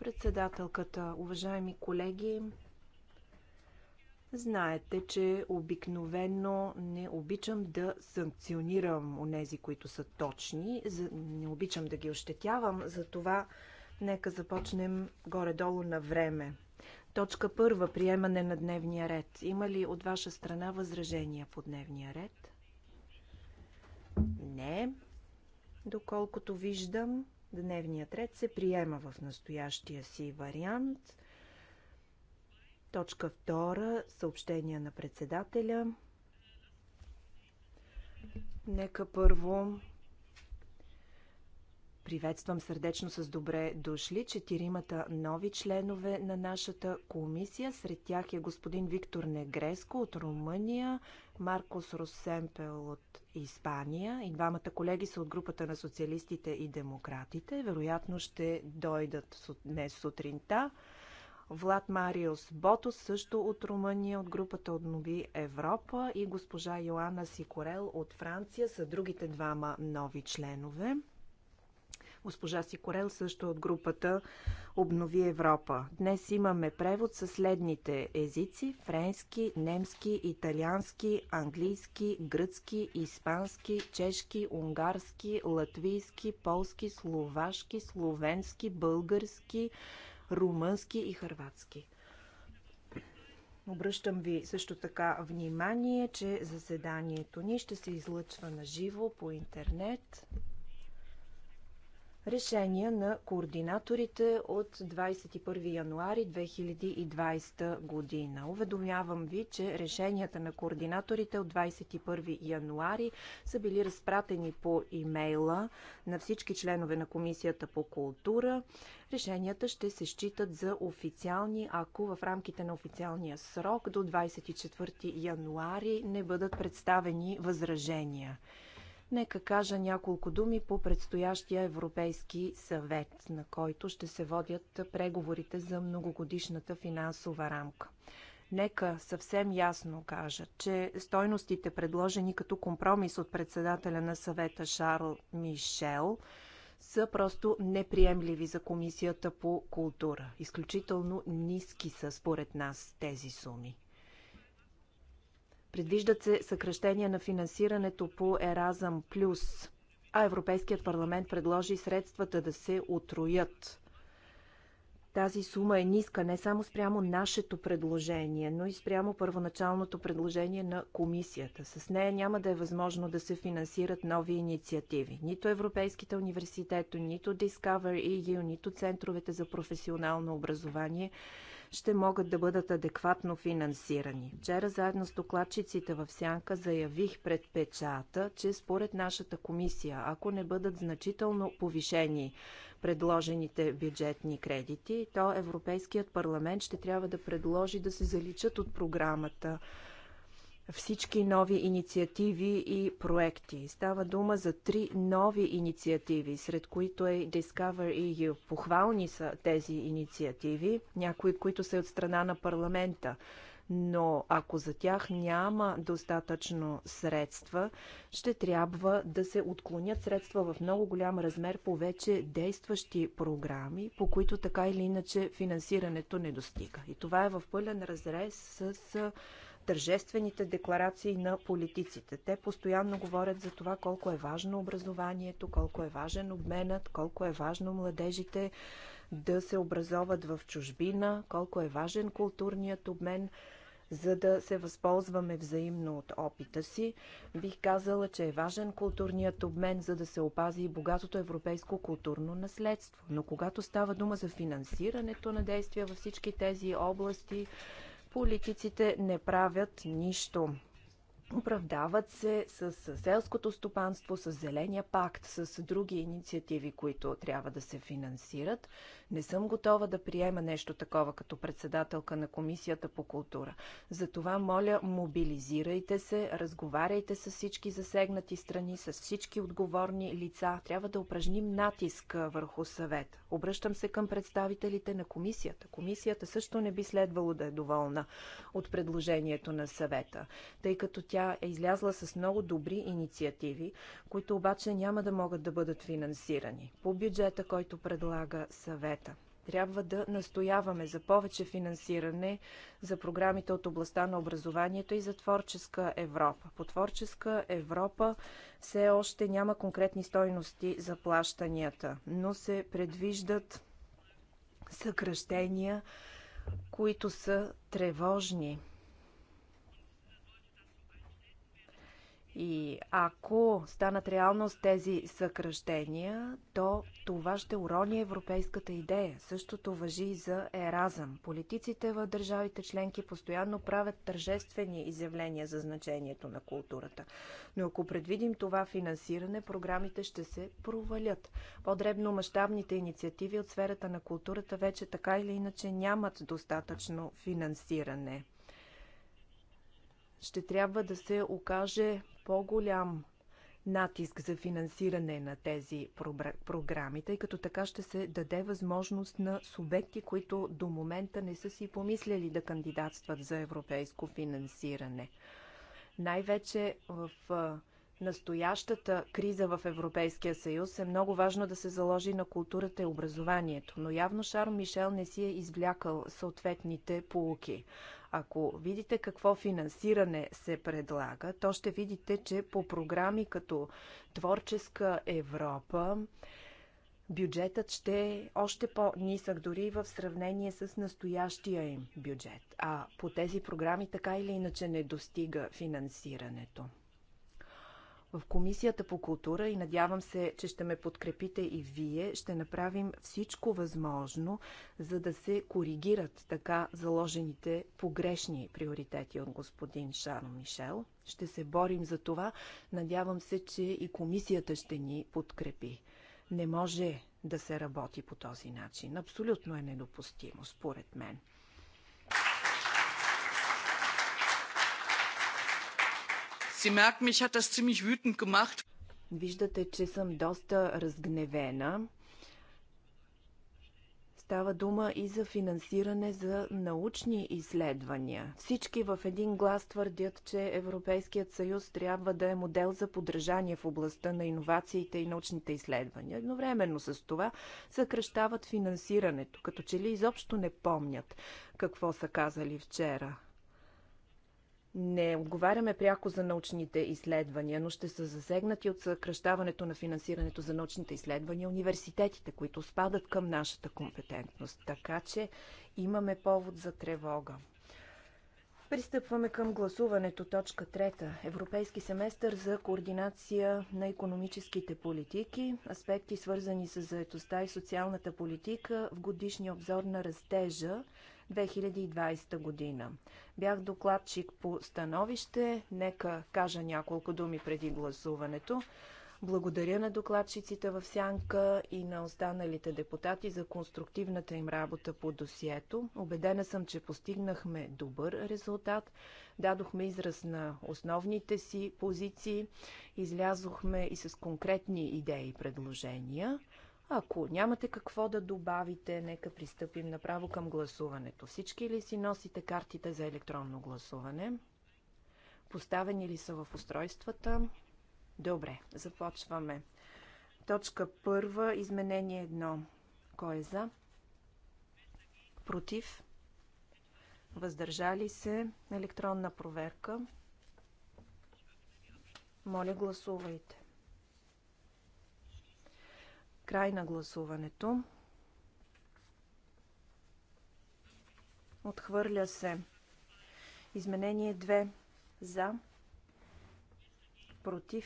Председателката, уважаеми колеги, знаете, че обикновено не обичам да санкционирам онези, които са точни, не обичам да ги ощетявам, затова нека започнем горе-долу на време. Точка първа – приемане на дневния ред. Има ли от ваша страна възражения по дневния ред? Не. Доколкото виждам, Дневният ред се приема в настоящия си вариант. Точка 2. Съобщение на председателя. Нека първо Приветствам сърдечно с добре дошли четиримата нови членове на нашата комисия. Сред тях е господин Виктор Негреско от Румъния, Маркос Росемпел от Испания и двамата колеги са от групата на социалистите и демократите. Вероятно ще дойдат днес сутринта. Влад Мариус Ботос също от Румъния, от групата От Нови Европа и госпожа Йоанна Сикорел от Франция са другите двама нови членове. Госпожа Сикорел също от групата Обнови Европа. Днес имаме превод със следните езици френски, немски, италиански, английски, гръцки, испански, чешки, унгарски, латвийски, полски, словашки, словенски, български, румънски и хърватски. Обръщам ви също така внимание, че заседанието ни ще се излъчва на живо по интернет решения на координаторите от 21 януари 2020 година. Уведомявам ви, че решенията на координаторите от 21 януари са били разпратени по имейла на всички членове на Комисията по култура. Решенията ще се считат за официални, ако в рамките на официалния срок до 24 януари не бъдат представени възражения. Нека кажа няколко думи по предстоящия Европейски съвет, на който ще се водят преговорите за многогодишната финансова рамка. Нека съвсем ясно кажа, че стойностите, предложени като компромис от председателя на съвета Шарл Мишел, са просто неприемливи за Комисията по култура. Изключително ниски са според нас тези суми. Предвиждат се съкръщения на финансирането по Еразъм Плюс, а Европейският парламент предложи средствата да се отроят. Тази сума е ниска не само спрямо нашето предложение, но и спрямо първоначалното предложение на комисията. С нея няма да е възможно да се финансират нови инициативи. Нито Европейските университети, нито Discover EU, нито центровете за професионално образование – ще могат да бъдат адекватно финансирани. Вчера заедно с докладчиците в Сянка заявих пред печата, че според нашата комисия, ако не бъдат значително повишени предложените бюджетни кредити, то Европейският парламент ще трябва да предложи да се заличат от програмата всички нови инициативи и проекти. Става дума за три нови инициативи, сред които е Discover EU. Похвални са тези инициативи, някои от които са от страна на парламента. Но ако за тях няма достатъчно средства, ще трябва да се отклонят средства в много голям размер по вече действащи програми, по които така или иначе финансирането не достига. И това е в пълен разрез с тържествените декларации на политиците. Те постоянно говорят за това колко е важно образованието, колко е важен обменът, колко е важно младежите да се образоват в чужбина, колко е важен културният обмен, за да се възползваме взаимно от опита си. Бих казала, че е важен културният обмен, за да се опази и богатото европейско културно наследство. Но когато става дума за финансирането на действия във всички тези области, политиците не правят нищо. Оправдават се с селското стопанство, с Зеления пакт, с други инициативи, които трябва да се финансират. Не съм готова да приема нещо такова като председателка на Комисията по култура. Затова, моля, мобилизирайте се, разговаряйте с всички засегнати страни, с всички отговорни лица. Трябва да упражним натиск върху съвет. Обръщам се към представителите на Комисията. Комисията също не би следвало да е доволна от предложението на съвета, тъй като тя е излязла с много добри инициативи, които обаче няма да могат да бъдат финансирани по бюджета, който предлага съвета трябва да настояваме за повече финансиране за програмите от областта на образованието и за творческа Европа. По творческа Европа все още няма конкретни стойности за плащанията, но се предвиждат съкръщения, които са тревожни. И ако станат реалност тези съкръщения, то това ще урони европейската идея. Същото въжи и за еразъм. Политиците в държавите членки постоянно правят тържествени изявления за значението на културата. Но ако предвидим това финансиране, програмите ще се провалят. По-дребно мащабните инициативи от сферата на културата вече така или иначе нямат достатъчно финансиране ще трябва да се окаже по-голям натиск за финансиране на тези програми, тъй като така ще се даде възможност на субекти, които до момента не са си помисляли да кандидатстват за европейско финансиране. Най-вече в настоящата криза в Европейския съюз е много важно да се заложи на културата и образованието, но явно Шарл Мишел не си е извлякал съответните полуки. Ако видите какво финансиране се предлага, то ще видите, че по програми като Творческа Европа, бюджетът ще е още по-нисък, дори в сравнение с настоящия им бюджет. А по тези програми така или иначе не достига финансирането. В Комисията по култура и надявам се, че ще ме подкрепите и вие, ще направим всичко възможно, за да се коригират така заложените погрешни приоритети от господин Шарл Мишел. Ще се борим за това. Надявам се, че и комисията ще ни подкрепи. Не може да се работи по този начин. Абсолютно е недопустимо, според мен. Sie merken, mich hat das ziemlich wütend gemacht. Виждате, че съм доста разгневена. Става дума и за финансиране за научни изследвания. Всички в един глас твърдят, че Европейският съюз трябва да е модел за подражание в областта на иновациите и научните изследвания. Едновременно с това съкръщават финансирането, като че ли изобщо не помнят какво са казали вчера не отговаряме пряко за научните изследвания, но ще са засегнати от съкръщаването на финансирането за научните изследвания университетите, които спадат към нашата компетентност. Така че имаме повод за тревога. Пристъпваме към гласуването. Точка трета. Европейски семестър за координация на економическите политики. Аспекти свързани с заетостта и социалната политика в годишния обзор на растежа 2020 година. Бях докладчик по становище. Нека кажа няколко думи преди гласуването. Благодаря на докладчиците в Сянка и на останалите депутати за конструктивната им работа по досието. Обедена съм, че постигнахме добър резултат. Дадохме израз на основните си позиции, излязохме и с конкретни идеи и предложения. Ако нямате какво да добавите, нека пристъпим направо към гласуването. Всички ли си носите картите за електронно гласуване? Поставени ли са в устройствата? Добре, започваме. Точка първа, изменение едно. Кой е за? Против? Въздържали се? Електронна проверка? Моля, гласувайте. Край на гласуването. Отхвърля се. Изменение 2. За. Против.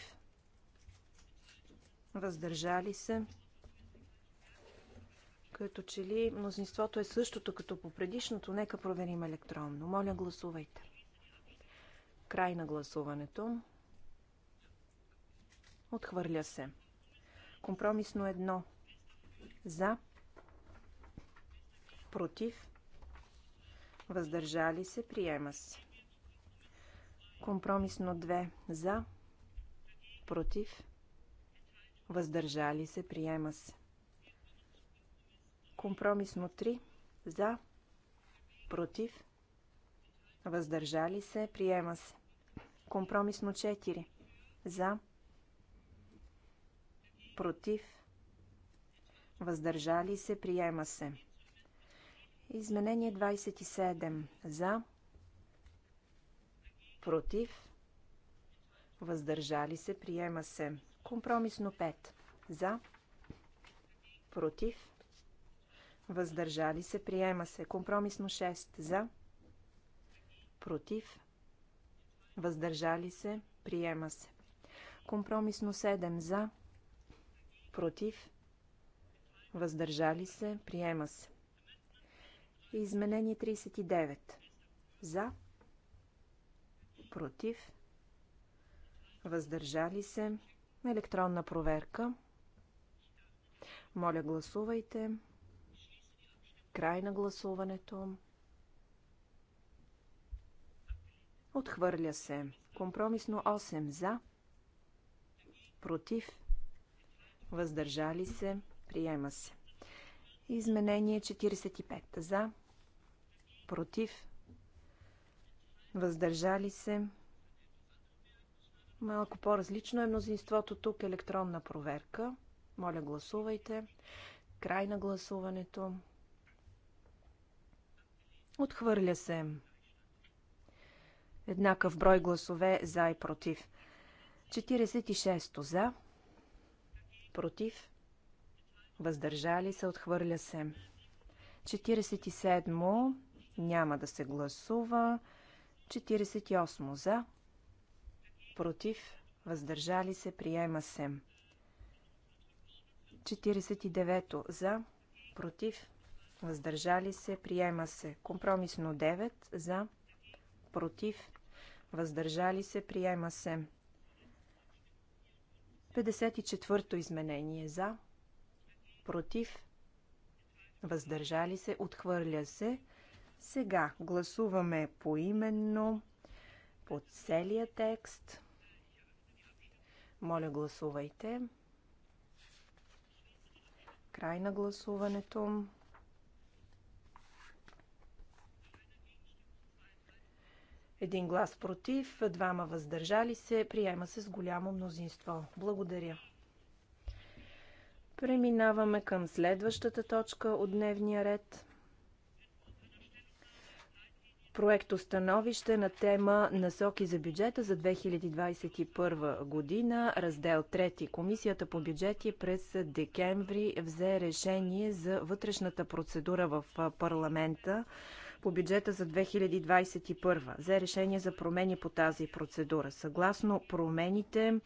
Въздържали се. Като че ли мнозинството е същото като по предишното, нека проверим електронно. Моля, гласувайте. Край на гласуването. Отхвърля се. Компромисно едно. За. Против. Въздържали се. Приема се. Компромисно 2. За. Против. Въздържали се. Приема се. Компромисно 3. За. Против. Въздържали се. Приема се. Компромисно 4. За против, въздържали се, приема се. Изменение 27 за, против, въздържали се, приема се. Компромисно 5 за, против, въздържали се, приема се. Компромисно 6 за, против, въздържали се, приема се. Компромисно 7 за, против, въздържали се, приема се. Изменение 39. За, против, въздържали се, електронна проверка. Моля, гласувайте. Край на гласуването. Отхвърля се. Компромисно 8 за. Против въздържали се, приема се. Изменение 45. За, против, въздържали се. Малко по-различно е мнозинството тук. Електронна проверка. Моля, гласувайте. Край на гласуването. Отхвърля се. Еднакъв брой гласове за и против. 46 за, против, въздържали се, отхвърля се. 47 няма да се гласува. 48 за, против, въздържали се, приема се. 49 за, против, въздържали се, приема се. Компромисно 9 за, против, въздържали се, приема се. 154-то изменение за, против, въздържали се, отхвърля се. Сега гласуваме поименно по целия текст. Моля, гласувайте. Край на гласуването. Един глас против, двама въздържали се. Приема се с голямо мнозинство. Благодаря. Преминаваме към следващата точка от дневния ред. Проект установище на тема Насоки за бюджета за 2021 година, раздел 3. Комисията по бюджети през декември взе решение за вътрешната процедура в парламента по бюджета за 2021. Взе решение за промени по тази процедура. Съгласно промените,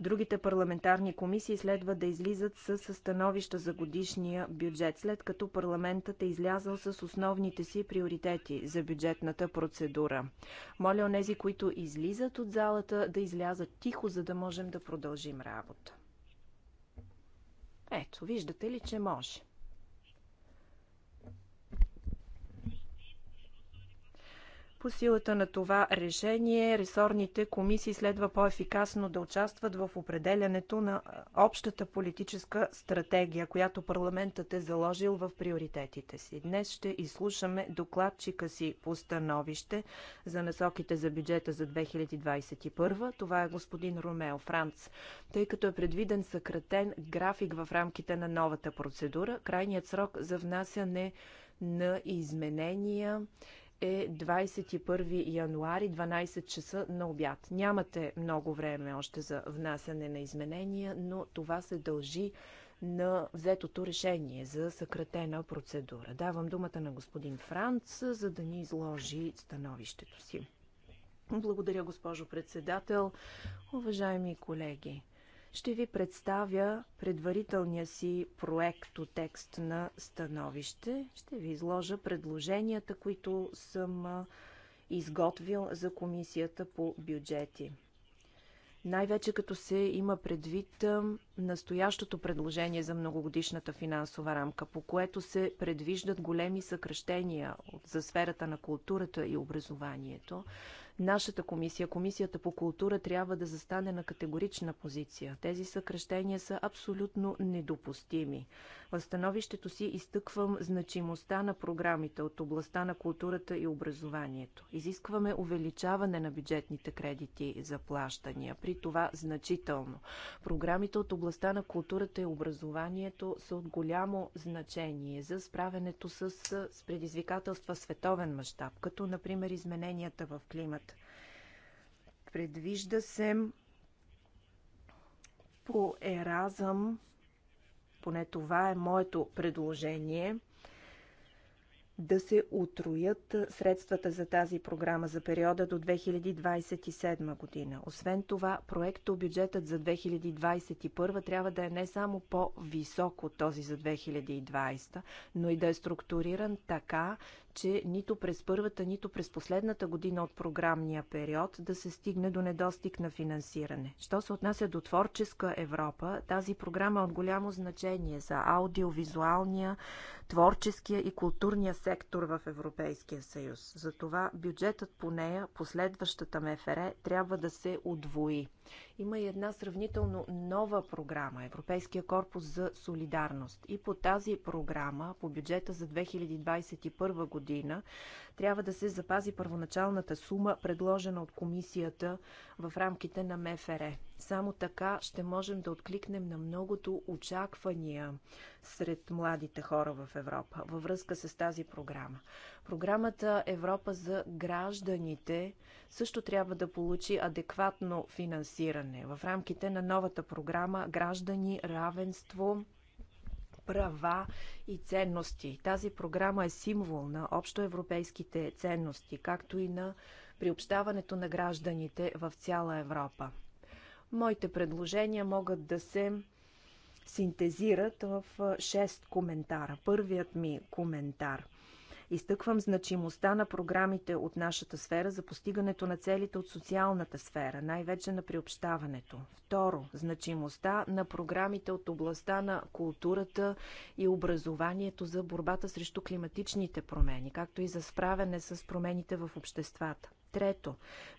Другите парламентарни комисии следва да излизат с становища за годишния бюджет, след като парламентът е излязъл с основните си приоритети за бюджетната процедура. Моля онези, които излизат от залата, да излязат тихо, за да можем да продължим работа. Ето, виждате ли, че може. По силата на това решение, ресорните комисии следва по-ефикасно да участват в определянето на общата политическа стратегия, която парламентът е заложил в приоритетите си. Днес ще изслушаме докладчика си по становище за насоките за бюджета за 2021. Това е господин Ромео Франц. Тъй като е предвиден съкратен график в рамките на новата процедура, крайният срок за внасяне на изменения е 21 януари, 12 часа на обяд. Нямате много време още за внасяне на изменения, но това се дължи на взетото решение за съкратена процедура. Давам думата на господин Франц, за да ни изложи становището си. Благодаря, госпожо председател. Уважаеми колеги, ще ви представя предварителния си проекто текст на становище. Ще ви изложа предложенията, които съм изготвил за комисията по бюджети. Най-вече като се има предвид настоящото предложение за многогодишната финансова рамка, по което се предвиждат големи съкръщения за сферата на културата и образованието, Нашата комисия, Комисията по култура, трябва да застане на категорична позиция. Тези съкрещения са абсолютно недопустими. В становището си изтъквам значимостта на програмите от областта на културата и образованието. Изискваме увеличаване на бюджетните кредити за плащания, при това значително. Програмите от областта на културата и образованието са от голямо значение за справенето с, с предизвикателства световен мащаб, като например измененията в климата прилагат. Предвижда се по Еразъм, поне това е моето предложение, да се отроят средствата за тази програма за периода до 2027 година. Освен това, проекто бюджетът за 2021 трябва да е не само по-висок от този за 2020, но и да е структуриран така, че нито през първата, нито през последната година от програмния период да се стигне до недостиг на финансиране. Що се отнася до Творческа Европа, тази програма е от голямо значение за аудиовизуалния, творческия и културния сектор в Европейския съюз. Затова бюджетът по нея, последващата МФР, трябва да се удвои. Има и една сравнително нова програма Европейския корпус за солидарност. И по тази програма, по бюджета за 2021 година, трябва да се запази първоначалната сума, предложена от комисията в рамките на МФР. Само така ще можем да откликнем на многото очаквания сред младите хора в Европа във връзка с тази програма. Програмата Европа за гражданите също трябва да получи адекватно финансиране в рамките на новата програма Граждани, равенство, права и ценности. Тази програма е символ на общоевропейските ценности, както и на приобщаването на гражданите в цяла Европа. Моите предложения могат да се синтезират в 6 коментара. Първият ми коментар. Изтъквам значимостта на програмите от нашата сфера за постигането на целите от социалната сфера, най-вече на приобщаването. Второ, значимостта на програмите от областта на културата и образованието за борбата срещу климатичните промени, както и за справяне с промените в обществата. Трето,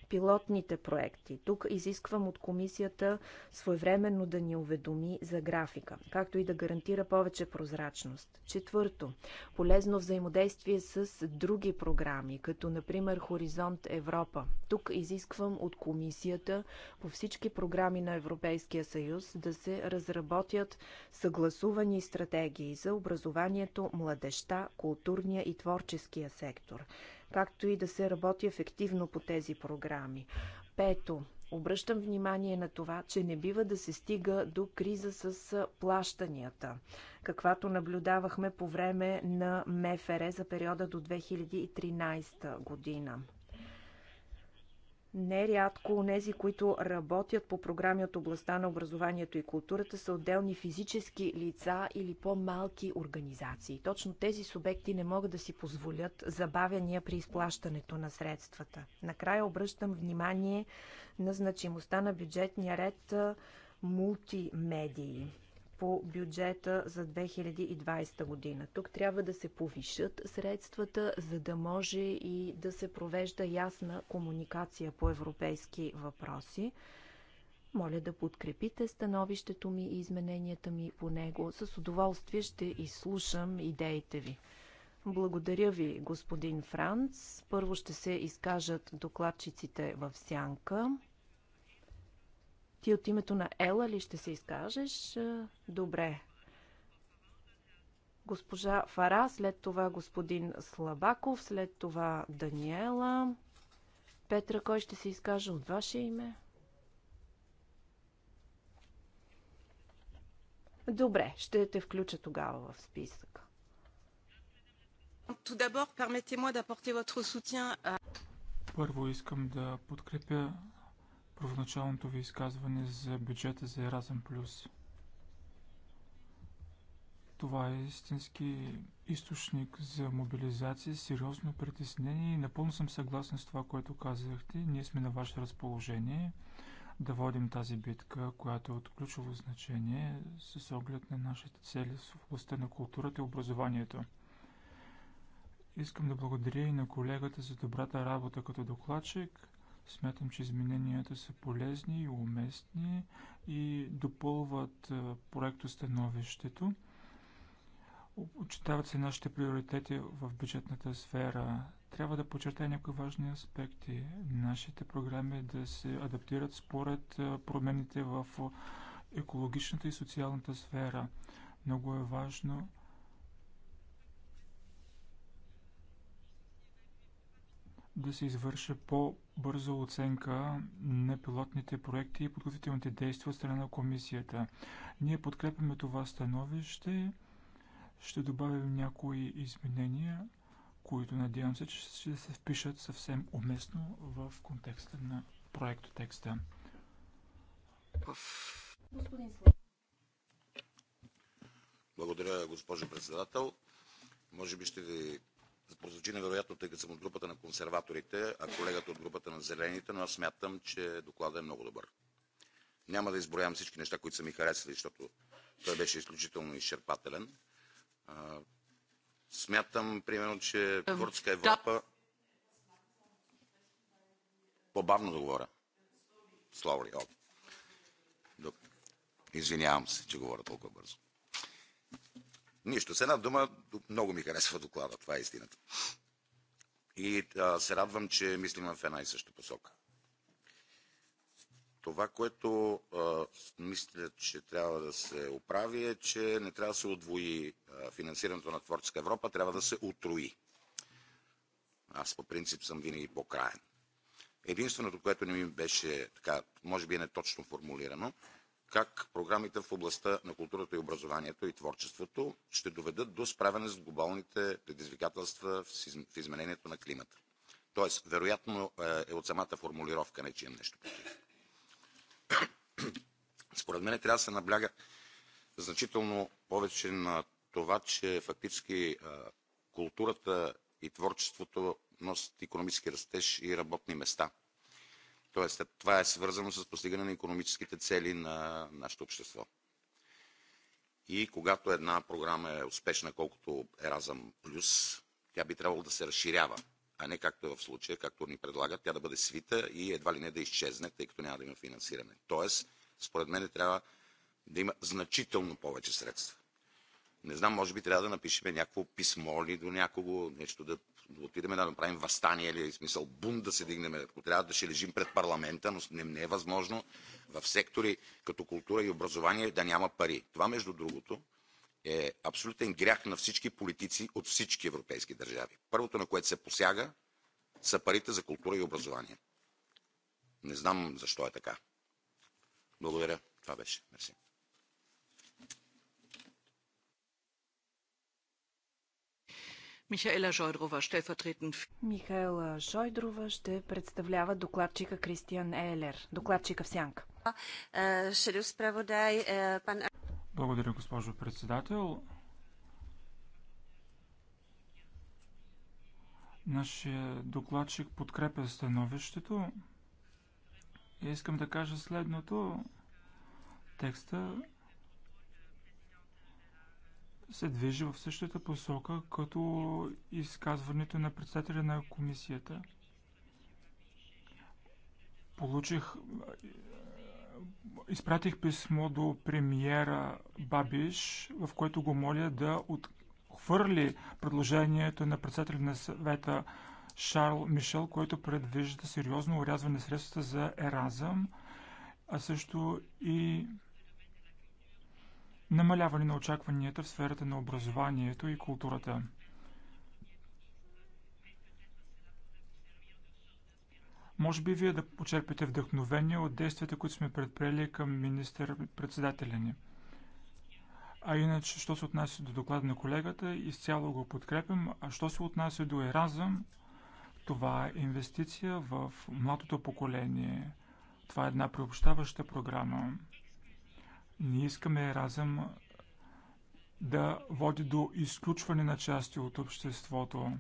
пилотните проекти. Тук изисквам от комисията своевременно да ни уведоми за графика, както и да гарантира повече прозрачност. Четвърто, полезно взаимодействие с други програми, като например Хоризонт Европа. Тук изисквам от комисията по всички програми на Европейския съюз да се разработят съгласувани стратегии за образованието, младеща, културния и творческия сектор както и да се работи ефективно по тези програми. Пето, обръщам внимание на това, че не бива да се стига до криза с плащанията, каквато наблюдавахме по време на МФР за периода до 2013 година. Нерядко нези, които работят по програми от областта на образованието и културата са отделни физически лица или по-малки организации. Точно тези субекти не могат да си позволят забавяния при изплащането на средствата. Накрая обръщам внимание на значимостта на бюджетния ред мултимедии по бюджета за 2020 година. Тук трябва да се повишат средствата, за да може и да се провежда ясна комуникация по европейски въпроси. Моля да подкрепите становището ми и измененията ми по него. С удоволствие ще изслушам идеите ви. Благодаря ви, господин Франц. Първо ще се изкажат докладчиците в сянка. Ти от името на Ела ли ще се изкажеш? Добре. Госпожа Фара, след това господин Слабаков, след това Даниела. Петра, кой ще се изкаже от ваше име? Добре, ще те включа тогава в списъка. Първо искам да подкрепя първоначалното ви изказване за бюджета за Erasmus Плюс. Това е истински източник за мобилизация, сериозно притеснение и напълно съм съгласен с това, което казахте. Ние сме на ваше разположение да водим тази битка, която е от ключово значение с оглед на нашите цели в областта на културата и образованието. Искам да благодаря и на колегата за добрата работа като докладчик Смятам, че измененията са полезни и уместни и допълват проекто становището. Очитават се нашите приоритети в бюджетната сфера. Трябва да подчертая някои важни аспекти. Нашите програми да се адаптират според промените в екологичната и социалната сфера. Много е важно да се извърши по-бърза оценка на пилотните проекти и подготвителните действия от страна на комисията. Ние подкрепяме това становище. Ще добавим някои изменения, които надявам се, че ще се впишат съвсем уместно в контекста на проектотекста. Господин Благодаря, госпожо председател. Може би ще ви причина, вероятно, тъй като съм от групата на консерваторите, а колегата от групата на зелените, но аз смятам, че докладът е много добър. Няма да изброявам всички неща, които са ми харесали, защото той беше изключително изчерпателен. смятам, примерно, че Творческа Европа... По-бавно да говоря. ли? Извинявам се, че говоря толкова бързо. Нищо. С една дума, много ми харесва доклада. Това е истината. И а, се радвам, че мислим в една и съща посока. Това, което а, мисля, че трябва да се оправи е, че не трябва да се отвои финансирането на Творческа Европа, трябва да се отрои. Аз по принцип съм винаги по-краен. Единственото, което не ми беше така, може би е не точно формулирано, как програмите в областта на културата и образованието и творчеството ще доведат до справяне с глобалните предизвикателства в изменението на климата. Тоест, вероятно е, е от самата формулировка, не че имам нещо против. Според мен трябва да се набляга значително повече на това, че фактически културата и творчеството носят економически растеж и работни места – Тоест, това е свързано с постигане на економическите цели на нашето общество. И когато една програма е успешна, колкото Еразъм Плюс, тя би трябвало да се разширява, а не както е в случая, както ни предлагат, тя да бъде свита и едва ли не да изчезне, тъй като няма да има финансиране. Тоест, според мен е трябва да има значително повече средства. Не знам, може би трябва да напишем някакво писмо ли до някого, нещо да да отидем да направим възстание или смисъл бунт да се дигнем, ако трябва да ще лежим пред парламента, но не, не е възможно в сектори като култура и образование да няма пари. Това, между другото, е абсолютен грях на всички политици от всички европейски държави. Първото, на което се посяга, са парите за култура и образование. Не знам защо е така. Благодаря. Това беше. Мерси. Михаела Жойдрова ще е Михаела Жойдрова ще представлява докладчика Кристиан Елер, докладчика в Сянка. Е, е, Благодаря, госпожо председател. Нашия докладчик подкрепя становището. И искам да кажа следното. Текста се движи в същата посока, като изказването на председателя на комисията. Получих, изпратих писмо до премиера Бабиш, в което го моля да отхвърли предложението на председателя на съвета Шарл Мишел, който предвижда сериозно урязване средствата за еразъм, а също и намаляване на очакванията в сферата на образованието и културата. Може би вие да почерпите вдъхновение от действията, които сме предприели към министър-председателя ни. А иначе, що се отнася до доклада на колегата, изцяло го подкрепям. А що се отнася до Еразъм, това е инвестиция в младото поколение. Това е една приобщаваща програма. Не искаме Еразъм да води до изключване на части от обществото.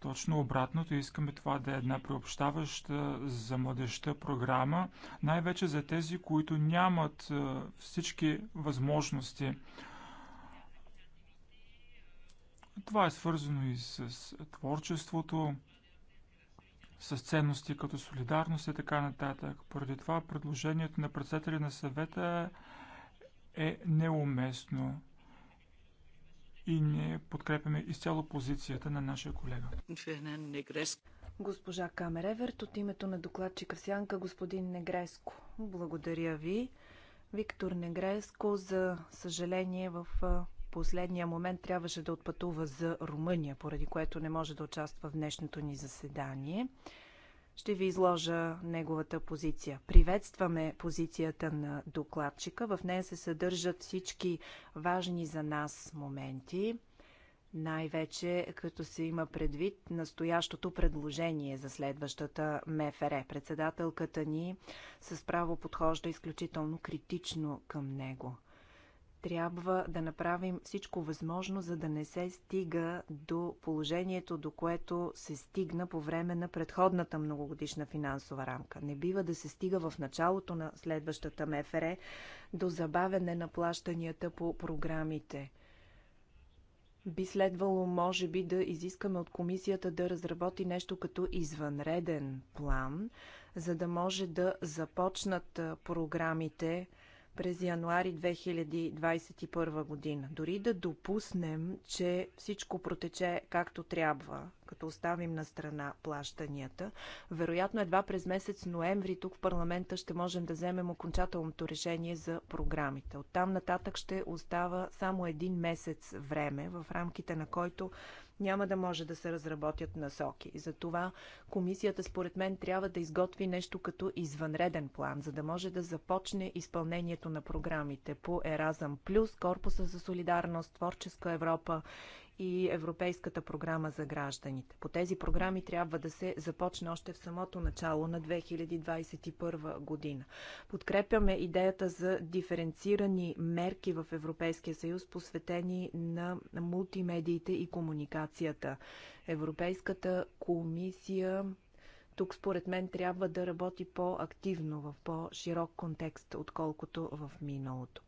Точно обратното, искаме това да е една приобщаваща за младеща програма, най-вече за тези, които нямат е, всички възможности. Това е свързано и с творчеството, с ценности като солидарност и така нататък. Поради това предложението на председателя на съвета е е неуместно и ние подкрепяме изцяло позицията на нашия колега. Госпожа Камереверт от името на докладчика Сянка, господин Негреско. Благодаря ви. Виктор Негреско, за съжаление, в последния момент трябваше да отпътува за Румъния, поради което не може да участва в днешното ни заседание. Ще ви изложа неговата позиция. Приветстваме позицията на докладчика. В нея се съдържат всички важни за нас моменти, най-вече като се има предвид настоящото предложение за следващата МФР. Председателката ни с право подхожда изключително критично към него трябва да направим всичко възможно, за да не се стига до положението, до което се стигна по време на предходната многогодишна финансова рамка. Не бива да се стига в началото на следващата МФР до забавене на плащанията по програмите. Би следвало, може би, да изискаме от комисията да разработи нещо като извънреден план, за да може да започнат програмите, през януари 2021 година. Дори да допуснем, че всичко протече както трябва, като оставим на страна плащанията, вероятно едва през месец ноември тук в парламента ще можем да вземем окончателното решение за програмите. Оттам нататък ще остава само един месец време, в рамките на който няма да може да се разработят насоки. И затова комисията, според мен, трябва да изготви нещо като извънреден план, за да може да започне изпълнението на програмите по Еразъм Плюс, Корпуса за солидарност, Творческа Европа и Европейската програма за гражданите. По тези програми трябва да се започне още в самото начало на 2021 година. Подкрепяме идеята за диференцирани мерки в Европейския съюз, посветени на мултимедиите и комуникацията. Европейската комисия тук според мен трябва да работи по-активно в по-широк контекст, отколкото в миналото.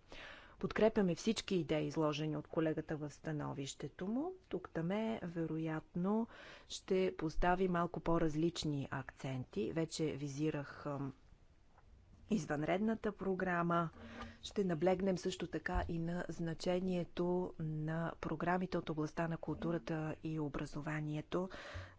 Подкрепяме всички идеи, изложени от колегата в становището му. Тук таме, вероятно, ще постави малко по-различни акценти. Вече визирах извънредната програма. Ще наблегнем също така и на значението на програмите от областта на културата и образованието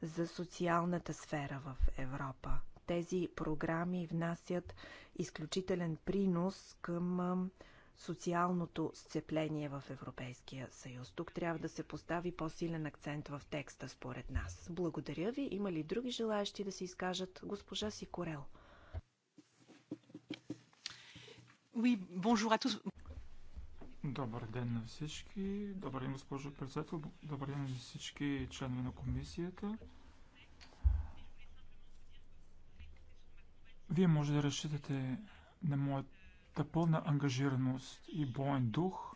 за социалната сфера в Европа. Тези програми внасят изключителен принос към социалното сцепление в Европейския съюз. Тук трябва да се постави по-силен акцент в текста, според нас. Благодаря ви. Има ли други желаящи да се изкажат? Госпожа Сикорел. Oui, bonjour à tous. Добър ден на всички. Добър ден, госпожо председател. Добър ден на всички членове на комисията. Вие може да разчитате на моят е пълна ангажираност и боен дух.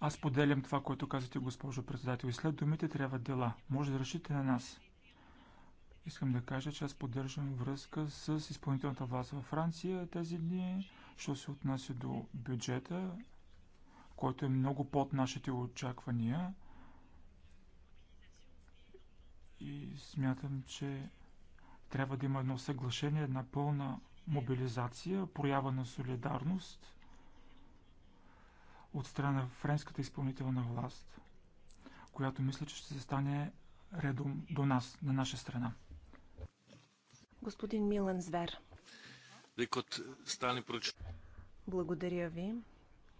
Аз поделям това, което казвате, госпожо председател. И след думите трябва дела. Може да решите на нас. Искам да кажа, че аз поддържам връзка с изпълнителната власт във Франция тези дни, що се отнася до бюджета, който е много под нашите очаквания. И смятам, че трябва да има едно съглашение, една пълна мобилизация, проява на солидарност от страна на френската изпълнителна власт, която мисля, че ще се стане редом до нас, на наша страна. Господин Милан Звер. Благодаря ви,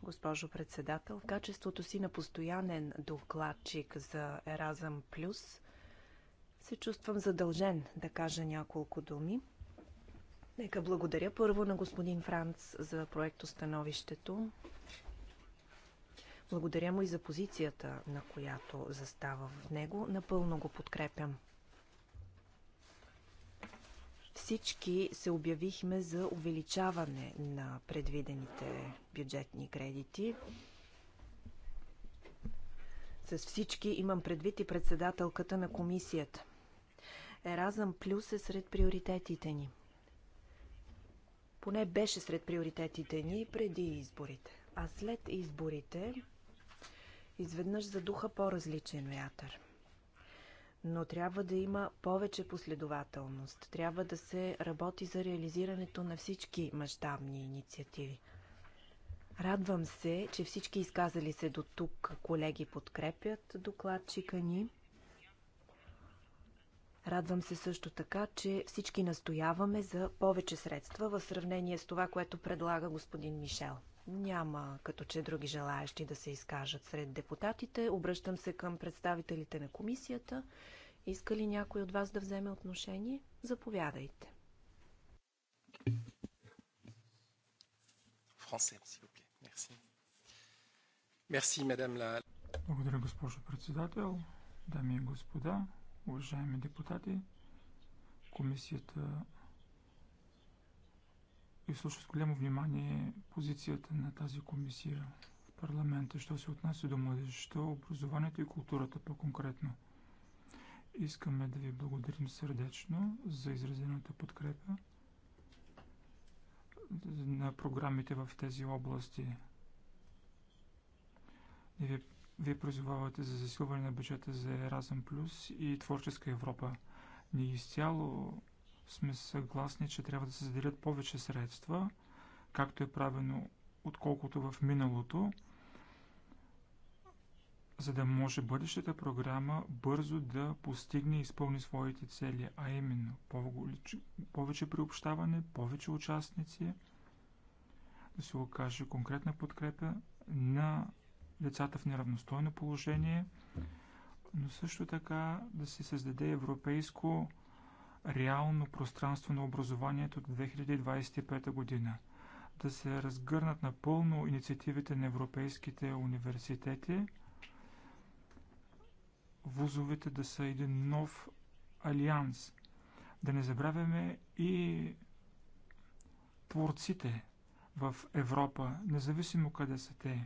госпожо председател. В качеството си на постоянен докладчик за Еразъм Плюс се чувствам задължен да кажа няколко думи. Нека благодаря първо на господин Франц за проектостановището. Благодаря му и за позицията, на която застава в него. Напълно го подкрепям. Всички се обявихме за увеличаване на предвидените бюджетни кредити. С всички имам предвид и председателката на комисията. Еразъм Плюс е сред приоритетите ни – поне беше сред приоритетите ни преди изборите. А след изборите изведнъж задуха по-различен вятър. Но трябва да има повече последователност. Трябва да се работи за реализирането на всички мащабни инициативи. Радвам се, че всички изказали се до тук колеги подкрепят докладчика ни. Радвам се също така, че всички настояваме за повече средства в сравнение с това, което предлага господин Мишел. Няма като че други желаящи да се изкажат сред депутатите. Обръщам се към представителите на комисията. Иска ли някой от вас да вземе отношение? Заповядайте. Благодаря, госпожо председател, дами и господа, Уважаеми депутати, комисията изслуша с голямо внимание позицията на тази комисия в парламента, що се отнася до младежта, образованието и културата по-конкретно. Искаме да ви благодарим сърдечно за изразената подкрепа на програмите в тези области. Да ви вие призовавате за засилване на бюджета за Еразъм Плюс и Творческа Европа. Ние изцяло сме съгласни, че трябва да се заделят повече средства, както е правено отколкото в миналото, за да може бъдещата програма бързо да постигне и изпълни своите цели, а именно повече приобщаване, повече участници, да се окаже конкретна подкрепа на децата в неравностойно положение, но също така да се създаде европейско реално пространство на образованието до 2025 година. Да се разгърнат напълно инициативите на европейските университети, вузовете да са един нов алианс. Да не забравяме и творците в Европа, независимо къде са те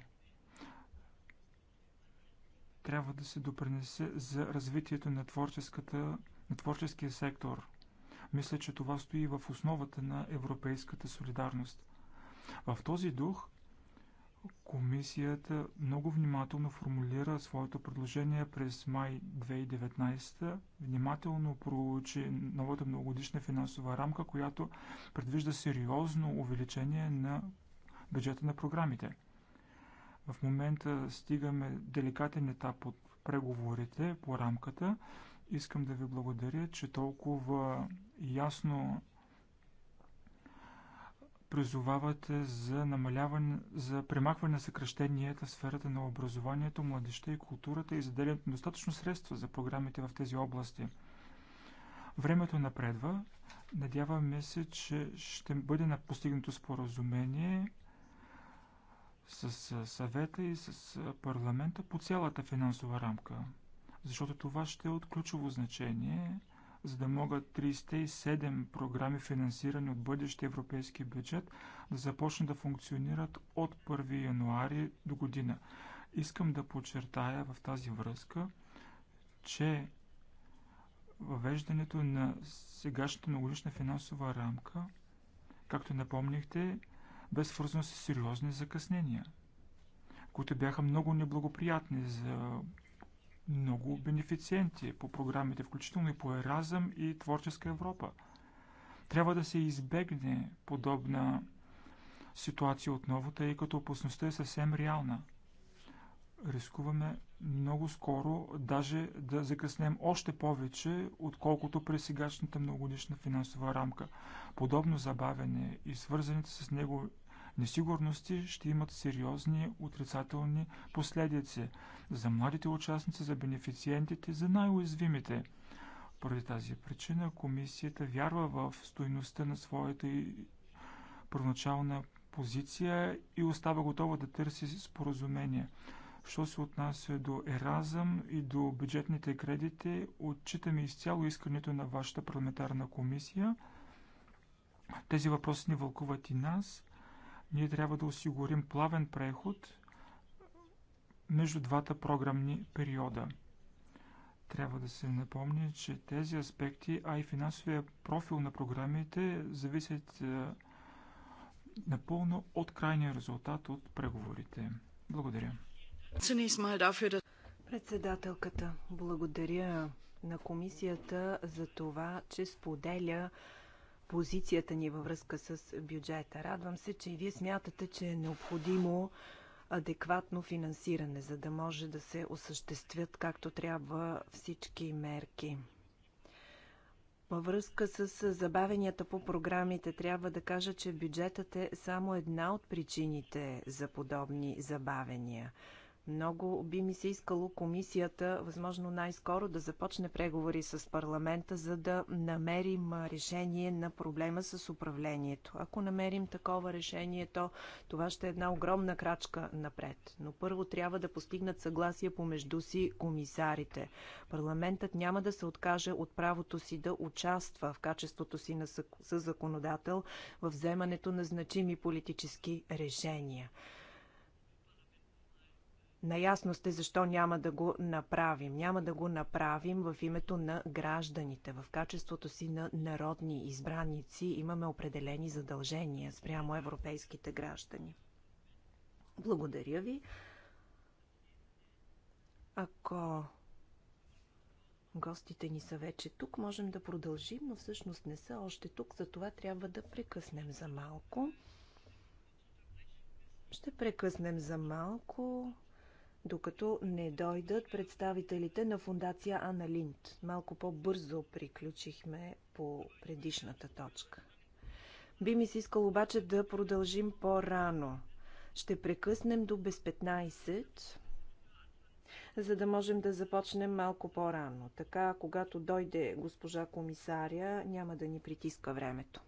трябва да се допринесе за развитието на, на творческия сектор. Мисля, че това стои в основата на европейската солидарност. В този дух комисията много внимателно формулира своето предложение през май 2019, внимателно проучи новата многогодишна финансова рамка, която предвижда сериозно увеличение на бюджета на програмите. В момента стигаме деликатен етап от преговорите по рамката. Искам да ви благодаря, че толкова ясно призовавате за намаляване, за премахване на съкръщенията в сферата на образованието, младеща и културата и заделянето на достатъчно средства за програмите в тези области. Времето напредва. Надяваме се, че ще бъде на постигнато споразумение с съвета и с парламента по цялата финансова рамка. Защото това ще е от ключово значение, за да могат 307 програми, финансирани от бъдещия европейски бюджет, да започнат да функционират от 1 януари до година. Искам да подчертая в тази връзка, че въвеждането на сегашната многогодишна финансова рамка, както напомнихте, бе свързано с сериозни закъснения, които бяха много неблагоприятни за много бенефициенти по програмите, включително и по Еразъм и Творческа Европа. Трябва да се избегне подобна ситуация отново, тъй като опасността е съвсем реална – рискуваме много скоро даже да закъснем още повече, отколкото през сегашната многогодишна финансова рамка. Подобно забавяне и свързаните с него несигурности ще имат сериозни отрицателни последици за младите участници, за бенефициентите, за най-уязвимите. Поради тази причина комисията вярва в стойността на своята и първоначална позиция и остава готова да търси споразумение. Що се отнася до Еразъм и до бюджетните кредити, отчитаме изцяло искането на вашата парламентарна комисия. Тези въпроси ни вълкуват и нас. Ние трябва да осигурим плавен преход между двата програмни периода. Трябва да се напомни, че тези аспекти, а и финансовия профил на програмите зависят е, напълно от крайния резултат от преговорите. Благодаря. Председателката, благодаря на комисията за това, че споделя позицията ни във връзка с бюджета. Радвам се, че и вие смятате, че е необходимо адекватно финансиране, за да може да се осъществят както трябва всички мерки. Във връзка с забавенията по програмите, трябва да кажа, че бюджетът е само една от причините за подобни забавения. Много би ми се искало комисията, възможно най-скоро, да започне преговори с парламента, за да намерим решение на проблема с управлението. Ако намерим такова решение, то това ще е една огромна крачка напред. Но първо трябва да постигнат съгласие помежду си комисарите. Парламентът няма да се откаже от правото си да участва в качеството си на съ... законодател в вземането на значими политически решения. Наясно сте защо няма да го направим. Няма да го направим в името на гражданите. В качеството си на народни избраници имаме определени задължения спрямо европейските граждани. Благодаря ви. Ако гостите ни са вече тук, можем да продължим, но всъщност не са още тук, затова трябва да прекъснем за малко. Ще прекъснем за малко докато не дойдат представителите на фундация Ана Линд. Малко по-бързо приключихме по предишната точка. Би ми се искал обаче да продължим по-рано. Ще прекъснем до без 15, за да можем да започнем малко по-рано. Така, когато дойде госпожа комисаря, няма да ни притиска времето.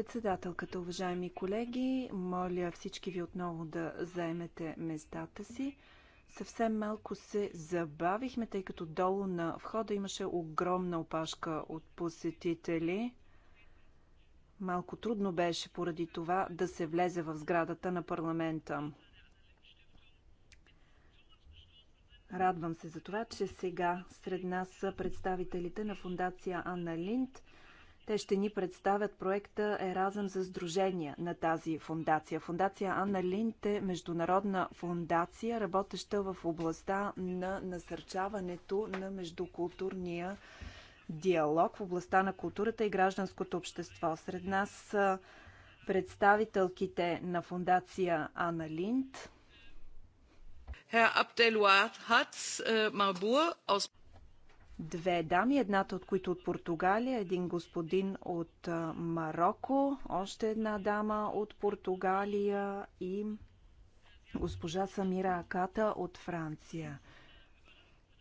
Председателката, уважаеми колеги, моля всички ви отново да заемете местата си. Съвсем малко се забавихме, тъй като долу на входа имаше огромна опашка от посетители. Малко трудно беше поради това да се влезе в сградата на парламента. Радвам се за това, че сега сред нас са представителите на фундация Анна Линд. Те ще ни представят проекта Еразъм за сдружения на тази фундация. Фундация Анна Линд е международна фундация, работеща в областта на насърчаването на междукултурния диалог в областта на културата и гражданското общество. Сред нас са представителките на фундация Анна Линд – Äh, Две дами, едната от които от Португалия, един господин от Марокко, още една дама от Португалия и госпожа Самира Аката от Франция.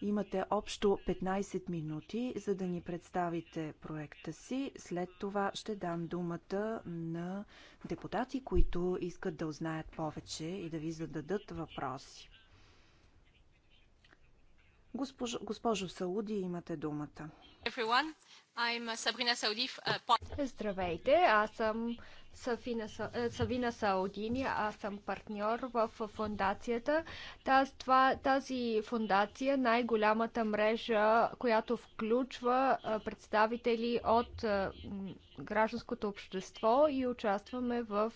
Имате общо 15 минути, за да ни представите проекта си. След това ще дам думата на депутати, които искат да узнаят повече и да ви зададат въпроси. Госпожо, госпожо Сауди, имате думата. Uh, Здравейте, аз съм е, Савина Саудини. Аз съм партньор в фундацията. тази фундация, най-голямата мрежа, която включва е, представители от е, гражданското общество и участваме в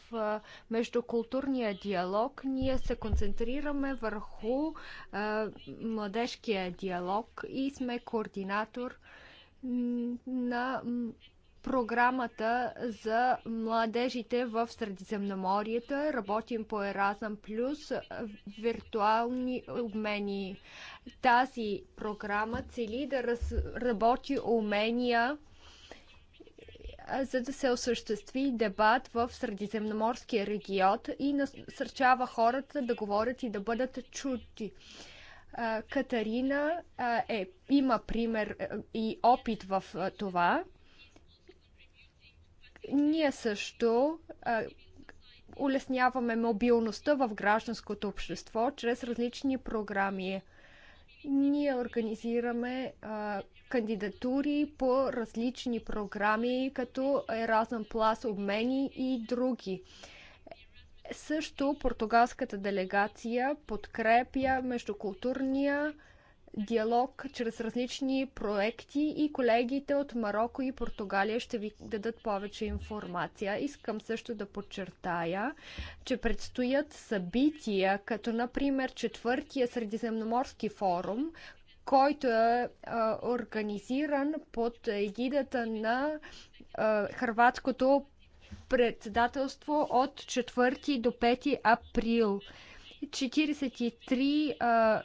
междукултурния диалог. Ние се концентрираме върху младежкия диалог и сме координатор на програмата за младежите в Средиземноморието. Работим по Еразъм Плюс, виртуални обмени. Тази програма цели да разработи умения за да се осъществи дебат в Средиземноморския регион и насърчава хората да говорят и да бъдат чути. Катарина е, има пример и опит в това. Ние също а, улесняваме мобилността в гражданското общество чрез различни програми. Ние организираме а, кандидатури по различни програми, като Еразъм Плас, обмени и други. Също португалската делегация подкрепя междукултурния диалог чрез различни проекти и колегите от Марокко и Португалия ще ви дадат повече информация. Искам също да подчертая, че предстоят събития, като например четвъртия Средиземноморски форум, който е организиран под егидата на а, председателство от 4 до 5 април. 43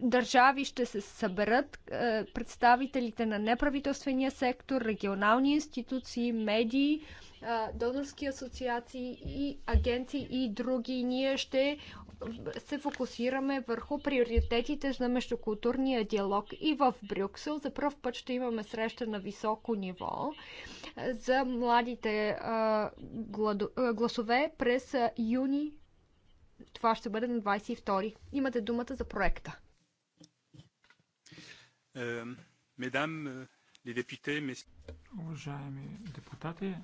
държави ще се съберат е, представителите на неправителствения сектор, регионални институции, медии, е, донорски асоциации и агенции и други. Ние ще се фокусираме върху приоритетите на междукултурния диалог и в Брюксел. За първ път ще имаме среща на високо ниво е, за младите гласове през юни. Това ще бъде на 22. Имате думата за проекта. Euh, euh, Уважаеми депутати,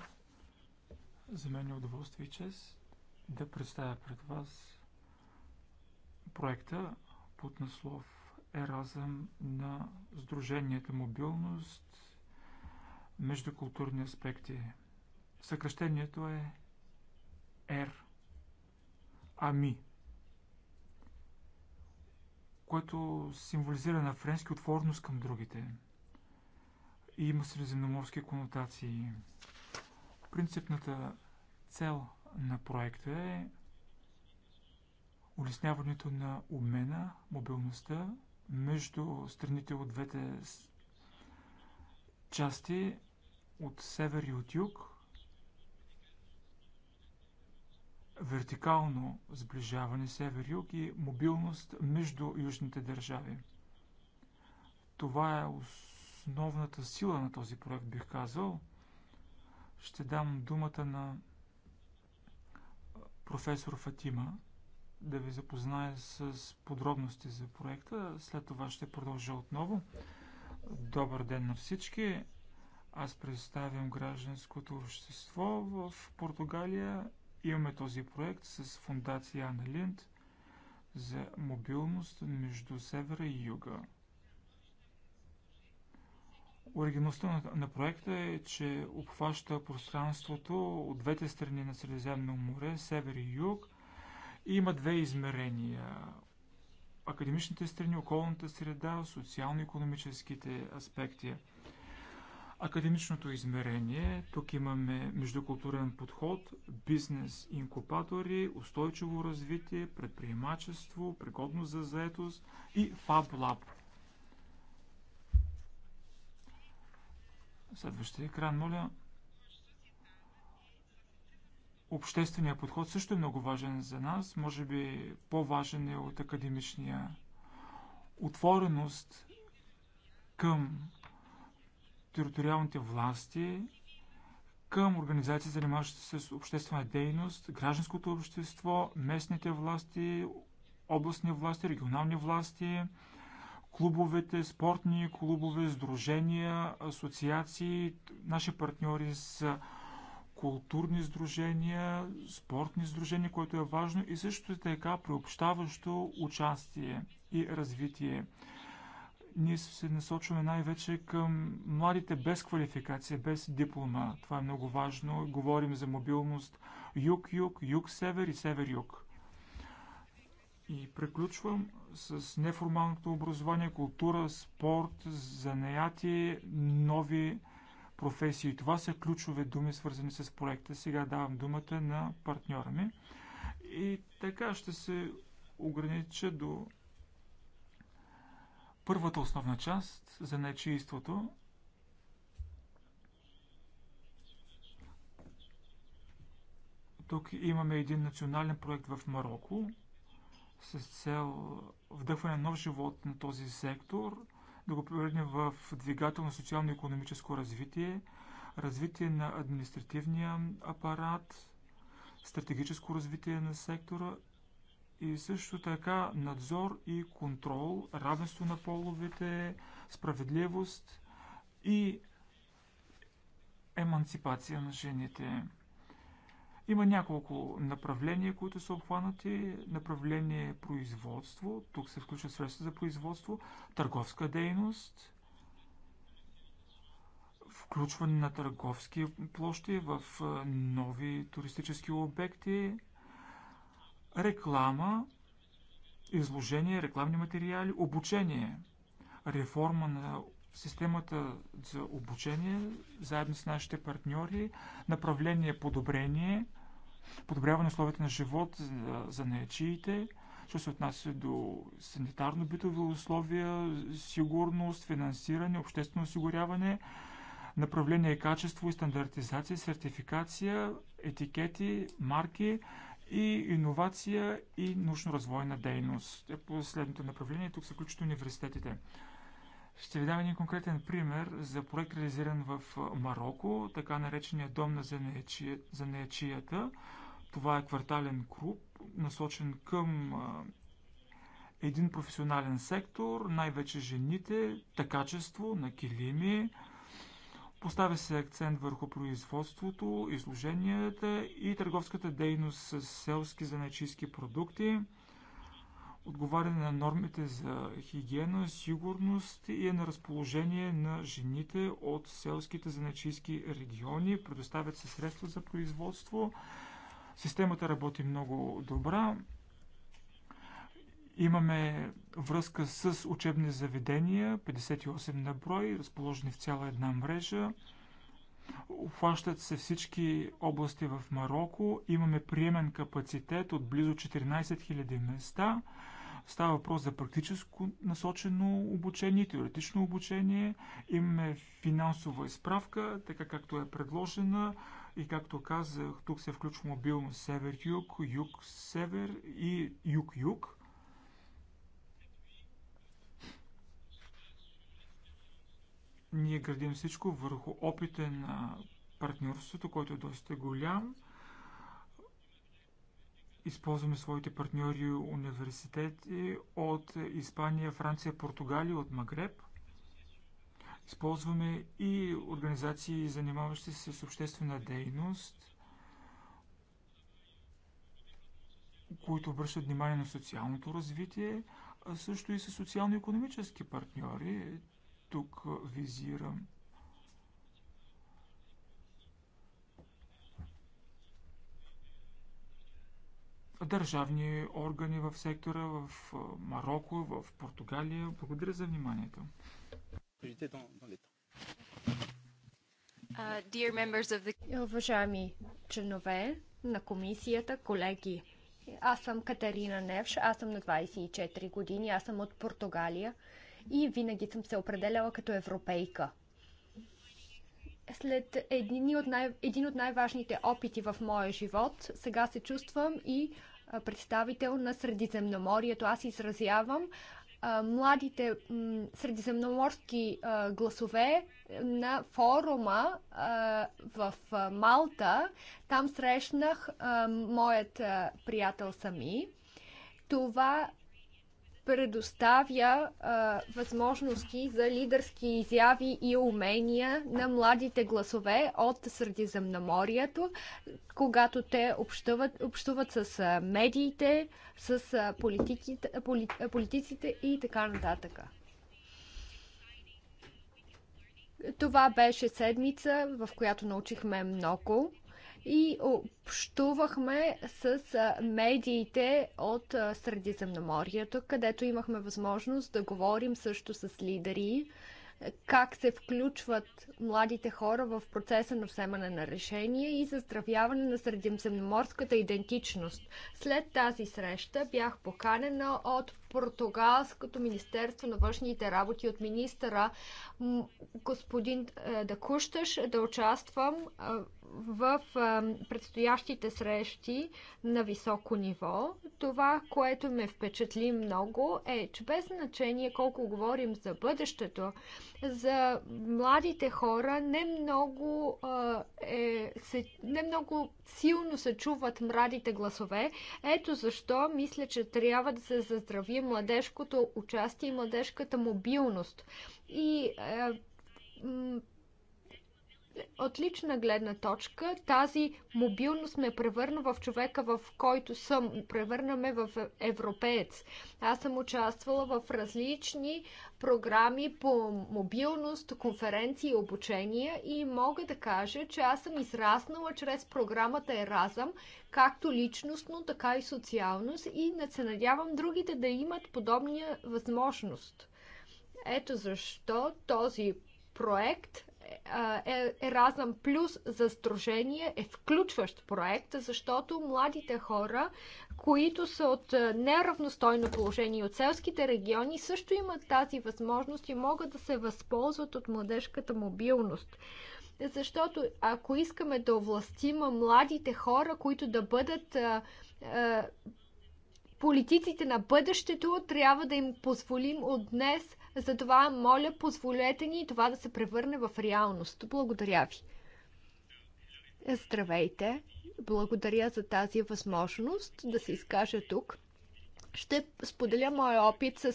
за мен е удоволствие и чест да представя пред вас проекта под наслов Еразъм на Сдружението Мобилност Междукултурни аспекти. Съкръщението е Р. Ами което символизира на френски отворност към другите. И има средиземноморски конотации. Принципната цел на проекта е улесняването на обмена, мобилността между страните от двете части, от север и от юг, вертикално сближаване север-юг и мобилност между южните държави. Това е основната сила на този проект, бих казал. Ще дам думата на професор Фатима да ви запознае с подробности за проекта. След това ще продължа отново. Добър ден на всички! Аз представям гражданското общество в Португалия Имаме този проект с фундация Анна Линд за мобилност между севера и юга. Оригиналността на проекта е, че обхваща пространството от двете страни на Средиземно море, север и юг, и има две измерения. Академичните страни, околната среда, социално-економическите аспекти – Академичното измерение. Тук имаме междукултурен подход, бизнес инкубатори, устойчиво развитие, предприемачество, пригодност за заетост и Fab Lab. Следващия екран, моля. Общественият подход също е много важен за нас. Може би по-важен е от академичния. Отвореност към териториалните власти към организации, занимаващи се с обществена дейност, гражданското общество, местните власти, областни власти, регионални власти, клубовете, спортни клубове, сдружения, асоциации. Наши партньори са културни сдружения, спортни сдружения, което е важно и също така приобщаващо участие и развитие ние се насочваме най-вече към младите без квалификация, без диплома. Това е много важно. Говорим за мобилност юг-юг, юг-север и север-юг. И приключвам с неформалното образование, култура, спорт, занаяти, нови професии. Това са ключове думи, свързани с проекта. Сега давам думата на партньора ми. И така ще се огранича до Първата основна част за нечийството Тук имаме един национален проект в Марокко с цел вдъхване на нов живот на този сектор, да го превърнем в двигател на социално-економическо развитие, развитие на административния апарат, стратегическо развитие на сектора и също така надзор и контрол, равенство на половете, справедливост и еманципация на жените. Има няколко направления, които са обхванати. Направление е производство, тук се включва средства за производство, търговска дейност, включване на търговски площи в нови туристически обекти, реклама, изложение, рекламни материали, обучение, реформа на системата за обучение, заедно с нашите партньори, направление подобрение, подобряване условията на живот за, за наечиите, що се отнася до санитарно-битови условия, сигурност, финансиране, обществено осигуряване, направление качество и стандартизация, сертификация, етикети, марки, и иновация и научно-развойна дейност. Е последното направление. Тук са включително университетите. Ще ви дам един конкретен пример за проект реализиран в Марокко, така наречения дом на занаячия, занаячията. Това е квартален клуб, насочен към един професионален сектор, най-вече жените, такачество на килими, Поставя се акцент върху производството, изложенията и търговската дейност с селски занечийски продукти, отговаряне на нормите за хигиена, сигурност и е на разположение на жените от селските занечийски региони. Предоставят се средства за производство. Системата работи много добра. Имаме връзка с учебни заведения, 58 на брой, разположени в цяла една мрежа. Обхващат се всички области в Марокко. Имаме приемен капацитет от близо 14 000 места. Става въпрос за практическо насочено обучение, теоретично обучение. Имаме финансова изправка, така както е предложена. И както казах, тук се включва мобилно север-юг, юг-север и юг-юг. Ние градим всичко върху опита на партньорството, който е доста голям. Използваме своите партньори университети от Испания, Франция, Португалия, от Магреб. Използваме и организации, занимаващи се с обществена дейност, които обръщат внимание на социалното развитие, а също и с социално-економически партньори, тук визирам. Държавни органи в сектора в Марокко, в Португалия. Благодаря за вниманието. Уважаеми членове на комисията, колеги, аз съм Катерина Невш, аз съм на 24 години, аз съм от Португалия и винаги съм се определяла като европейка. След един от, най- един от най-важните опити в моя живот, сега се чувствам и представител на Средиземноморието. Аз изразявам а, младите м, средиземноморски а, гласове на форума а, в а, Малта. Там срещнах а, моят а, приятел Сами. Това предоставя а, възможности за лидерски изяви и умения на младите гласове от Средиземноморието, когато те общуват, общуват с а, медиите, с а, политиците и така нататък. Това беше седмица, в която научихме много и общувахме с медиите от Средиземноморието, където имахме възможност да говорим също с лидери как се включват младите хора в процеса на вземане на решения и заздравяване на средиземноморската идентичност. След тази среща бях поканена от Португалското Министерство на външните работи от министъра господин е, Дакушташ да участвам е, в предстоящите срещи на високо ниво. Това, което ме впечатли много е, че без значение колко говорим за бъдещето, за младите хора не много, е, се, не много силно се чуват младите гласове. Ето защо мисля, че трябва да се заздрави младежкото участие и младежката мобилност. И е, от лична гледна точка тази мобилност ме превърна в човека, в който съм. Превърна ме в европеец. Аз съм участвала в различни програми по мобилност, конференции и обучения и мога да кажа, че аз съм израснала чрез програмата Еразъм, както личностно, така и социално и не се надявам другите да имат подобния възможност. Ето защо този проект Еразъм е, е Плюс за сдружение е включващ проект, защото младите хора, които са от е, неравностойно положение от селските региони, също имат тази възможност и могат да се възползват от младежката мобилност. Защото ако искаме да овластим младите хора, които да бъдат политиците на бъдещето, трябва да им позволим от днес – затова, моля, позволете ни това да се превърне в реалност. Благодаря ви. Здравейте! Благодаря за тази възможност да се изкажа тук. Ще споделя моя опит с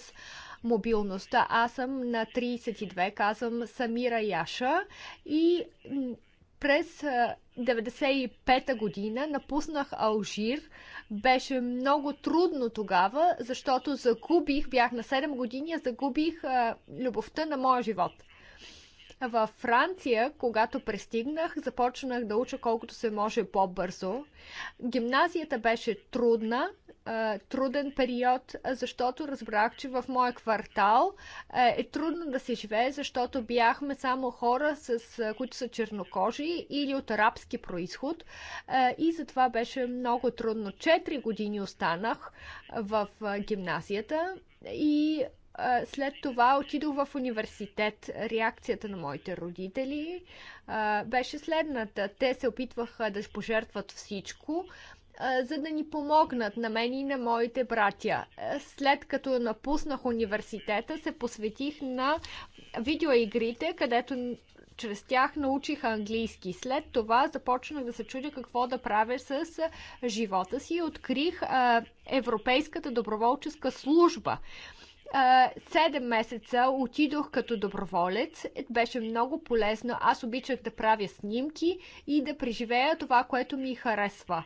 мобилността. Аз съм на 32, казвам Самира Яша и през 95 та година напуснах Алжир. Беше много трудно тогава, защото загубих, бях на 7 години, загубих любовта на моя живот. Във Франция, когато пристигнах, започнах да уча колкото се може по-бързо. Гимназията беше трудна, труден период, защото разбрах, че в моя квартал е трудно да се живее, защото бяхме само хора, с, които са чернокожи или от арабски происход. И затова беше много трудно. Четири години останах в гимназията и след това отидох в университет. Реакцията на моите родители беше следната. Те се опитваха да пожертват всичко, за да ни помогнат на мен и на моите братя. След като напуснах университета, се посветих на видеоигрите, където чрез тях научих английски. След това започнах да се чудя какво да правя с живота си и открих а, Европейската доброволческа служба. Седем месеца отидох като доброволец. Беше много полезно. Аз обичах да правя снимки и да преживея това, което ми харесва.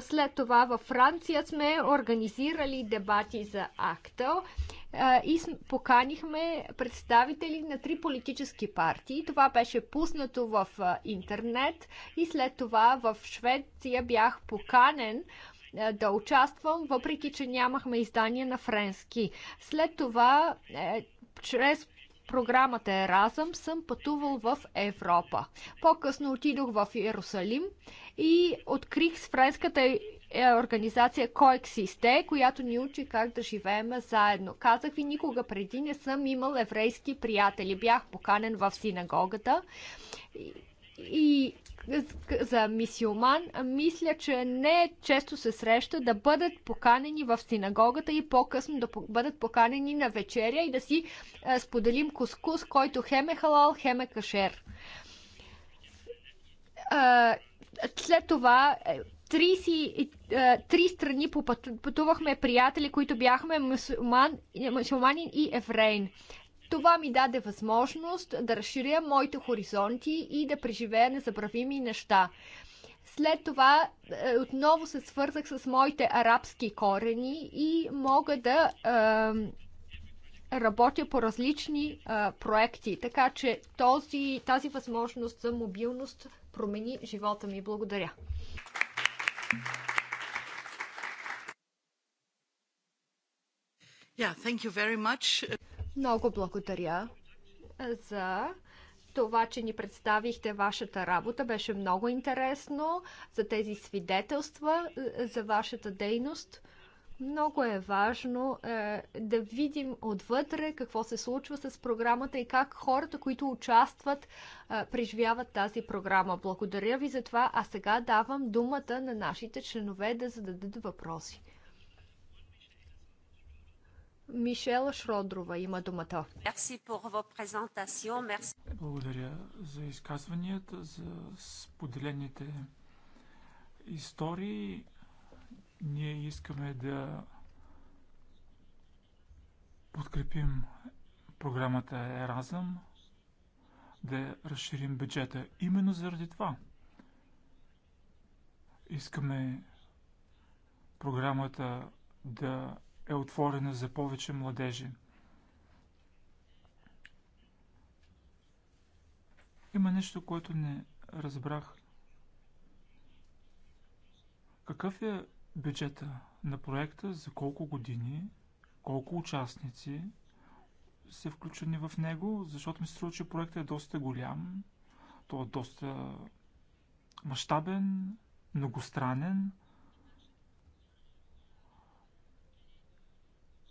След това във Франция сме организирали дебати за акта и поканихме представители на три политически партии. Това беше пуснато в интернет и след това в Швеция бях поканен е, да участвам, въпреки че нямахме издание на френски. След това, е, чрез програмата Еразъм, съм пътувал в Европа. По-късно отидох в Иерусалим и открих с френската е, организация Коексисте, която ни учи как да живеем заедно. Казах ви, никога преди не съм имал еврейски приятели. Бях поканен в синагогата и, и за мисиоман, мисля, че не често се среща да бъдат поканени в синагогата и по-късно да бъдат поканени на вечеря и да си споделим кускус, който хем е халал, хем е кашер. След това 30, е, три страни пътувахме приятели, които бяхме мусулман, мусулманин и еврейн. Това ми даде възможност да разширя моите хоризонти и да преживея незабравими неща. След това е, отново се свързах с моите арабски корени и мога да е, работя по различни е, проекти. Така че този, тази възможност за мобилност промени живота ми. Благодаря. Yeah, thank you very much. Много благодаря за това, че ни представихте вашата работа. Беше много интересно за тези свидетелства, е, за вашата дейност. Много е важно е, да видим отвътре какво се случва с програмата и как хората, които участват, е, преживяват тази програма. Благодаря ви за това, а сега давам думата на нашите членове да зададат въпроси. Мишела Шродрова има думата. Благодаря за изказванията, за споделените истории. Ние искаме да подкрепим програмата Еразъм, да разширим бюджета. Именно заради това искаме програмата да е отворена за повече младежи. Има нещо, което не разбрах. Какъв е бюджета на проекта, за колко години, колко участници са включени в него, защото ми се струва, че проектът е доста голям, той е доста мащабен, многостранен –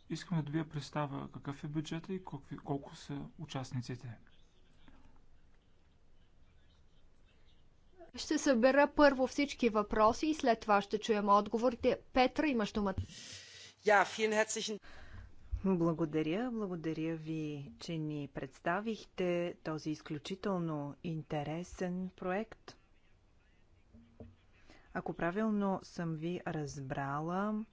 Искам да ви представя какъв е бюджета и колко, са участниците. Ще събера първо всички въпроси и след това ще чуем отговорите. Петра, имаш думата. Yeah, благодаря, благодаря ви, че ни представихте този изключително интересен проект. Ако правилно съм ви разбрала,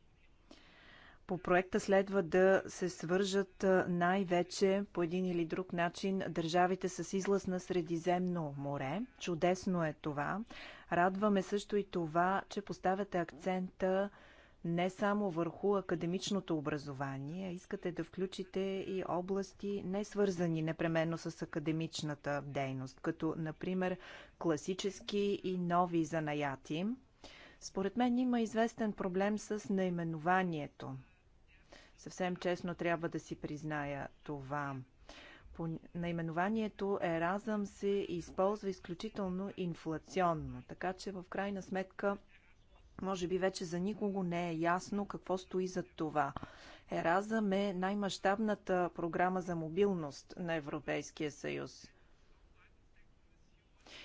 по проекта следва да се свържат най-вече по един или друг начин държавите с излъз на Средиземно море. Чудесно е това. Радваме също и това, че поставяте акцента не само върху академичното образование, искате да включите и области, не свързани непременно с академичната дейност, като, например, класически и нови занаяти. Според мен има известен проблем с наименованието. Съвсем честно трябва да си призная това. По наименованието Еразъм се използва изключително инфлационно, така че в крайна сметка може би вече за никого не е ясно какво стои за това. Еразъм е най-мащабната програма за мобилност на Европейския съюз.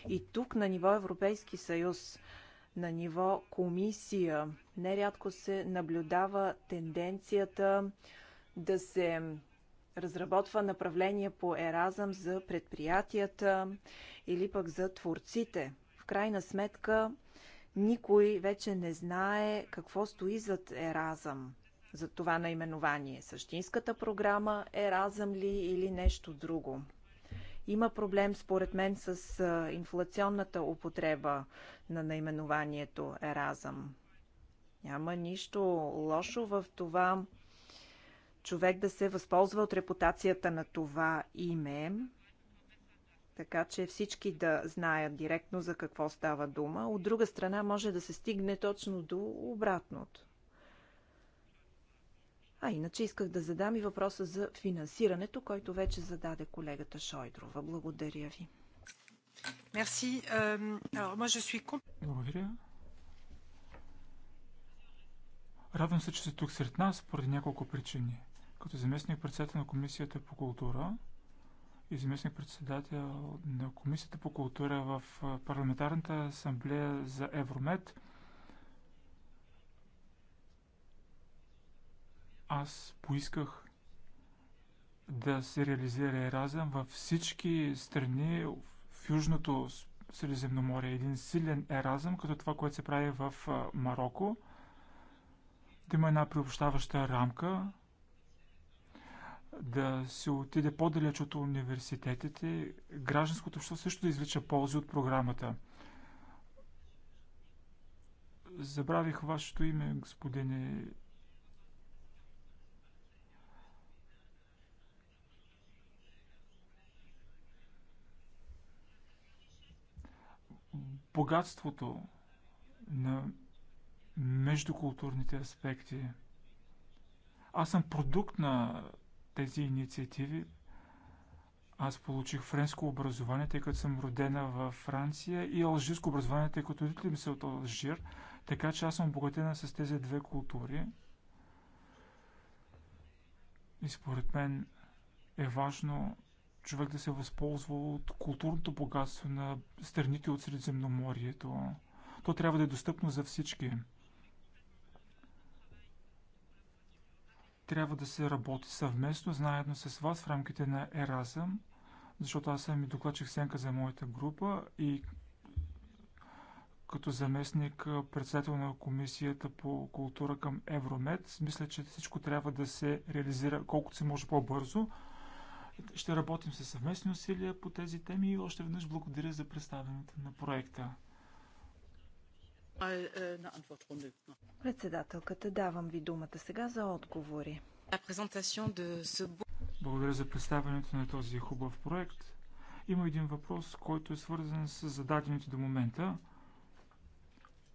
И тук на ниво Европейски съюз на ниво комисия. Нерядко се наблюдава тенденцията да се разработва направление по Еразъм за предприятията или пък за творците. В крайна сметка никой вече не знае какво стои зад Еразъм, за това наименование. Същинската програма Еразъм ли или нещо друго? Има проблем, според мен, с инфлационната употреба на наименованието Еразъм. Няма нищо лошо в това човек да се възползва от репутацията на това име, така че всички да знаят директно за какво става дума. От друга страна може да се стигне точно до обратното. А иначе исках да задам и въпроса за финансирането, който вече зададе колегата Шойдрова. Благодаря ви. Euh, Благодаря. Радвам се, че сте тук сред нас поради няколко причини. Като заместник председател на Комисията по култура и заместник председател на Комисията по култура в Парламентарната асамблея за Евромед, Аз поисках да се реализира Еразъм във всички страни в Южното Средиземноморие. Един силен Еразъм, като това, което се прави в Марокко. Да има една приобщаваща рамка, да се отиде по-далеч от университетите. Гражданското общество също да извлича ползи от програмата. Забравих вашето име, господине богатството на междукултурните аспекти. Аз съм продукт на тези инициативи. Аз получих френско образование, тъй като съм родена във Франция и алжирско образование, тъй като родители ми са от Алжир. Така че аз съм обогатена с тези две култури. И според мен е важно човек да се е възползва от културното богатство на страните от Средиземноморието. То трябва да е достъпно за всички. Трябва да се работи съвместно, заедно с вас в рамките на Еразъм, защото аз съм и докладчик сенка за моята група и като заместник председател на Комисията по култура към Евромед. Мисля, че всичко трябва да се реализира колкото се може по-бързо. Ще работим със съвместни усилия по тези теми и още веднъж благодаря за представянето на проекта. Е, е, Председателката, давам ви думата сега за отговори. Благодаря за представянето на този хубав проект. Има един въпрос, който е свързан с зададените до момента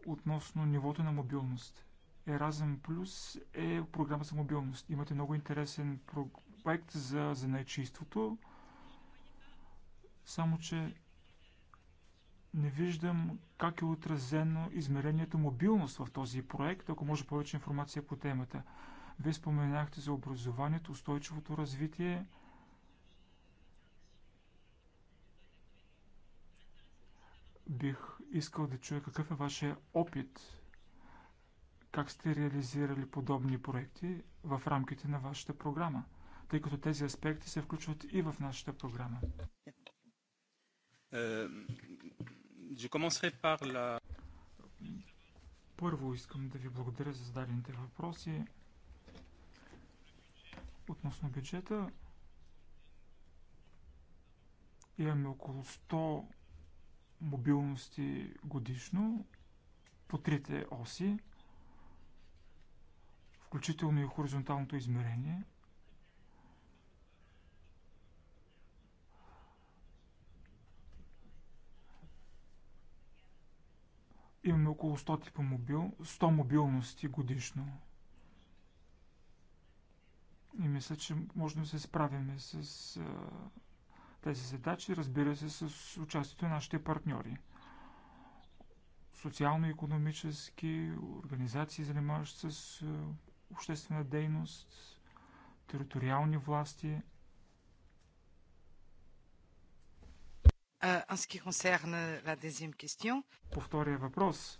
относно нивото на мобилност. Erasmus Плюс е програма за мобилност. Имате много интересен проект за занайчийството, само че не виждам как е отразено измерението мобилност в този проект, ако може повече информация по темата. Вие споменахте за образованието, устойчивото развитие. Бих искал да чуя какъв е вашия опит, как сте реализирали подобни проекти в рамките на вашата програма тъй като тези аспекти се включват и в нашата програма. Е, Първо искам да ви благодаря за зададените въпроси. Относно бюджета, имаме около 100 мобилности годишно по трите оси, включително и хоризонталното измерение. Имаме около 100 типа мобил, 100 мобилности годишно. И мисля, че можем да се справим с а, тези задачи, разбира се, с участието на нашите партньори. Социално-економически организации, занимаващи с а, обществена дейност, териториални власти – По втория въпрос.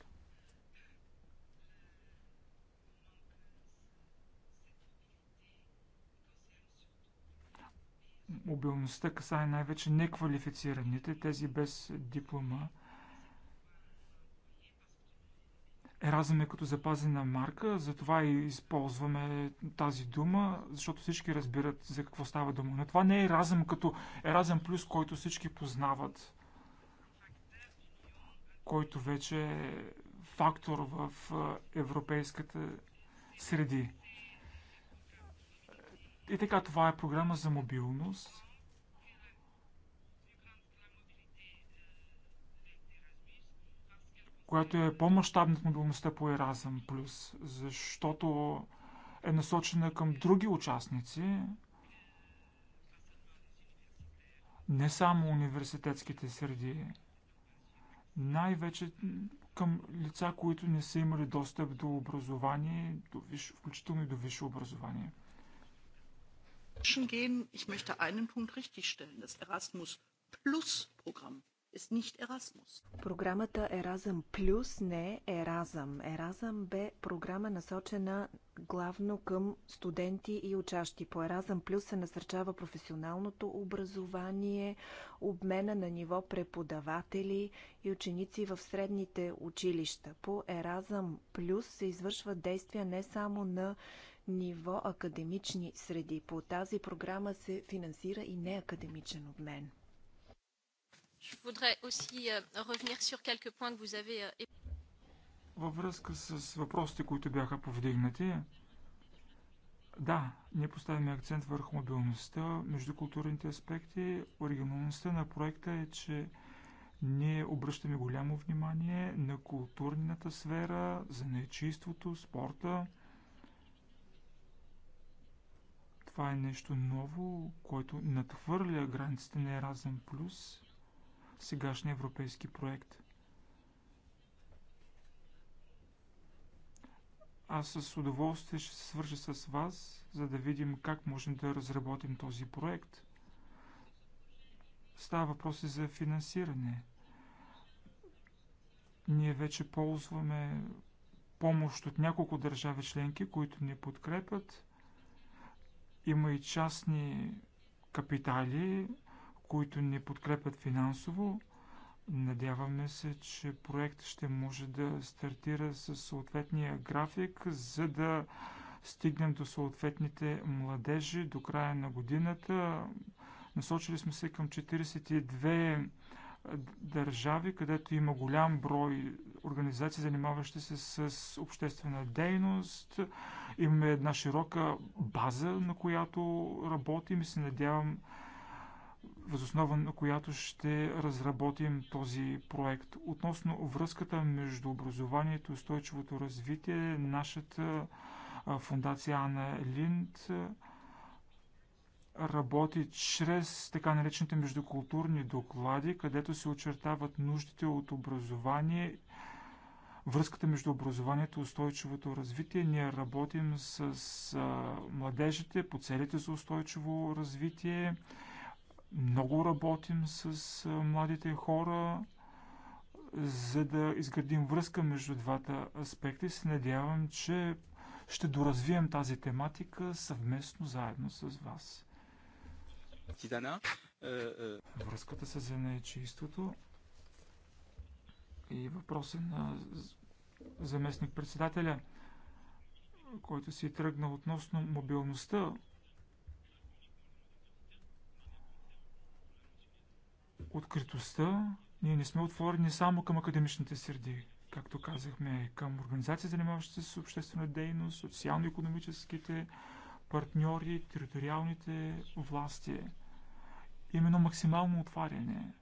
Мобилността касае най-вече неквалифицираните, тези без диплома. Еразъм е като запазена марка, затова и използваме тази дума, защото всички разбират за какво става дума. Но това не е Еразъм като Еразъм Плюс, който всички познават, който вече е фактор в европейската среди. И е, така, това е програма за мобилност, която е по-масштабна от мобилността по Erasmus Plus, защото е насочена към други участници, не само университетските среди, най-вече към лица, които не са имали достъп до образование, до виш... включително и до висше образование. Ich möchte einen Punkt richtigstellen. Das Erasmus Plus Programm ist nicht Erasmus. Програмата Еразъм Плюс не е Еразъм. Еразъм бе програма насочена главно към студенти и учащи. По Еразъм Плюс се насърчава професионалното образование, обмена на ниво преподаватели и ученици в средните училища. По Еразъм Плюс се извършват действия не само на ниво академични среди. По тази програма се финансира и неакадемичен обмен. Je voudrais aussi euh, revenir sur quelques points que vous avez euh, във връзка с въпросите, които бяха повдигнати, да, ние поставяме акцент върху мобилността, междукултурните аспекти. Оригиналността на проекта е, че ние обръщаме голямо внимание на културната сфера, за нечиството, спорта. Това е нещо ново, което надхвърля границите на Еразъм Плюс – сегашния европейски проект. Аз с удоволствие ще се свържа с вас, за да видим как можем да разработим този проект. Става въпрос и за финансиране. Ние вече ползваме помощ от няколко държави членки, които ни подкрепят. Има и частни капитали, които ни подкрепят финансово. Надяваме се, че проект ще може да стартира със съответния график, за да стигнем до съответните младежи до края на годината. Насочили сме се към 42 държави, където има голям брой организации, занимаващи се с обществена дейност. Имаме една широка база, на която работим и се надявам възоснова на която ще разработим този проект. Относно връзката между образованието и устойчивото развитие, нашата фундация Анна Линд работи чрез така наречените междукултурни доклади, където се очертават нуждите от образование, връзката между образованието и устойчивото развитие. Ние работим с младежите по целите за устойчиво развитие. Много работим с младите хора, за да изградим връзка между двата аспекта и се надявам, че ще доразвием тази тематика съвместно заедно с вас. Титана. Е, е. Връзката с занечистото и въпроса на заместник председателя, който си тръгна относно мобилността откритостта. Ние не сме отворени само към академичните среди, както казахме, към организации, занимаващи се с обществена дейност, социално-економическите партньори, териториалните власти. Именно максимално отваряне.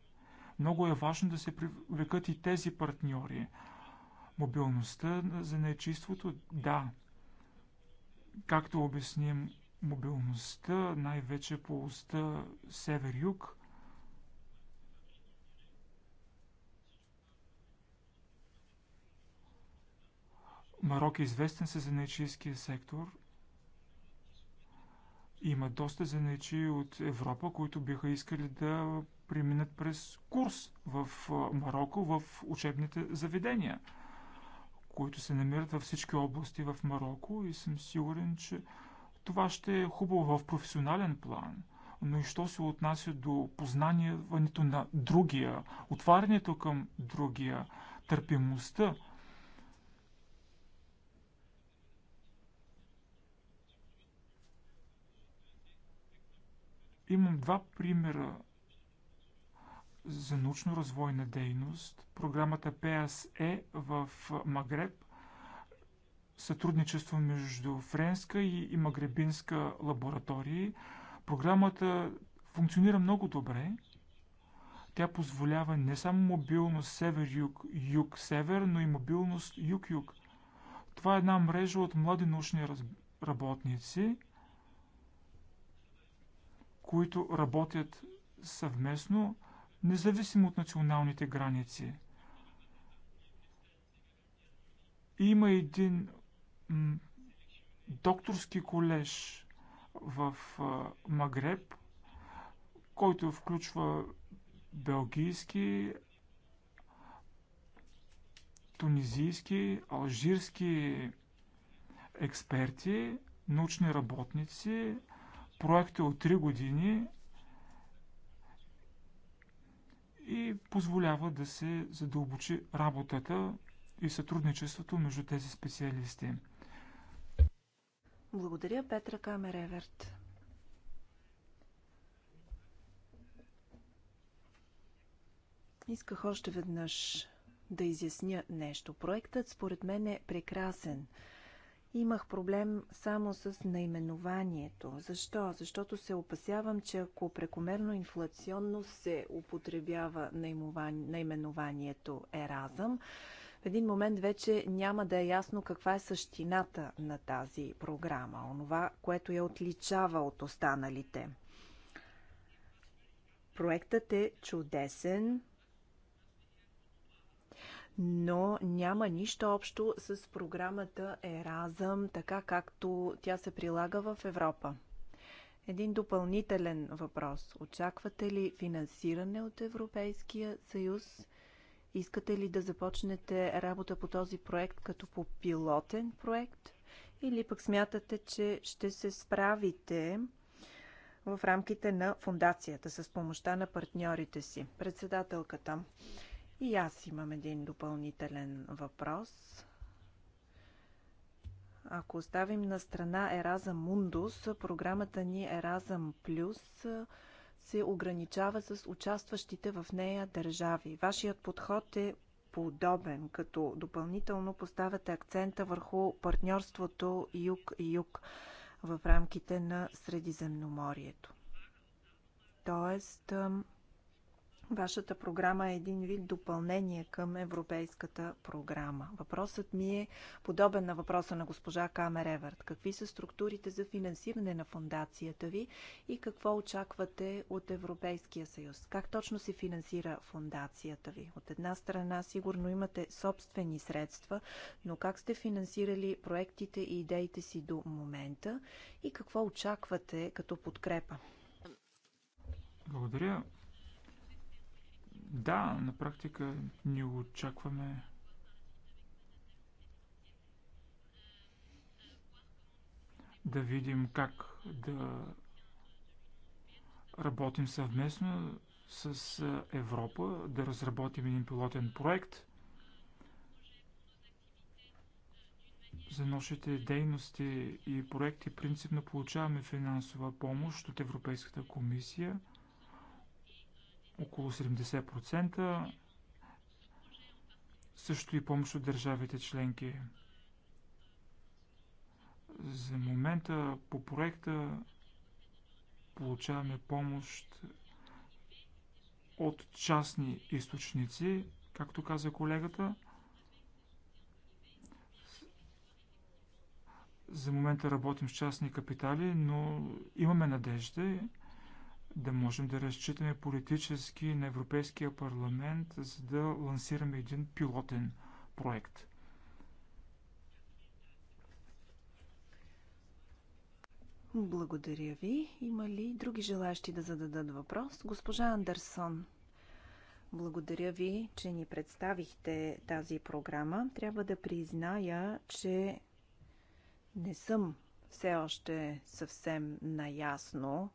Много е важно да се привлекат и тези партньори. Мобилността за нечиството, да. Както обясним мобилността, най-вече по уста север-юг, Марок е известен със занечийския сектор. Има доста занечи от Европа, които биха искали да преминат през курс в Марокко в учебните заведения, които се намират във всички области в Марокко и съм сигурен, че това ще е хубаво в професионален план. Но и що се отнася до познанието на другия, отварянето към другия, търпимостта – Имам два примера за научно-развойна дейност. Програмата PSE в Магреб, сътрудничество между френска и магребинска лаборатории. Програмата функционира много добре. Тя позволява не само мобилност север-юг, юг-север, но и мобилност юг-юг. Това е една мрежа от млади научни работници – които работят съвместно, независимо от националните граници. Има един докторски колеж в Магреб, който включва белгийски, тунизийски, алжирски експерти, научни работници, проекта от 3 години и позволява да се задълбочи работата и сътрудничеството между тези специалисти. Благодаря, Петра Камереверт. Исках още веднъж да изясня нещо. Проектът според мен е прекрасен. Имах проблем само с наименованието. Защо? Защото се опасявам, че ако прекомерно инфлационно се употребява наименованието Еразъм, в един момент вече няма да е ясно каква е същината на тази програма, онова, което я отличава от останалите. Проектът е чудесен, но няма нищо общо с програмата Еразъм, така както тя се прилага в Европа. Един допълнителен въпрос. Очаквате ли финансиране от Европейския съюз? Искате ли да започнете работа по този проект като по пилотен проект? Или пък смятате, че ще се справите в рамките на фундацията с помощта на партньорите си? Председателката. И аз имам един допълнителен въпрос. Ако оставим на страна Еразъм Мундус, програмата ни Еразъм Плюс се ограничава с участващите в нея държави. Вашият подход е подобен, като допълнително поставяте акцента върху партньорството юг-юг в рамките на Средиземноморието. Тоест, Вашата програма е един вид допълнение към европейската програма. Въпросът ми е подобен на въпроса на госпожа Камер Еверт. Какви са структурите за финансиране на фундацията ви и какво очаквате от Европейския съюз? Как точно се финансира фундацията ви? От една страна сигурно имате собствени средства, но как сте финансирали проектите и идеите си до момента и какво очаквате като подкрепа? Благодаря. Да, на практика ни очакваме да видим как да работим съвместно с Европа, да разработим един пилотен проект за нашите дейности и проекти. Принципно получаваме финансова помощ от Европейската комисия – около 70%, също и помощ от държавите членки. За момента по проекта получаваме помощ от частни източници, както каза колегата. За момента работим с частни капитали, но имаме надежда да можем да разчитаме политически на Европейския парламент, за да лансираме един пилотен проект. Благодаря ви. Има ли други желащи да зададат въпрос? Госпожа Андерсон. Благодаря ви, че ни представихте тази програма. Трябва да призная, че не съм все още съвсем наясно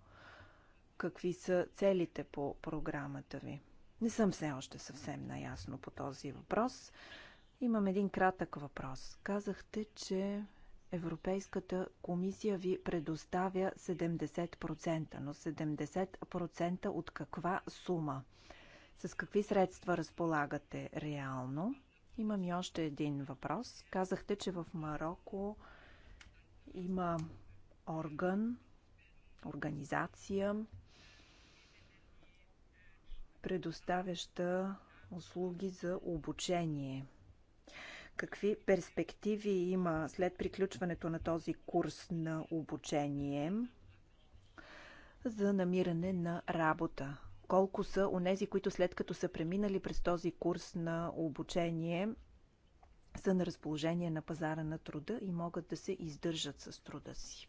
какви са целите по програмата ви? Не съм все още съвсем наясно по този въпрос. Имам един кратък въпрос. Казахте, че Европейската комисия ви предоставя 70%, но 70% от каква сума? С какви средства разполагате реално? Имам и още един въпрос. Казахте, че в Марокко има орган, организация, предоставяща услуги за обучение. Какви перспективи има след приключването на този курс на обучение за намиране на работа? Колко са онези, които след като са преминали през този курс на обучение, са на разположение на пазара на труда и могат да се издържат с труда си?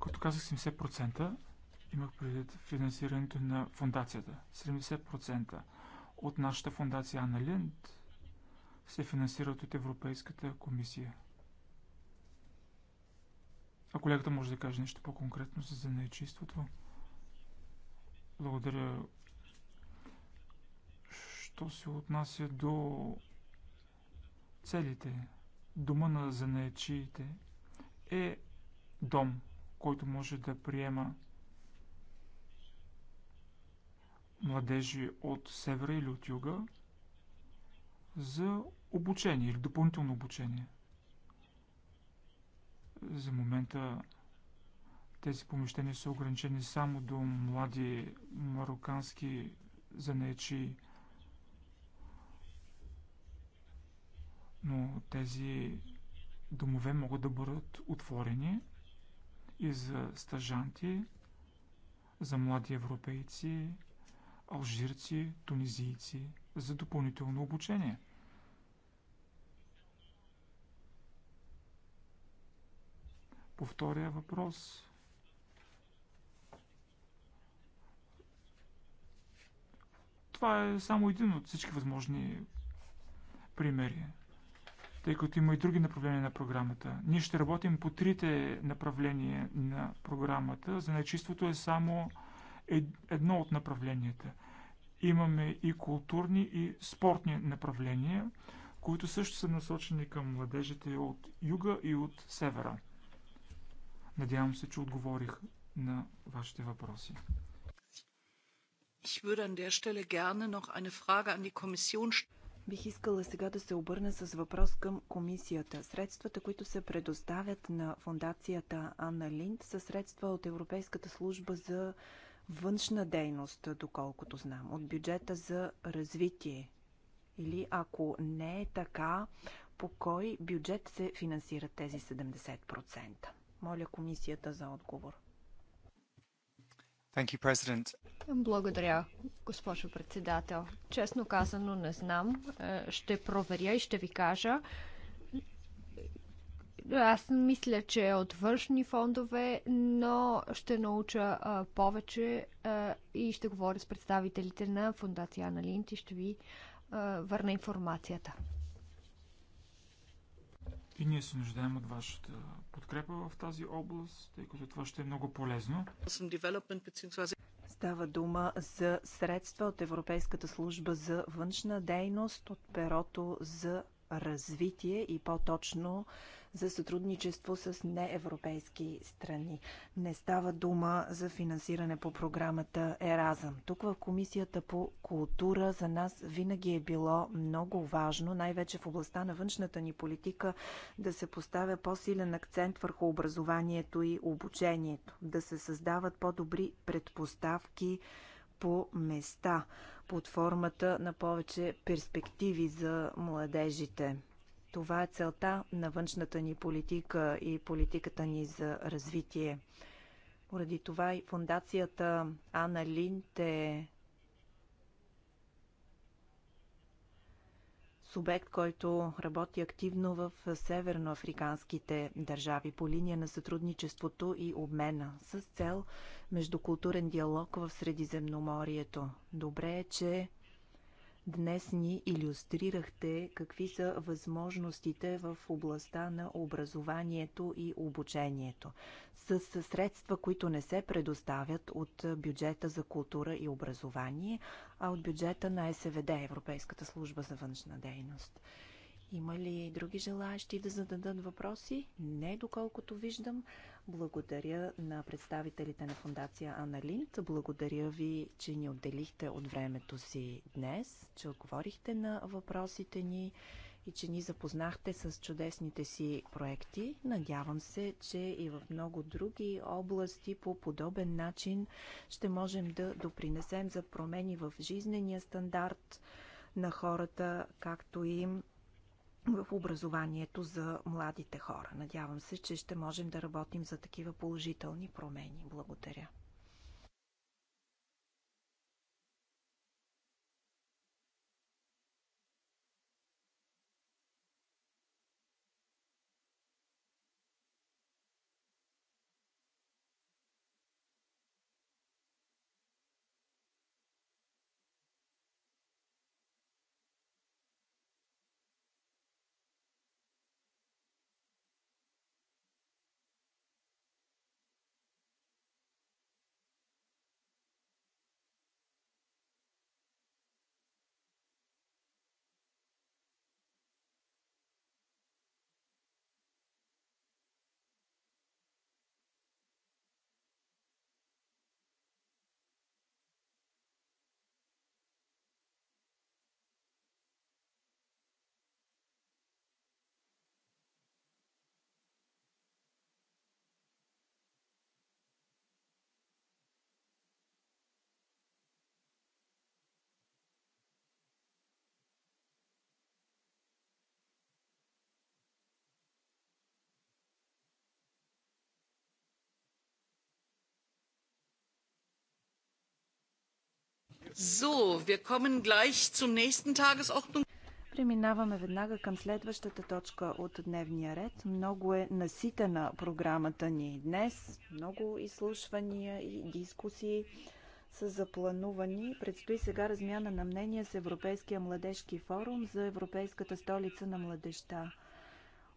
Като казах 70%, Имах предвид финансирането на фундацията. 70% от нашата фундация Анна Линд се финансират от Европейската комисия. А колегата може да каже нещо по-конкретно за занечиството. Благодаря. Що се отнася до целите, дома на занаячиите е дом, който може да приема младежи от севера или от юга за обучение или допълнително обучение. За момента тези помещения са ограничени само до млади марокански занечи, но тези домове могат да бъдат отворени и за стажанти, за млади европейци, алжирци, тунизийци за допълнително обучение. По втория въпрос това е само един от всички възможни примери, тъй като има и други направления на програмата. Ние ще работим по трите направления на програмата. За нечиството е само е едно от направленията. Имаме и културни и спортни направления, които също са насочени към младежите от юга и от севера. Надявам се, че отговорих на вашите въпроси. Бих искала сега да се обърна с въпрос към комисията. Средствата, които се предоставят на фундацията Анна Линд, са средства от Европейската служба за външна дейност, доколкото знам, от бюджета за развитие. Или ако не е така, по кой бюджет се финансират тези 70%? Моля комисията за отговор. Thank you, President. Благодаря, госпожо председател. Честно казано, не знам. Е, ще проверя и ще ви кажа. Аз мисля, че е от външни фондове, но ще науча а, повече а, и ще говоря с представителите на Фундация Линд и ще ви а, върна информацията. И ние се нуждаем от вашата подкрепа в тази област, тъй като това ще е много полезно. Става дума за средства от Европейската служба за външна дейност, от перото за развитие и по-точно за сътрудничество с неевропейски страни. Не става дума за финансиране по програмата Еразъм. Тук в Комисията по култура за нас винаги е било много важно, най-вече в областта на външната ни политика, да се поставя по-силен акцент върху образованието и обучението, да се създават по-добри предпоставки по места под формата на повече перспективи за младежите. Това е целта на външната ни политика и политиката ни за развитие. Поради това и фундацията Ана Линд е субект, който работи активно в северноафриканските държави по линия на сътрудничеството и обмена с цел междукултурен диалог в Средиземноморието. Добре е, че Днес ни иллюстрирахте какви са възможностите в областта на образованието и обучението. С средства, които не се предоставят от бюджета за култура и образование, а от бюджета на СВД, Европейската служба за външна дейност. Има ли други желаящи да зададат въпроси? Не, доколкото виждам. Благодаря на представителите на фундация Аналинт. Благодаря ви, че ни отделихте от времето си днес, че отговорихте на въпросите ни и че ни запознахте с чудесните си проекти. Надявам се, че и в много други области по подобен начин ще можем да допринесем за промени в жизнения стандарт на хората, както и в образованието за младите хора. Надявам се, че ще можем да работим за такива положителни промени. Благодаря. So, wir kommen gleich zum nächsten Tagesordnung. Преминаваме веднага към следващата точка от дневния ред. Много е наситена програмата ни днес. Много изслушвания и дискусии са запланувани. Предстои сега размяна на мнение с Европейския младежки форум за Европейската столица на младеща.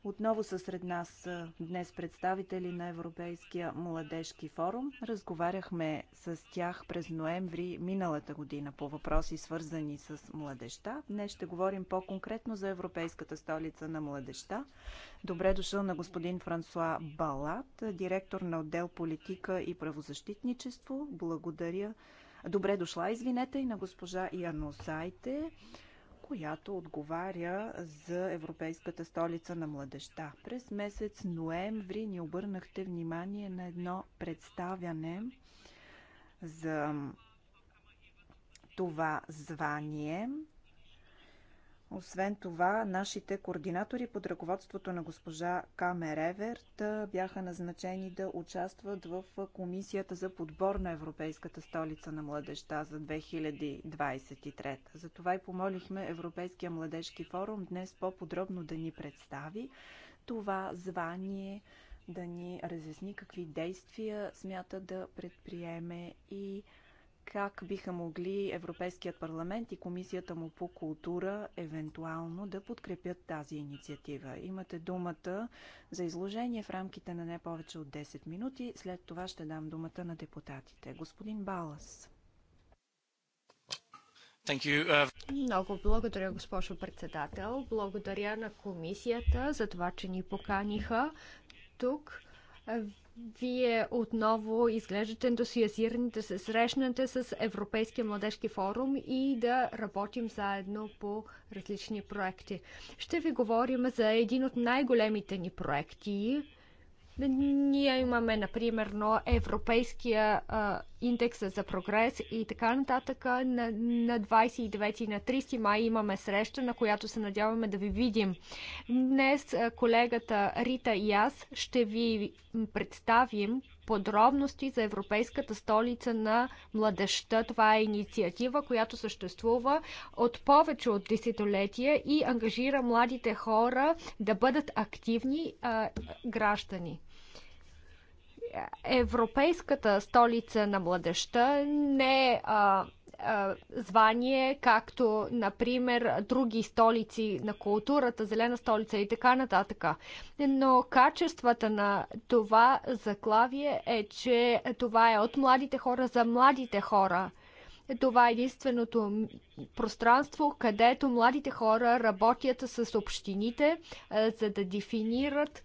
Отново са сред нас днес представители на Европейския младежки форум. Разговаряхме с тях през ноември миналата година по въпроси свързани с младеща. Днес ще говорим по-конкретно за Европейската столица на младеща. Добре дошъл на господин Франсуа Балат, директор на отдел политика и правозащитничество. Благодаря. Добре дошла, извинете, и на госпожа Яносайте. Сайте която отговаря за Европейската столица на младеща. През месец ноември ни обърнахте внимание на едно представяне за това звание. Освен това, нашите координатори под ръководството на госпожа Камереверт бяха назначени да участват в Комисията за подбор на Европейската столица на младеща за 2023. Затова и помолихме Европейския младежки форум днес по-подробно да ни представи това звание, да ни разясни какви действия смята да предприеме и как биха могли Европейският парламент и Комисията му по култура евентуално да подкрепят тази инициатива. Имате думата за изложение в рамките на не повече от 10 минути. След това ще дам думата на депутатите. Господин Балас. Uh, Много благодаря, госпожо председател. Благодаря на комисията за това, че ни поканиха тук. Вие отново изглеждате ентусиазирани да се срещнете с Европейския младежки форум и да работим заедно по различни проекти. Ще ви говорим за един от най-големите ни проекти. Ние имаме, например, Европейския а, индекса за прогрес и така нататък. На, на 29 и на 30 май имаме среща, на която се надяваме да ви видим. Днес колегата Рита и аз ще ви представим подробности за Европейската столица на младеща. Това е инициатива, която съществува от повече от десетилетия и ангажира младите хора да бъдат активни а, граждани. Европейската столица на младеща не е а, а, звание, както, например, други столици на културата, зелена столица и така нататък. Но качествата на това заглавие е, че това е от младите хора за младите хора. Това е единственото пространство, където младите хора работят с общините, за да дефинират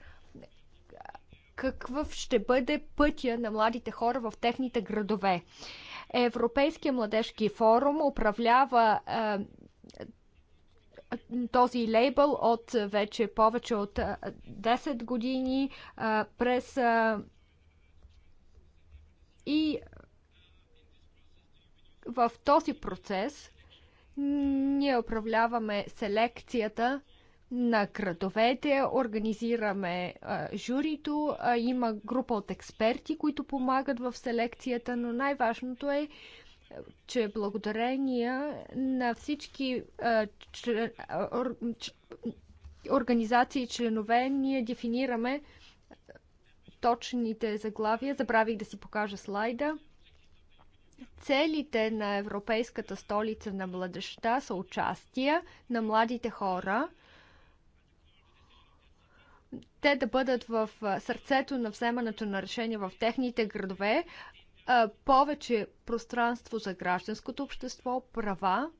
какъв ще бъде пътя на младите хора в техните градове. Европейския младежки форум управлява е, този лейбъл от вече повече от 10 е, години е, през е, и в този процес ние управляваме селекцията на кратовете, организираме а, журито, а, има група от експерти, които помагат в селекцията, но най-важното е, че благодарение на всички а, чл... ор, ч, организации и членове ние дефинираме точните заглавия. Забравих да си покажа слайда. Целите на Европейската столица на младеща са участие на младите хора те да бъдат в сърцето на вземането на решения в техните градове, повече пространство за гражданското общество, права,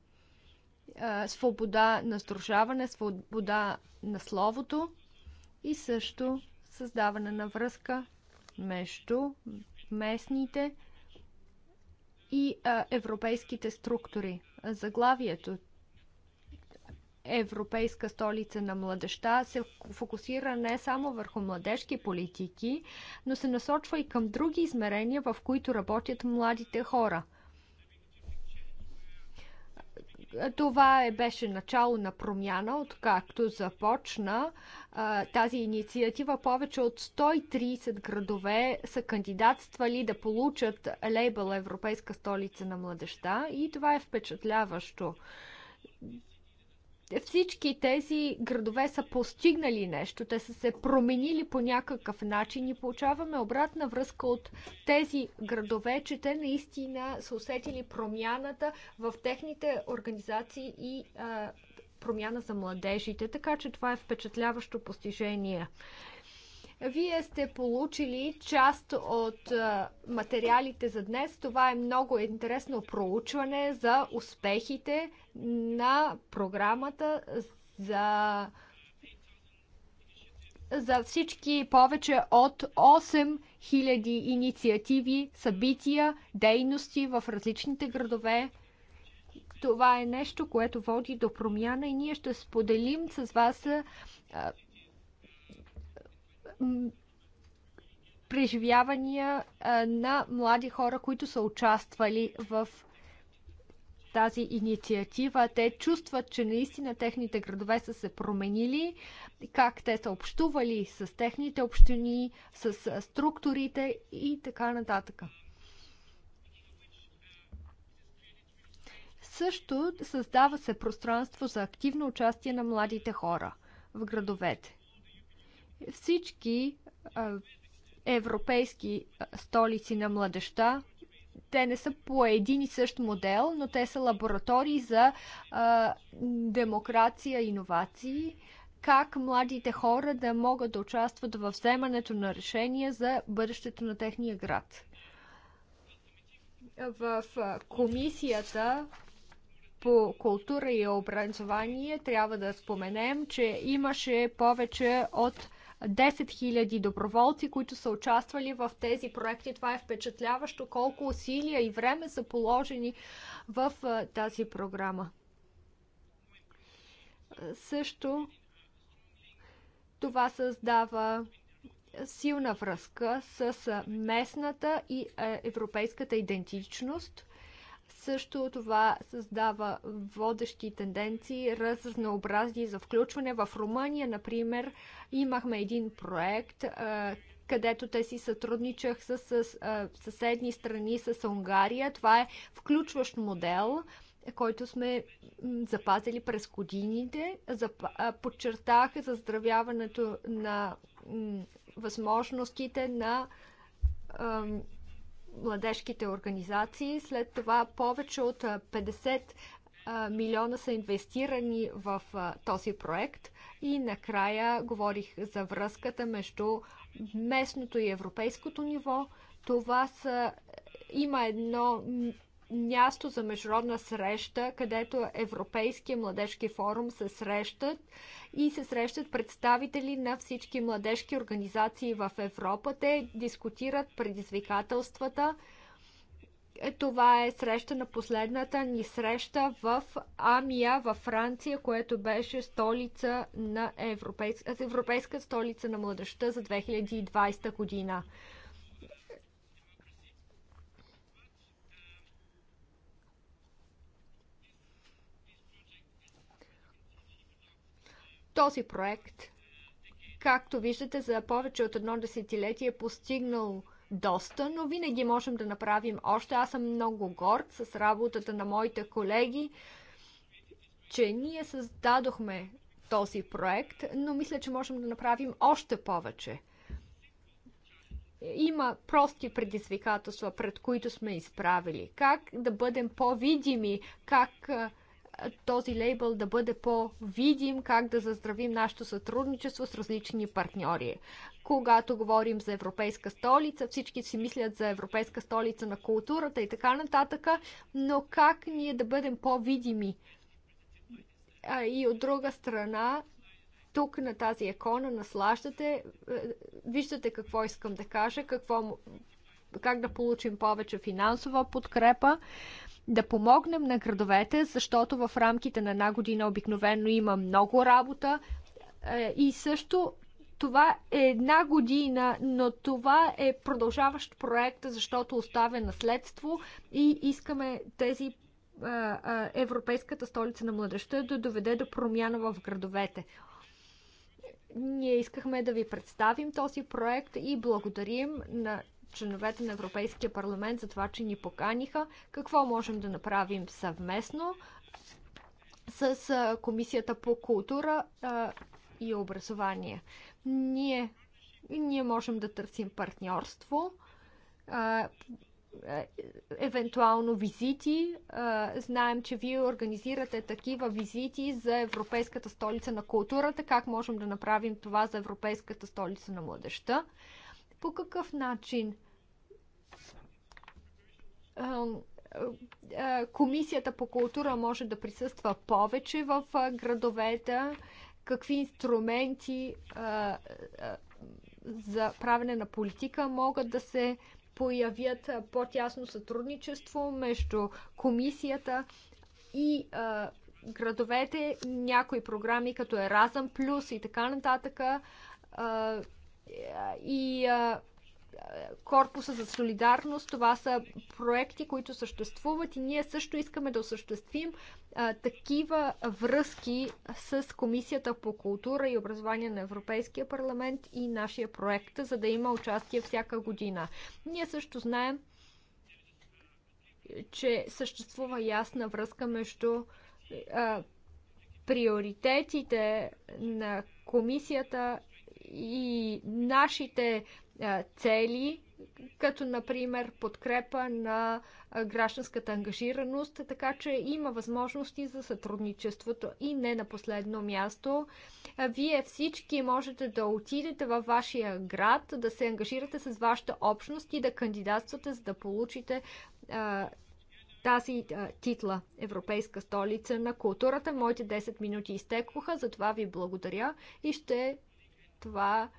свобода на сдружаване, свобода на словото и също създаване на връзка между местните и европейските структури. Заглавието Европейска столица на младеща се фокусира не само върху младежки политики, но се насочва и към други измерения, в които работят младите хора. Това е, беше начало на промяна, откакто започна а, тази инициатива. Повече от 130 градове са кандидатствали да получат лейбъл Европейска столица на младеща и това е впечатляващо всички тези градове са постигнали нещо, те са се променили по някакъв начин и получаваме обратна връзка от тези градове, че те наистина са усетили промяната в техните организации и а, промяна за младежите. Така че това е впечатляващо постижение. Вие сте получили част от материалите за днес. Това е много интересно проучване за успехите на програмата за за всички повече от 8000 инициативи, събития, дейности в различните градове. Това е нещо, което води до промяна и ние ще споделим с вас преживявания на млади хора, които са участвали в тази инициатива. Те чувстват, че наистина техните градове са се променили, как те са общували с техните общини, с структурите и така нататък. Също създава се пространство за активно участие на младите хора в градовете всички а, европейски столици на младеща. Те не са по един и същ модел, но те са лаборатории за а, демокрация, иновации, как младите хора да могат да участват в вземането на решения за бъдещето на техния град. В комисията по култура и образование трябва да споменем, че имаше повече от 10 000 доброволци, които са участвали в тези проекти. Това е впечатляващо колко усилия и време са положени в тази програма. Също това създава силна връзка с местната и европейската идентичност. Също това създава водещи тенденции, разнообразие за включване. В Румъния, например, имахме един проект, където те си сътрудничах с, съседни страни, с Унгария. Това е включващ модел, който сме запазили през годините. Подчертах заздравяването на възможностите на младежките организации. След това повече от 50 милиона са инвестирани в този проект. И накрая говорих за връзката между местното и европейското ниво. Това са, има едно място за международна среща, където Европейския младежки форум се срещат и се срещат представители на всички младежки организации в Европа. Те дискутират предизвикателствата. Е, това е среща на последната ни среща в Амия, във Франция, което беше столица на европейска, европейска столица на младежта за 2020 година. Този проект, както виждате, за повече от едно десетилетие е постигнал доста, но винаги можем да направим още. Аз съм много горд с работата на моите колеги, че ние създадохме този проект, но мисля, че можем да направим още повече. Има прости предизвикателства, пред които сме изправили. Как да бъдем по-видими, как този лейбъл да бъде по-видим, как да заздравим нашето сътрудничество с различни партньори. Когато говорим за европейска столица, всички си мислят за европейска столица на културата и така нататък, но как ние да бъдем по-видими? И от друга страна, тук на тази икона наслаждате, е, виждате какво искам да кажа, какво как да получим повече финансова подкрепа, да помогнем на градовете, защото в рамките на една година обикновено има много работа е, и също това е една година, но това е продължаващ проект, защото оставя наследство и искаме тези е, е, Европейската столица на младеща да доведе до промяна в градовете. Ние искахме да ви представим този проект и благодарим на членовете на Европейския парламент за това, че ни поканиха. Какво можем да направим съвместно с Комисията по култура и образование? Ние, ние можем да търсим партньорство е, евентуално визити. Знаем, че вие организирате такива визити за Европейската столица на културата. Как можем да направим това за Европейската столица на младеща? По какъв начин Комисията по култура може да присъства повече в градовете? Какви инструменти за правене на политика могат да се появят по-тясно сътрудничество между комисията и градовете, някои програми като Еразъм Плюс и така нататък и а, Корпуса за солидарност. Това са проекти, които съществуват и ние също искаме да осъществим а, такива връзки с Комисията по култура и образование на Европейския парламент и нашия проект, за да има участие всяка година. Ние също знаем, че съществува ясна връзка между а, приоритетите на комисията и нашите цели, като например подкрепа на гражданската ангажираност, така че има възможности за сътрудничеството. И не на последно място, вие всички можете да отидете във вашия град, да се ангажирате с вашата общност и да кандидатствате, за да получите а, тази а, титла Европейска столица на културата. Моите 10 минути изтекоха, затова ви благодаря и ще това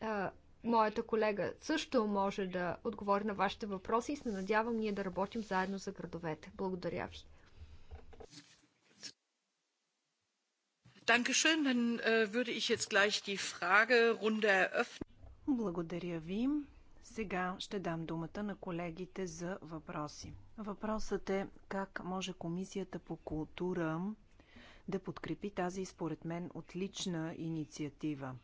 а, моята колега също може да отговори на вашите въпроси и се надявам ние да работим заедно за градовете. Благодаря ви. Äh, Благодаря ви. Сега ще дам думата на колегите за въпроси. Въпросът е как може Комисията по култура да подкрепи тази, според мен, отлична инициатива.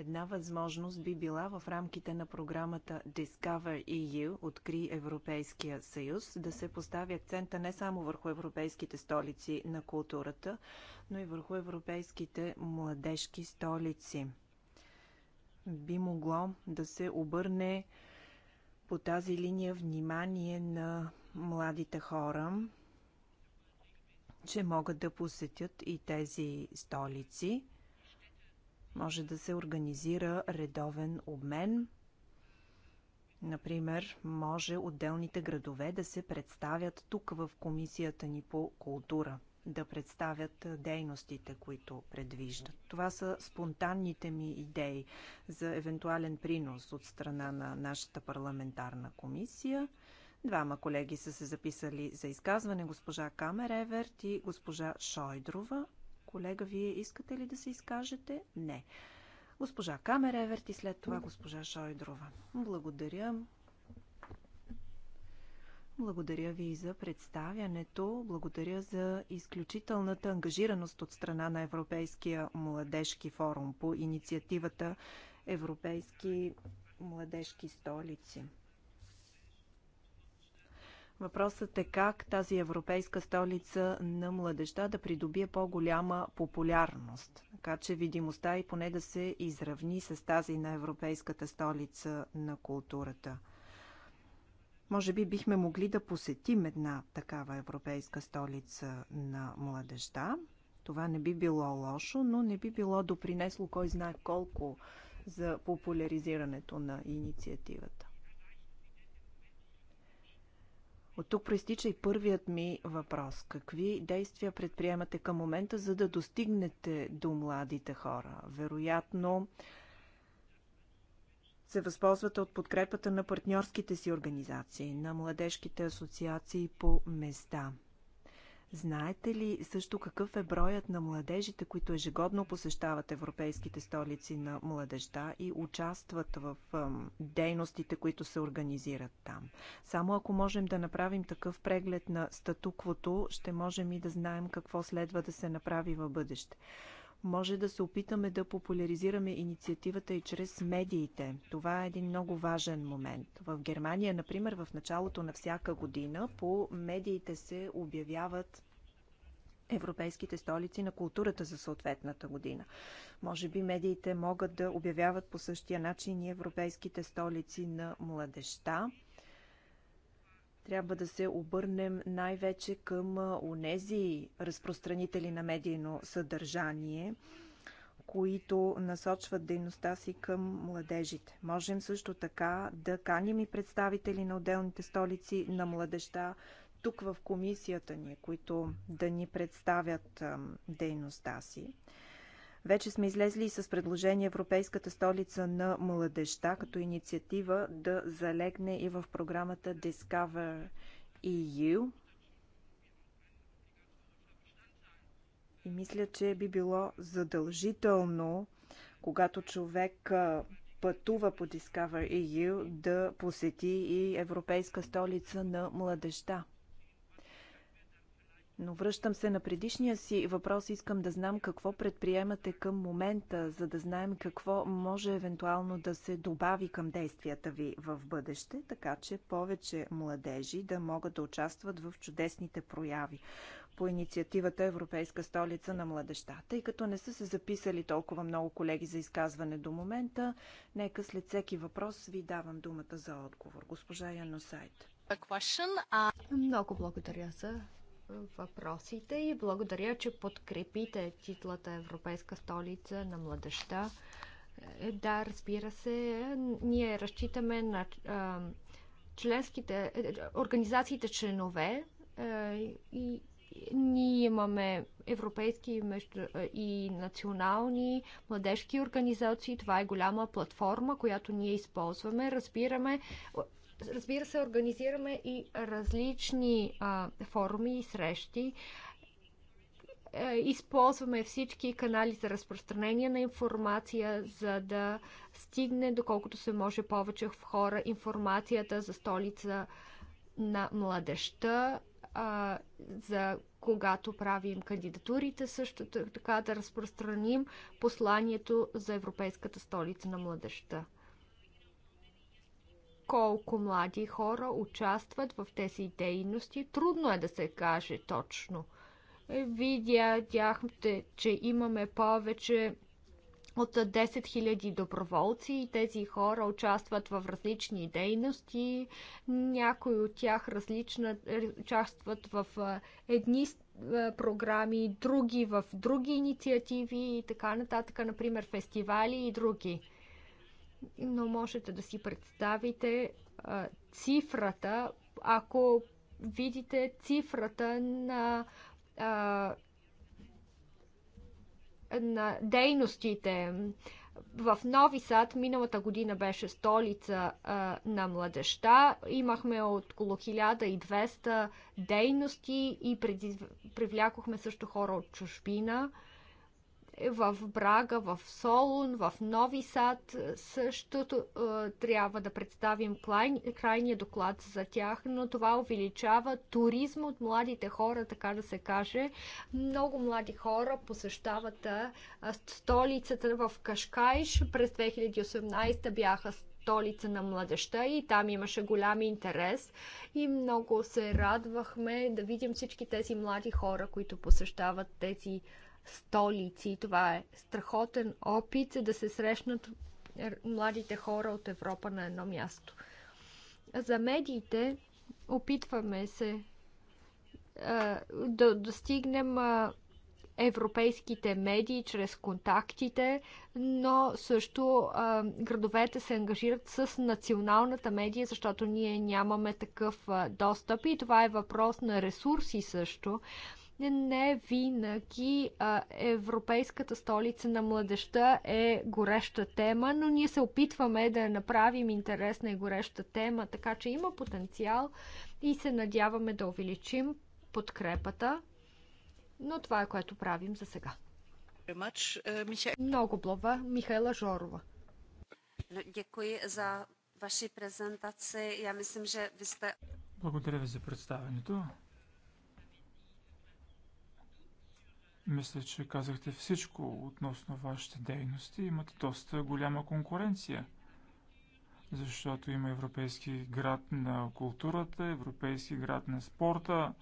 Една възможност би била в рамките на програмата Discover EU, Откри Европейския съюз, да се постави акцента не само върху европейските столици на културата, но и върху европейските младежки столици. Би могло да се обърне по тази линия внимание на младите хора, че могат да посетят и тези столици – може да се организира редовен обмен. Например, може отделните градове да се представят тук в комисията ни по култура, да представят дейностите, които предвиждат. Това са спонтанните ми идеи за евентуален принос от страна на нашата парламентарна комисия. Двама колеги са се записали за изказване госпожа Камереверт и госпожа Шойдрова. Колега, вие искате ли да се изкажете? Не. Госпожа Камереверт и след това госпожа Шойдрова. Благодаря. Благодаря ви за представянето. Благодаря за изключителната ангажираност от страна на Европейския младежки форум по инициативата Европейски младежки столици. Въпросът е как тази европейска столица на младеща да придобие по-голяма популярност, така че видимостта и е поне да се изравни с тази на европейската столица на културата. Може би бихме могли да посетим една такава европейска столица на младеща. Това не би било лошо, но не би било допринесло кой знае колко за популяризирането на инициативата. От тук проистича и първият ми въпрос. Какви действия предприемате към момента, за да достигнете до младите хора? Вероятно, се възползвате от подкрепата на партньорските си организации, на младежките асоциации по места. Знаете ли също какъв е броят на младежите, които ежегодно посещават европейските столици на младежта и участват в дейностите, които се организират там? Само ако можем да направим такъв преглед на статуквото, ще можем и да знаем какво следва да се направи в бъдеще може да се опитаме да популяризираме инициативата и чрез медиите. Това е един много важен момент. В Германия, например, в началото на всяка година по медиите се обявяват европейските столици на културата за съответната година. Може би медиите могат да обявяват по същия начин и европейските столици на младеща трябва да се обърнем най-вече към онези разпространители на медийно съдържание, които насочват дейността си към младежите. Можем също така да каним и представители на отделните столици на младеща тук в комисията ни, които да ни представят дейността си. Вече сме излезли и с предложение Европейската столица на младеща като инициатива да залегне и в програмата Discover EU. И мисля, че би било задължително, когато човек пътува по Discover EU, да посети и Европейска столица на младеща. Но връщам се на предишния си въпрос. Искам да знам какво предприемате към момента, за да знаем какво може евентуално да се добави към действията ви в бъдеще, така че повече младежи да могат да участват в чудесните прояви по инициативата Европейска столица на младеща. Тъй като не са се записали толкова много колеги за изказване до момента, нека след всеки въпрос ви давам думата за отговор. Госпожа Яносайт. Много благодаря за въпросите и благодаря, че подкрепите титлата Европейска столица на младеща. Е, да, разбира се, ние разчитаме на членските, е, организациите членове е, и ние имаме европейски и национални младежки организации. Това е голяма платформа, която ние използваме. Разбираме, Разбира се, организираме и различни а, форуми и срещи. Е, използваме всички канали за разпространение на информация, за да стигне доколкото се може повече в хора информацията за столица на младеща, а, за когато правим кандидатурите, също така да разпространим посланието за Европейската столица на младеща колко млади хора участват в тези дейности. Трудно е да се каже точно. Видяхте, че имаме повече от 10 000 доброволци и тези хора участват в различни дейности. Някои от тях различна, участват в едни програми, други в други инициативи и така нататък, например фестивали и други но можете да си представите а, цифрата, ако видите цифрата на, а, на дейностите. В Нови Сад миналата година беше столица а, на младеща. Имахме около 1200 дейности и предизв... привлякохме също хора от чужбина. А, в Брага, в Солун, в Нови Сад. също е, трябва да представим крайния доклад за тях, но това увеличава туризм от младите хора, така да се каже. Много млади хора посещават е, столицата в Кашкайш. През 2018 бяха столица на младеща и там имаше голям интерес и много се радвахме да видим всички тези млади хора, които посещават тези столици. Това е страхотен опит да се срещнат младите хора от Европа на едно място. За медиите опитваме се да достигнем европейските медии чрез контактите, но също а, градовете се ангажират с националната медия, защото ние нямаме такъв а, достъп и това е въпрос на ресурси също не винаги а, Европейската столица на младеща е гореща тема, но ние се опитваме да направим интересна и гореща тема, така че има потенциал и се надяваме да увеличим подкрепата. Но това е което правим за сега. Много блага, Михайла Жорова. за вашата презентация. Я мисля, че ви сте... Благодаря ви за представенето. Мисля, че казахте всичко относно вашите дейности. Имате доста голяма конкуренция, защото има Европейски град на културата, Европейски град на спорта.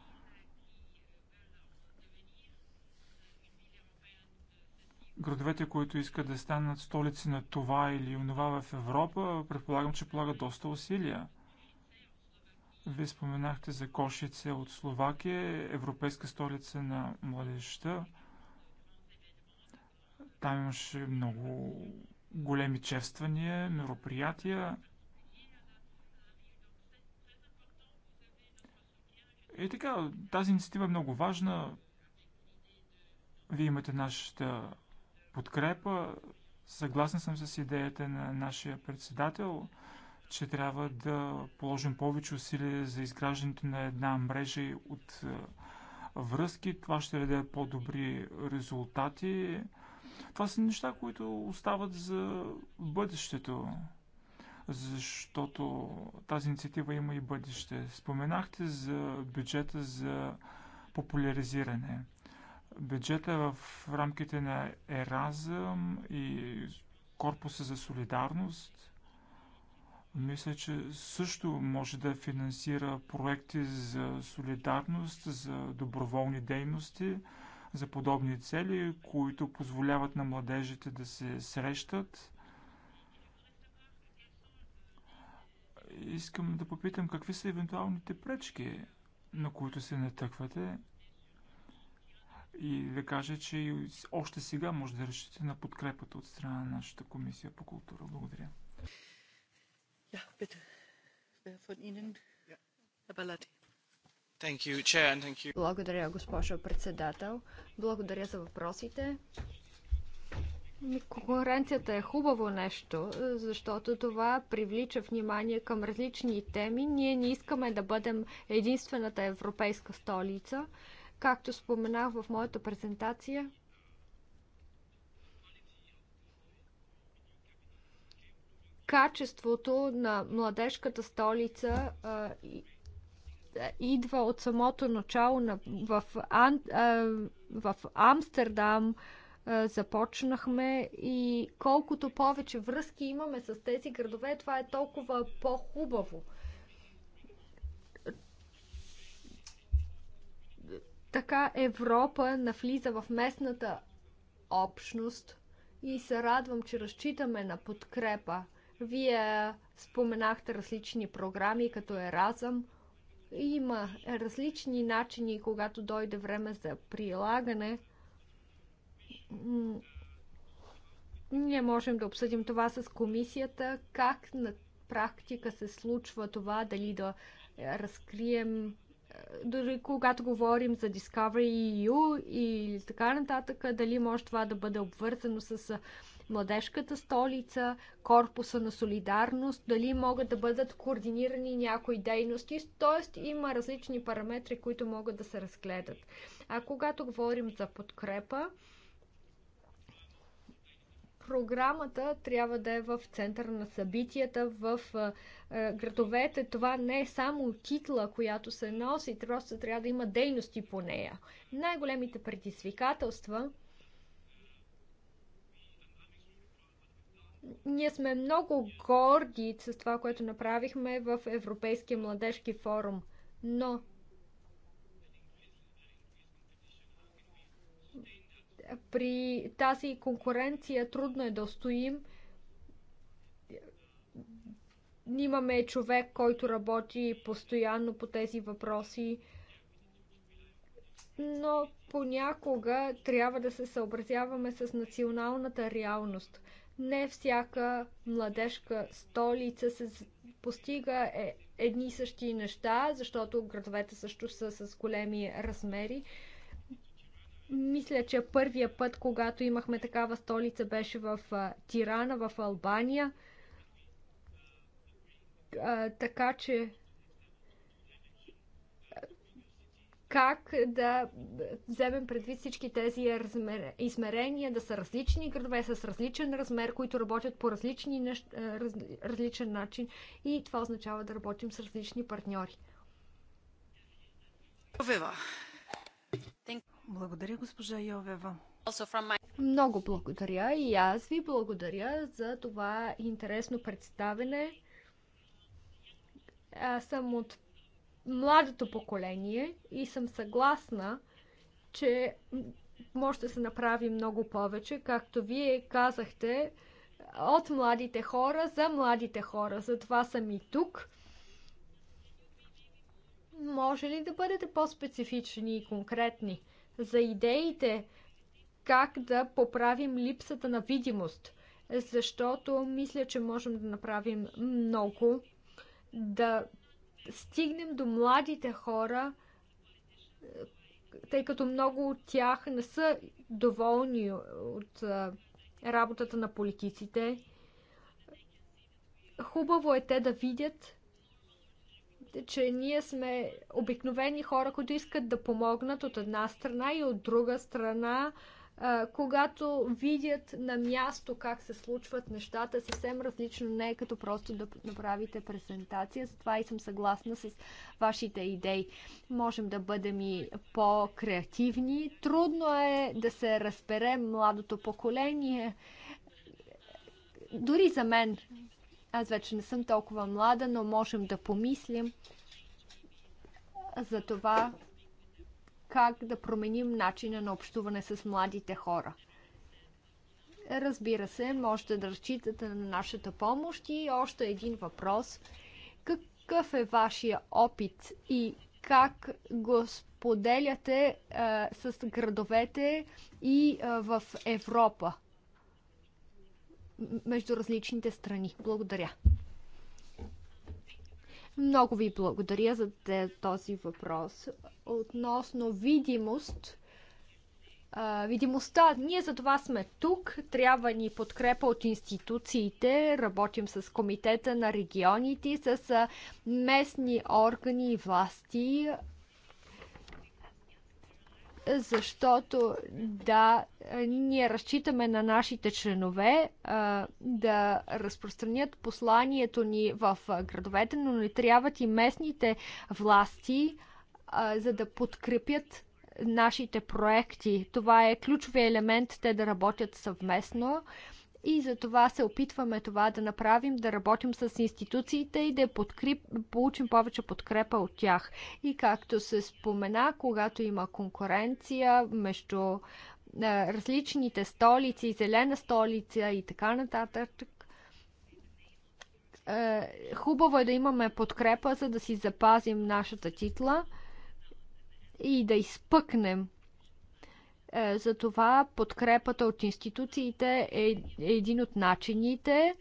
Градовете, които искат да станат столици на това или онова в Европа, предполагам, че полагат доста усилия. Вие споменахте за Кошице от Словакия, европейска столица на младежта. Там имаше много големи чествания, мероприятия. И така, тази инициатива е много важна. Вие имате нашата подкрепа. Съгласен съм с идеята на нашия председател че трябва да положим повече усилия за изграждането на една мрежа от е, връзки. Това ще даде по-добри резултати. Това са неща, които остават за бъдещето, защото тази инициатива има и бъдеще. Споменахте за бюджета за популяризиране. Бюджета е в рамките на Еразъм и Корпуса за солидарност мисля, че също може да финансира проекти за солидарност, за доброволни дейности, за подобни цели, които позволяват на младежите да се срещат. Искам да попитам какви са евентуалните пречки, на които се натъквате и да кажа, че още сега може да решите на подкрепата от страна на нашата комисия по култура. Благодаря bitte. von Ihnen? Herr Thank you, Chair, and thank you. Благодаря, госпожо председател. Благодаря за въпросите. Конкуренцията е хубаво нещо, защото това привлича внимание към различни теми. Ние не искаме да бъдем единствената европейска столица. Както споменах в моята презентация, качеството на младежката столица а, идва от самото начало на, в, Ан, а, в Амстердам. започнахме и колкото повече връзки имаме с тези градове, това е толкова по-хубаво. Така Европа навлиза в местната общност и се радвам, че разчитаме на подкрепа вие споменахте различни програми, като Еразъм. Има различни начини, когато дойде време за прилагане. Ние можем да обсъдим това с комисията, как на практика се случва това, дали да разкрием е, дори когато говорим за Discovery EU и така нататък, дали може това да бъде обвързано с е, младежката столица, корпуса на солидарност, дали могат да бъдат координирани някои дейности, т.е. има различни параметри, които могат да се разгледат. А когато говорим за подкрепа, програмата трябва да е в центъра на събитията, в градовете. Това не е само титла, която се носи, просто трябва да има дейности по нея. Най-големите предизвикателства – Ние сме много горди с това, което направихме в Европейския младежки форум, но при тази конкуренция трудно е да устоим. Имаме човек, който работи постоянно по тези въпроси, но понякога трябва да се съобразяваме с националната реалност – не всяка младежка столица се постига е едни и същи неща, защото градовете също са с големи размери. Мисля, че първия път, когато имахме такава столица, беше в Тирана, в Албания. Така че как да вземем предвид всички тези размер, измерения, да са различни градове с различен размер, които работят по различни неща, раз, различен начин и това означава да работим с различни партньори. Благодаря, госпожа Йовева. Много благодаря и аз ви благодаря за това интересно представене. Аз съм от младото поколение и съм съгласна, че може да се направи много повече, както вие казахте, от младите хора за младите хора. Затова съм и тук. Може ли да бъдете по-специфични и конкретни за идеите как да поправим липсата на видимост? Защото мисля, че можем да направим много да стигнем до младите хора, тъй като много от тях не са доволни от работата на политиците. Хубаво е те да видят, че ние сме обикновени хора, които искат да помогнат от една страна и от друга страна когато видят на място как се случват нещата, съвсем различно не е като просто да направите презентация. Затова и съм съгласна с вашите идеи. Можем да бъдем и по-креативни. Трудно е да се разбере младото поколение. Дори за мен. Аз вече не съм толкова млада, но можем да помислим за това как да променим начина на общуване с младите хора. Разбира се, можете да разчитате на нашата помощ и още един въпрос. Какъв е вашия опит и как го споделяте а, е, с градовете и а, е, в Европа между различните страни? Благодаря. Много ви благодаря за този въпрос. Относно видимост, видимостта, ние за това сме тук, трябва ни подкрепа от институциите, работим с комитета на регионите, с местни органи и власти, защото да, ние разчитаме на нашите членове а, да разпространят посланието ни в градовете, но не трябват и местните власти, а, за да подкрепят нашите проекти. Това е ключовия елемент те да работят съвместно и за това се опитваме това да направим, да работим с институциите и да подкреп, получим повече подкрепа от тях. И както се спомена, когато има конкуренция между е, различните столици, зелена столица и така нататък, е, хубаво е да имаме подкрепа, за да си запазим нашата титла и да изпъкнем е, затова подкрепата от институциите е един от начините.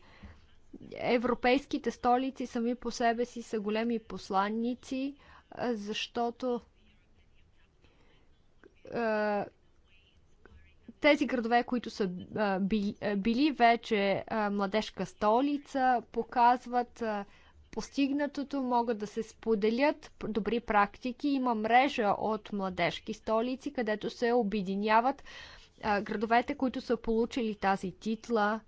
Европейските столици сами по себе си са големи посланници, е, защото е, тези градове, които са били вече младежка столица, показват постигнатото, могат да се споделят добри практики. Има мрежа от младежки столици, където се обединяват градовете, които са получили тази титла.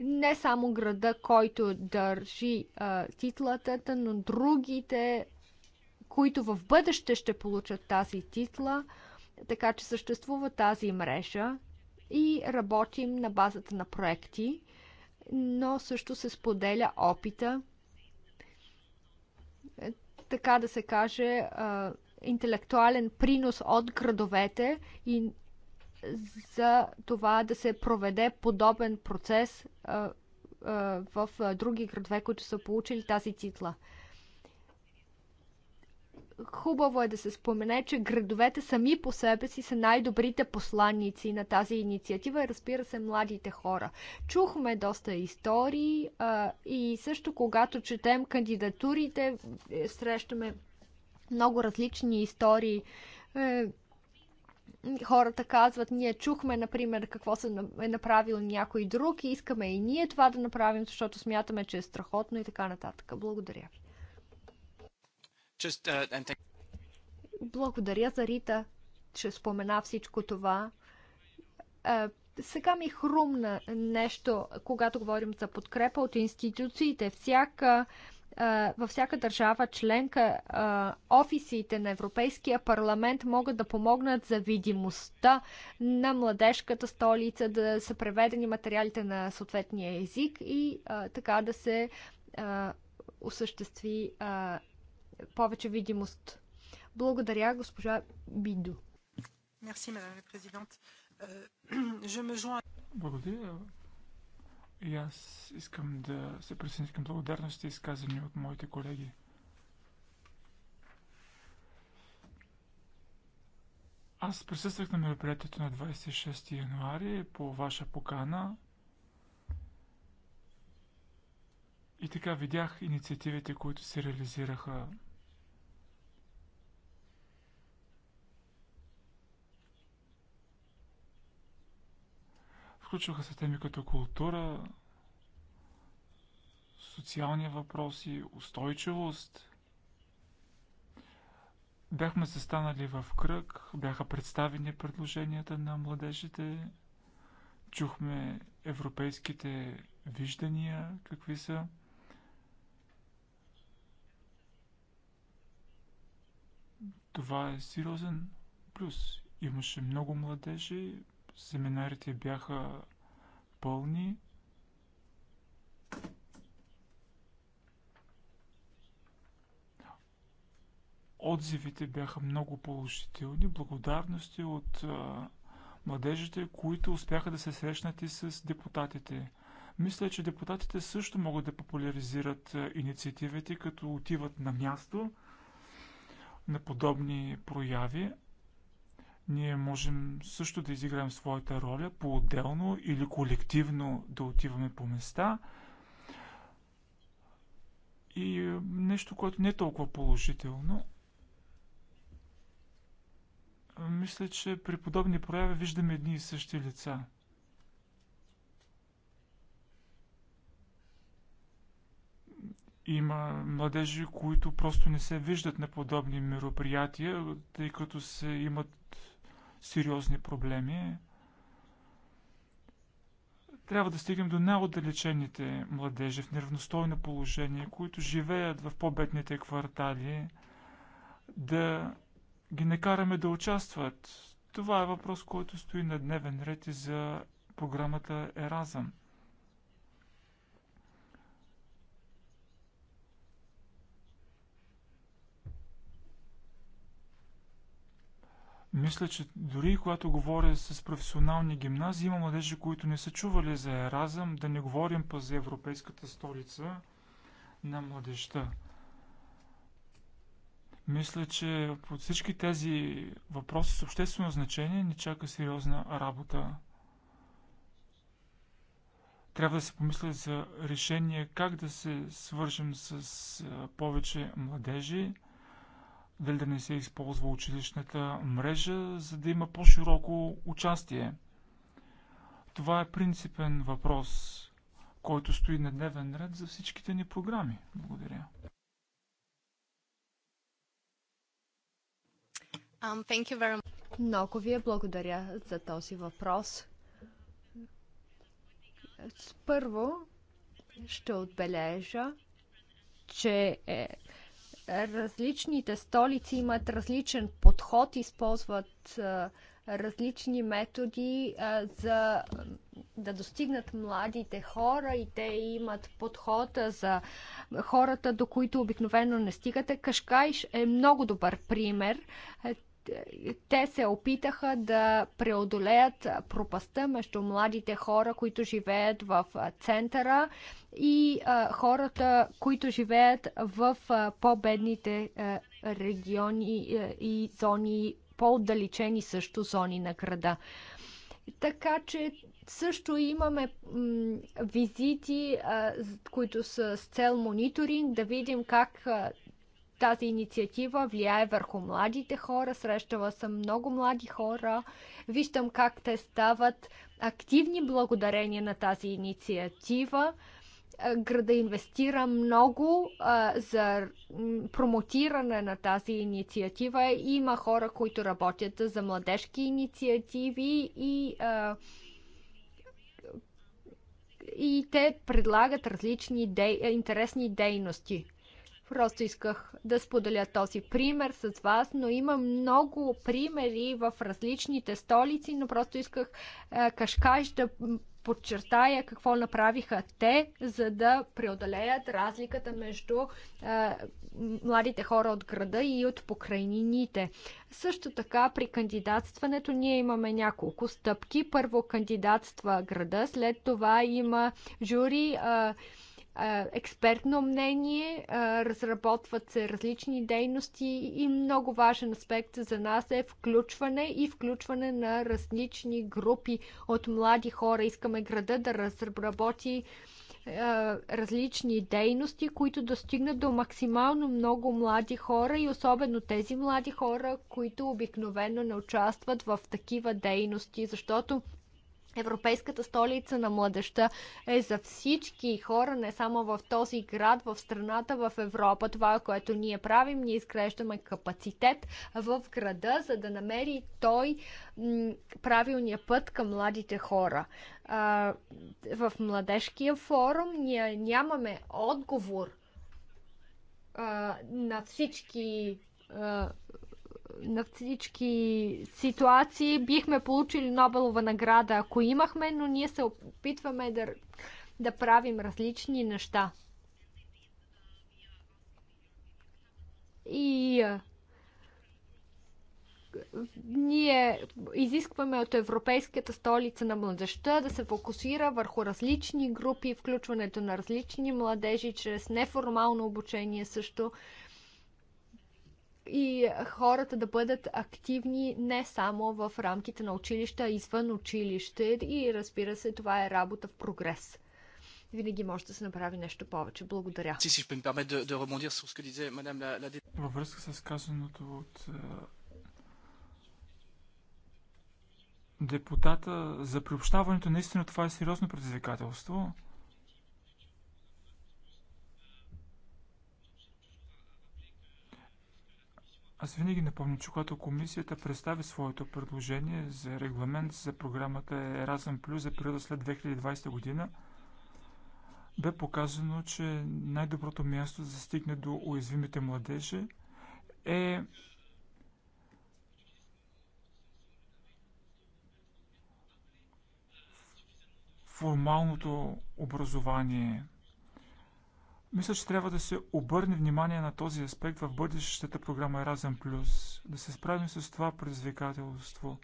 Не само града, който държи а, титлата, но другите, които в бъдеще ще получат тази титла. Така че съществува тази мрежа и работим на базата на проекти но също се споделя опита, е, така да се каже, интелектуален принос от градовете и за това да се проведе подобен процес в други градове, които са получили тази титла. Хубаво е да се спомене, че градовете сами по себе си са най-добрите посланници на тази инициатива и разбира се младите хора. Чухме доста истории а, и също когато четем кандидатурите, е, срещаме много различни истории е, хората казват, ние чухме, например, какво се е направил някой друг и искаме и ние това да направим, защото смятаме, че е страхотно и така нататък. Благодаря. Just, uh, and Благодаря за Рита, че спомена всичко това. Uh, сега ми хрумна нещо, когато говорим за подкрепа от институциите. Всяка във всяка държава членка офисите на Европейския парламент могат да помогнат за видимостта на младежката столица, да са преведени материалите на съответния език и така да се осъществи повече видимост. Благодаря, госпожа Бидо. Мерси, президент. Euh, Благодаря. И аз искам да се присъединя към благодарности, изказани от моите колеги. Аз присъствах на мероприятието на 26 януари по ваша покана и така видях инициативите, които се реализираха Включваха се теми като култура, социални въпроси, устойчивост. Бяхме се станали в кръг, бяха представени предложенията на младежите, чухме европейските виждания, какви са. Това е сериозен плюс. Имаше много младежи, семинарите бяха пълни. Отзивите бяха много положителни, благодарности от а, младежите, които успяха да се срещнат и с депутатите. Мисля, че депутатите също могат да популяризират инициативите, като отиват на място на подобни прояви ние можем също да изиграем своята роля по-отделно или колективно да отиваме по места. И е, нещо, което не е толкова положително. Е, мисля, че при подобни прояви виждаме едни и същи лица. Има младежи, които просто не се виждат на подобни мероприятия, тъй като се имат сериозни проблеми. Трябва да стигнем до най-отдалечените младежи в неравностойно положение, които живеят в по-бедните квартали, да ги накараме да участват. Това е въпрос, който стои на дневен ред и за програмата Еразъм. Мисля, че дори когато говоря с професионални гимназии, има младежи, които не са чували за Еразъм, да не говорим па за Европейската столица на младежта. Мисля, че под всички тези въпроси с обществено значение ни чака сериозна работа. Трябва да се помисля за решение как да се свържем с повече младежи, дали да не се използва училищната мрежа, за да има по-широко участие. Това е принципен въпрос, който стои на дневен ред за всичките ни програми. Благодаря. Um, thank you very much. Много ви благодаря за този въпрос. Първо ще отбележа, че е, Различните столици имат различен подход, използват различни методи за да достигнат младите хора и те имат подход за хората, до които обикновено не стигате. Кашкайш е много добър пример те се опитаха да преодолеят пропаста между младите хора, които живеят в центъра и хората, които живеят в по-бедните региони и зони, по-отдалечени също зони на града. Така че също имаме визити, които са с цел мониторинг, да видим как тази инициатива влияе върху младите хора. Срещала съм много млади хора. Виждам как те стават активни благодарение на тази инициатива. Града инвестира много а, за промотиране на тази инициатива. Има хора, които работят за младежки инициативи и а, и те предлагат различни де... интересни дейности. Просто исках да споделя този пример с вас, но има много примери в различните столици, но просто исках е, Кашкаш да подчертая какво направиха те, за да преодолеят разликата между е, младите хора от града и от покрайнините. Също така при кандидатстването ние имаме няколко стъпки. Първо кандидатства града, след това има жури. Е, експертно мнение, разработват се различни дейности и много важен аспект за нас е включване и включване на различни групи от млади хора. Искаме града да разработи различни дейности, които достигнат до максимално много млади хора и особено тези млади хора, които обикновено не участват в такива дейности, защото Европейската столица на младеща е за всички хора, не само в този град, в страната, в Европа. Това, което ние правим, ние изграждаме капацитет в града, за да намери той правилния път към младите хора. В младежкия форум ние нямаме отговор на всички на всички ситуации бихме получили Нобелова награда, ако имахме, но ние се опитваме да, да правим различни неща. И ние изискваме от Европейската столица на младеща да се фокусира върху различни групи, включването на различни младежи чрез неформално обучение също и хората да бъдат активни не само в рамките на училища, а извън училище. И разбира се, това е работа в прогрес. Винаги може да се направи нещо повече. Благодаря. Във връзка с казаното от е, депутата за приобщаването, наистина това е сериозно предизвикателство. Аз винаги напомня, че когато комисията представи своето предложение за регламент за програмата Erasmus Plus за периода след 2020 година, бе показано, че най-доброто място за да стигне до уязвимите младежи е формалното образование – мисля, че трябва да се обърне внимание на този аспект в бъдещата програма Еразъм Плюс, да се справим с това предизвикателство.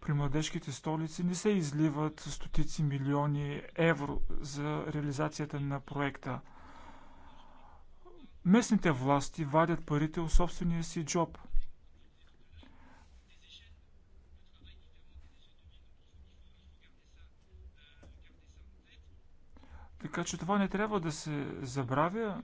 При младежките столици не се изливат стотици милиони евро за реализацията на проекта. Местните власти вадят парите от собствения си джоб – Така че това не трябва да се забравя.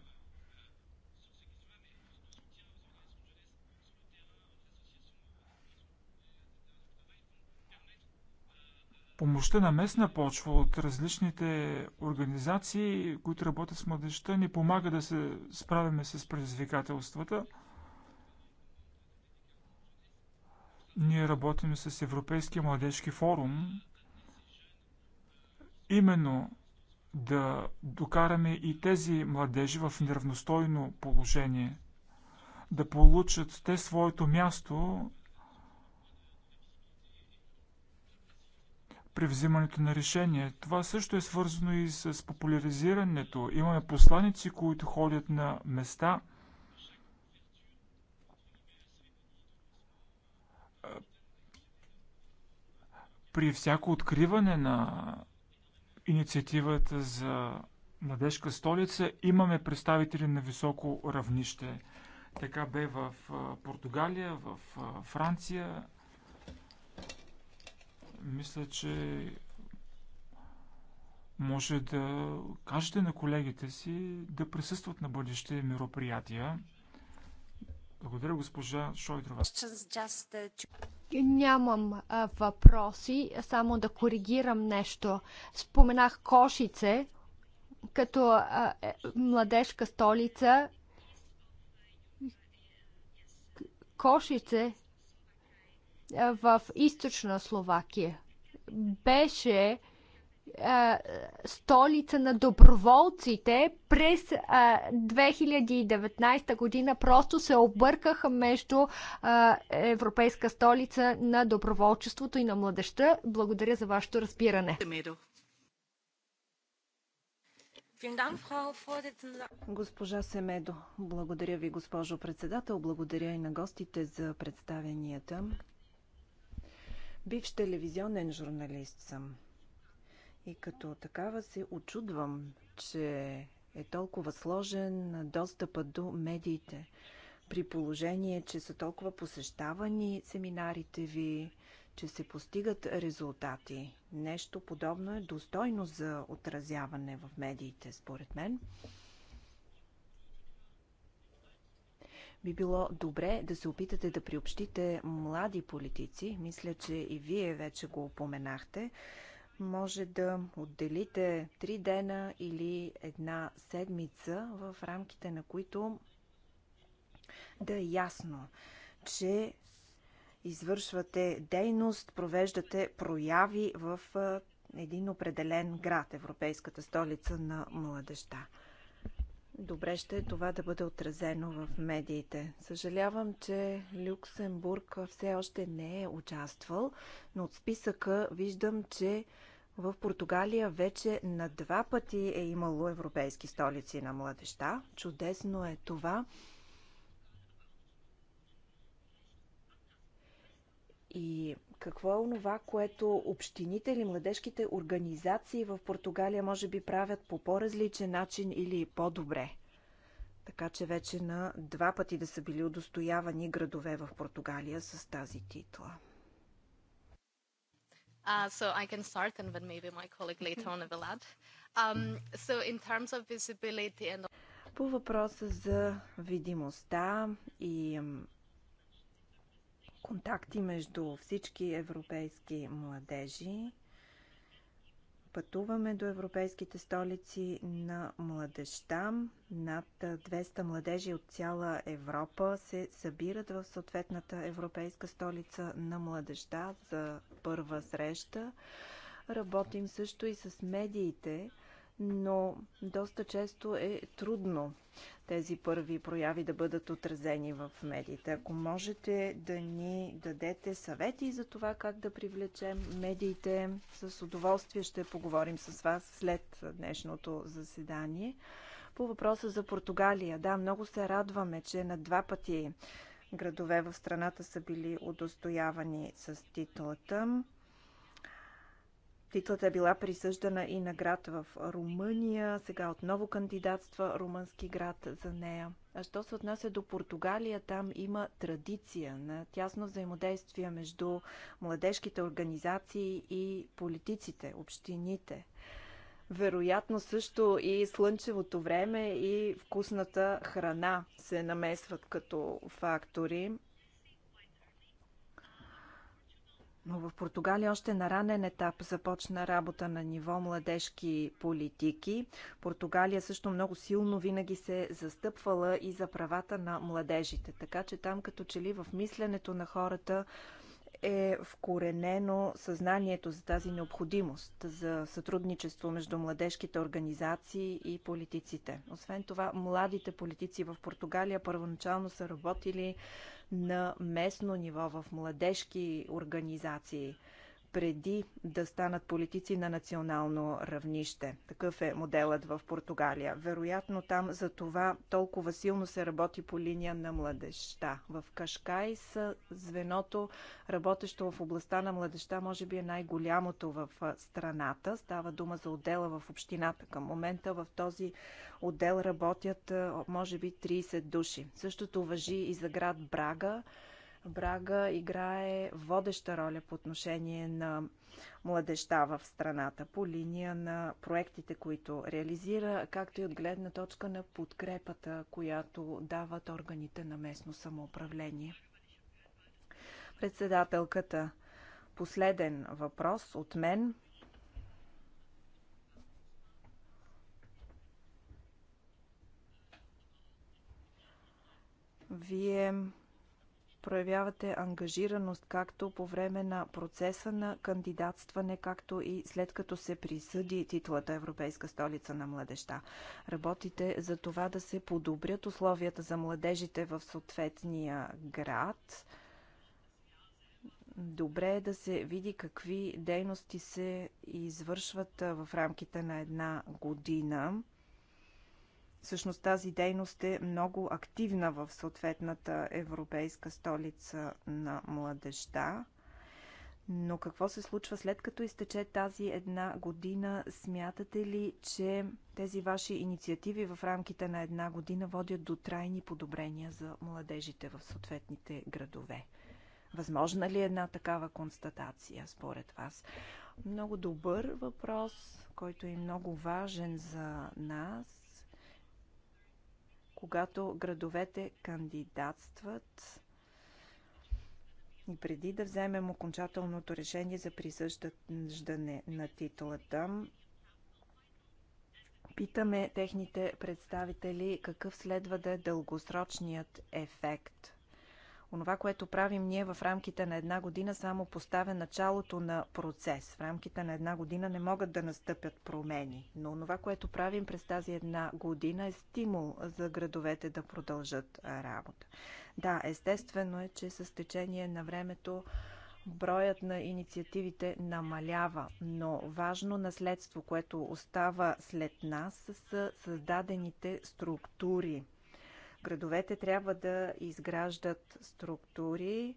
Помощта на местна почва от различните организации, които работят с младежта, ни помага да се справяме с предизвикателствата. Ние работим с Европейския младежки форум, именно да докараме и тези младежи в неравностойно положение, да получат те своето място при взимането на решение. Това също е свързано и с популяризирането. Имаме посланици, които ходят на места. При всяко откриване на инициативата за младежка столица имаме представители на високо равнище. Така бе в Португалия, в Франция. Мисля, че може да кажете на колегите си да присъстват на бъдещи мероприятия. Благодаря, госпожа Шойдрова. Uh, Нямам а, въпроси, само да коригирам нещо. Споменах Кошице като а, е, младежка столица. Кошице а, в източна Словакия беше столица на доброволците през 2019 година просто се объркаха между Европейска столица на доброволчеството и на младеща. Благодаря за вашето разбиране. Госпожа Семедо, благодаря ви, госпожо председател. Благодаря и на гостите за представенията. Бивш телевизионен журналист съм. И като такава се очудвам, че е толкова сложен достъпът до медиите. При положение, че са толкова посещавани семинарите ви, че се постигат резултати. Нещо подобно е достойно за отразяване в медиите, според мен. би било добре да се опитате да приобщите млади политици. Мисля, че и вие вече го упоменахте може да отделите три дена или една седмица, в рамките на които да е ясно, че извършвате дейност, провеждате прояви в един определен град, Европейската столица на младеща. Добре ще е това да бъде отразено в медиите. Съжалявам, че Люксембург все още не е участвал, но от списъка виждам, че в Португалия вече на два пъти е имало европейски столици на младеща. Чудесно е това. И какво е онова, което общините или младежките организации в Португалия може би правят по по-различен начин или по-добре? Така че вече на два пъти да са били удостоявани градове в Португалия с тази титла. Uh, so I can start, and then maybe my colleague later on will add. Um, so in terms of visibility and по въпроса за видимостта и контакти между всички европейски младежи, Пътуваме до европейските столици на младежта. Над 200 младежи от цяла Европа се събират в съответната европейска столица на младежта за първа среща. Работим също и с медиите, но доста често е трудно тези първи прояви да бъдат отразени в медиите. Ако можете да ни дадете съвети за това как да привлечем медиите, с удоволствие ще поговорим с вас след днешното заседание. По въпроса за Португалия, да, много се радваме, че на два пъти градове в страната са били удостоявани с титлата. Титлата е била присъждана и на град в Румъния. Сега отново кандидатства румънски град за нея. А що се отнася до Португалия, там има традиция на тясно взаимодействие между младежките организации и политиците, общините. Вероятно също и слънчевото време и вкусната храна се намесват като фактори. Но в Португалия още на ранен етап започна работа на ниво младежки политики. Португалия също много силно винаги се застъпвала и за правата на младежите. Така че там като че ли в мисленето на хората е вкоренено съзнанието за тази необходимост за сътрудничество между младежките организации и политиците. Освен това, младите политици в Португалия първоначално са работили на местно ниво в младежки организации преди да станат политици на национално равнище. Такъв е моделът в Португалия. Вероятно там за това толкова силно се работи по линия на младеща. В Кашкай са звеното, работещо в областта на младеща, може би е най-голямото в страната. Става дума за отдела в общината. Към момента в този отдел работят може би 30 души. Същото въжи и за град Брага, Брага играе водеща роля по отношение на младеща в страната по линия на проектите, които реализира, както и от гледна точка на подкрепата, която дават органите на местно самоуправление. Председателката, последен въпрос от мен. Вие проявявате ангажираност както по време на процеса на кандидатстване, както и след като се присъди титлата Европейска столица на младеща. Работите за това да се подобрят условията за младежите в съответния град. Добре е да се види какви дейности се извършват в рамките на една година Всъщност тази дейност е много активна в съответната европейска столица на младеща. Но какво се случва след като изтече тази една година? Смятате ли, че тези ваши инициативи в рамките на една година водят до трайни подобрения за младежите в съответните градове? Възможна ли е една такава констатация според вас? Много добър въпрос, който е много важен за нас когато градовете кандидатстват и преди да вземем окончателното решение за присъждане на титлата, питаме техните представители какъв следва да е дългосрочният ефект Онова, което правим ние в рамките на една година, само поставя началото на процес. В рамките на една година не могат да настъпят промени, но онова, което правим през тази една година е стимул за градовете да продължат работа. Да, естествено е, че с течение на времето броят на инициативите намалява, но важно наследство, което остава след нас, са създадените структури – Градовете трябва да изграждат структури.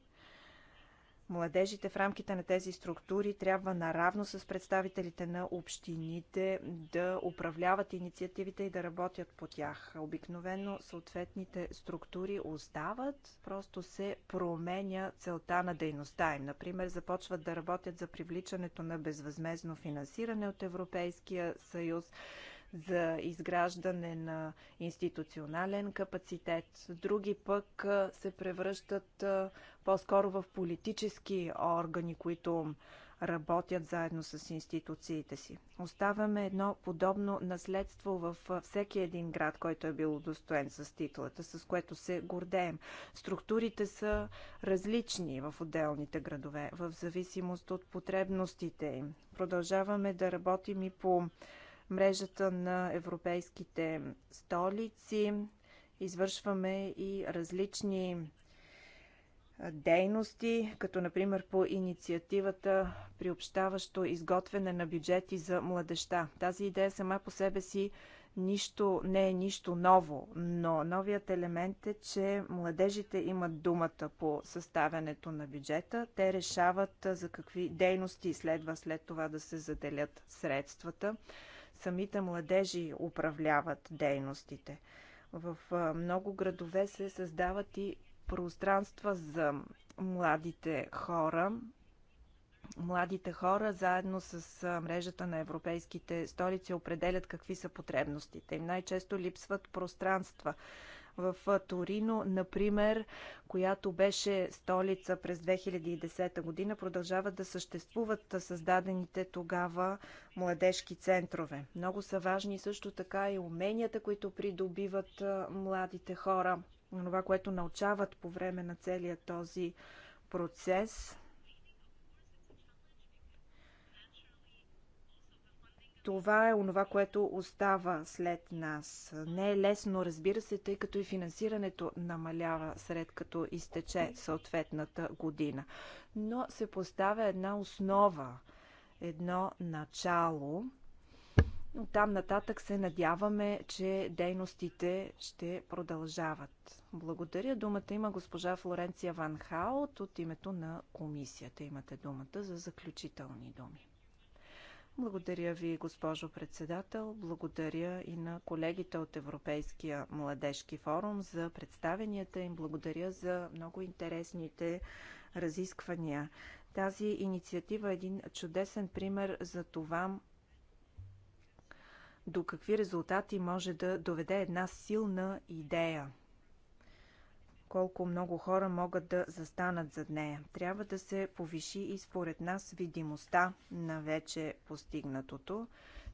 Младежите в рамките на тези структури трябва наравно с представителите на общините да управляват инициативите и да работят по тях. Обикновено съответните структури остават, просто се променя целта на дейността им. Например, започват да работят за привличането на безвъзмезно финансиране от Европейския съюз, за изграждане на институционален капацитет, други пък се превръщат по-скоро в политически органи, които работят заедно с институциите си. Оставяме едно подобно наследство в всеки един град, който е бил удостоен с титлата, с което се гордеем. Структурите са различни в отделните градове, в зависимост от потребностите им. Продължаваме да работим и по мрежата на европейските столици. Извършваме и различни дейности, като например по инициативата приобщаващо изготвяне на бюджети за младеща. Тази идея сама по себе си нищо не е нищо ново, но новият елемент е, че младежите имат думата по съставянето на бюджета. Те решават за какви дейности следва след това да се заделят средствата самите младежи управляват дейностите. В много градове се създават и пространства за младите хора. Младите хора заедно с мрежата на европейските столици определят какви са потребностите им. Най-често липсват пространства в Торино, например, която беше столица през 2010 година, продължават да съществуват създадените тогава младежки центрове. Много са важни също така и уменията, които придобиват младите хора, това, което научават по време на целия този процес. Това е онова, което остава след нас. Не е лесно, разбира се, тъй като и финансирането намалява след като изтече съответната година. Но се поставя една основа, едно начало. От там нататък се надяваме, че дейностите ще продължават. Благодаря. Думата има госпожа Флоренция Ван Хаут от името на комисията. Имате думата за заключителни думи. Благодаря ви, госпожо председател. Благодаря и на колегите от Европейския младежки форум за представенията им. Благодаря за много интересните разисквания. Тази инициатива е един чудесен пример за това до какви резултати може да доведе една силна идея колко много хора могат да застанат зад нея. Трябва да се повиши и според нас видимостта на вече постигнатото.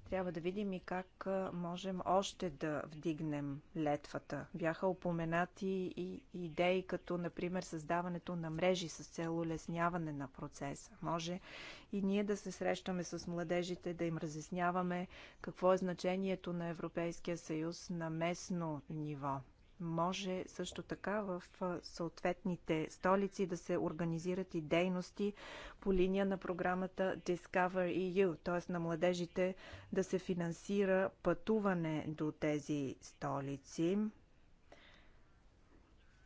Трябва да видим и как можем още да вдигнем летвата. Бяха упоменати и идеи, като например създаването на мрежи с цел улесняване на процеса. Може и ние да се срещаме с младежите, да им разясняваме какво е значението на Европейския съюз на местно ниво. Може също така в съответните столици да се организират и дейности по линия на програмата Discover EU, т.е. на младежите да се финансира пътуване до тези столици.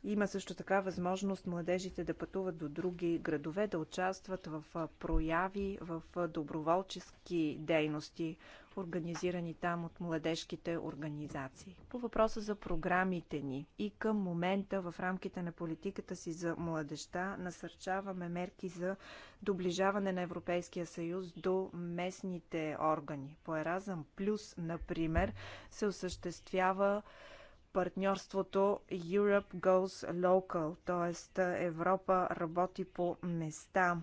Има също така възможност младежите да пътуват до други градове, да участват в прояви, в доброволчески дейности, организирани там от младежките организации. По въпроса за програмите ни и към момента в рамките на политиката си за младеща насърчаваме мерки за доближаване на Европейския съюз до местните органи. По Еразъм Плюс, например, се осъществява партньорството Europe Goes Local, т.е. Европа работи по места.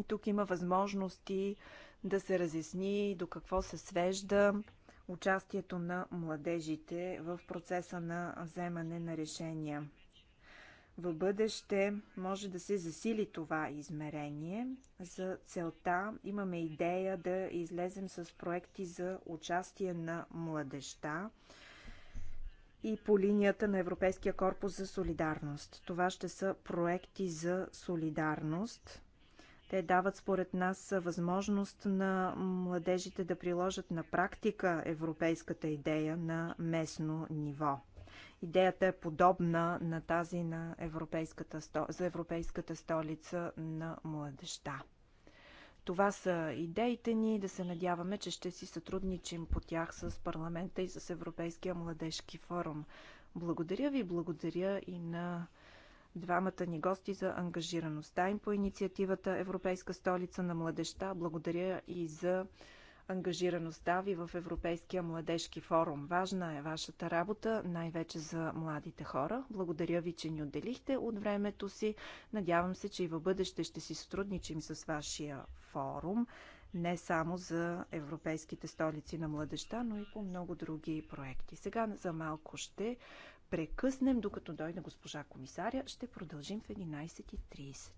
И тук има възможности да се разясни до какво се свежда участието на младежите в процеса на вземане на решения. В бъдеще може да се засили това измерение. За целта имаме идея да излезем с проекти за участие на младеща и по линията на Европейския корпус за солидарност. Това ще са проекти за солидарност. Те дават според нас възможност на младежите да приложат на практика европейската идея на местно ниво. Идеята е подобна на тази на европейската, за европейската столица на младеща. Това са идеите ни да се надяваме, че ще си сътрудничим по тях с парламента и с Европейския младежки форум. Благодаря ви, благодаря и на двамата ни гости за ангажираността им по инициативата Европейска столица на младеща. Благодаря и за ангажираността ви в Европейския младежки форум. Важна е вашата работа, най-вече за младите хора. Благодаря ви, че ни отделихте от времето си. Надявам се, че и в бъдеще ще си сътрудничим с вашия форум, не само за европейските столици на младеща, но и по много други проекти. Сега за малко ще прекъснем, докато дойде госпожа комисаря. Ще продължим в 11.30.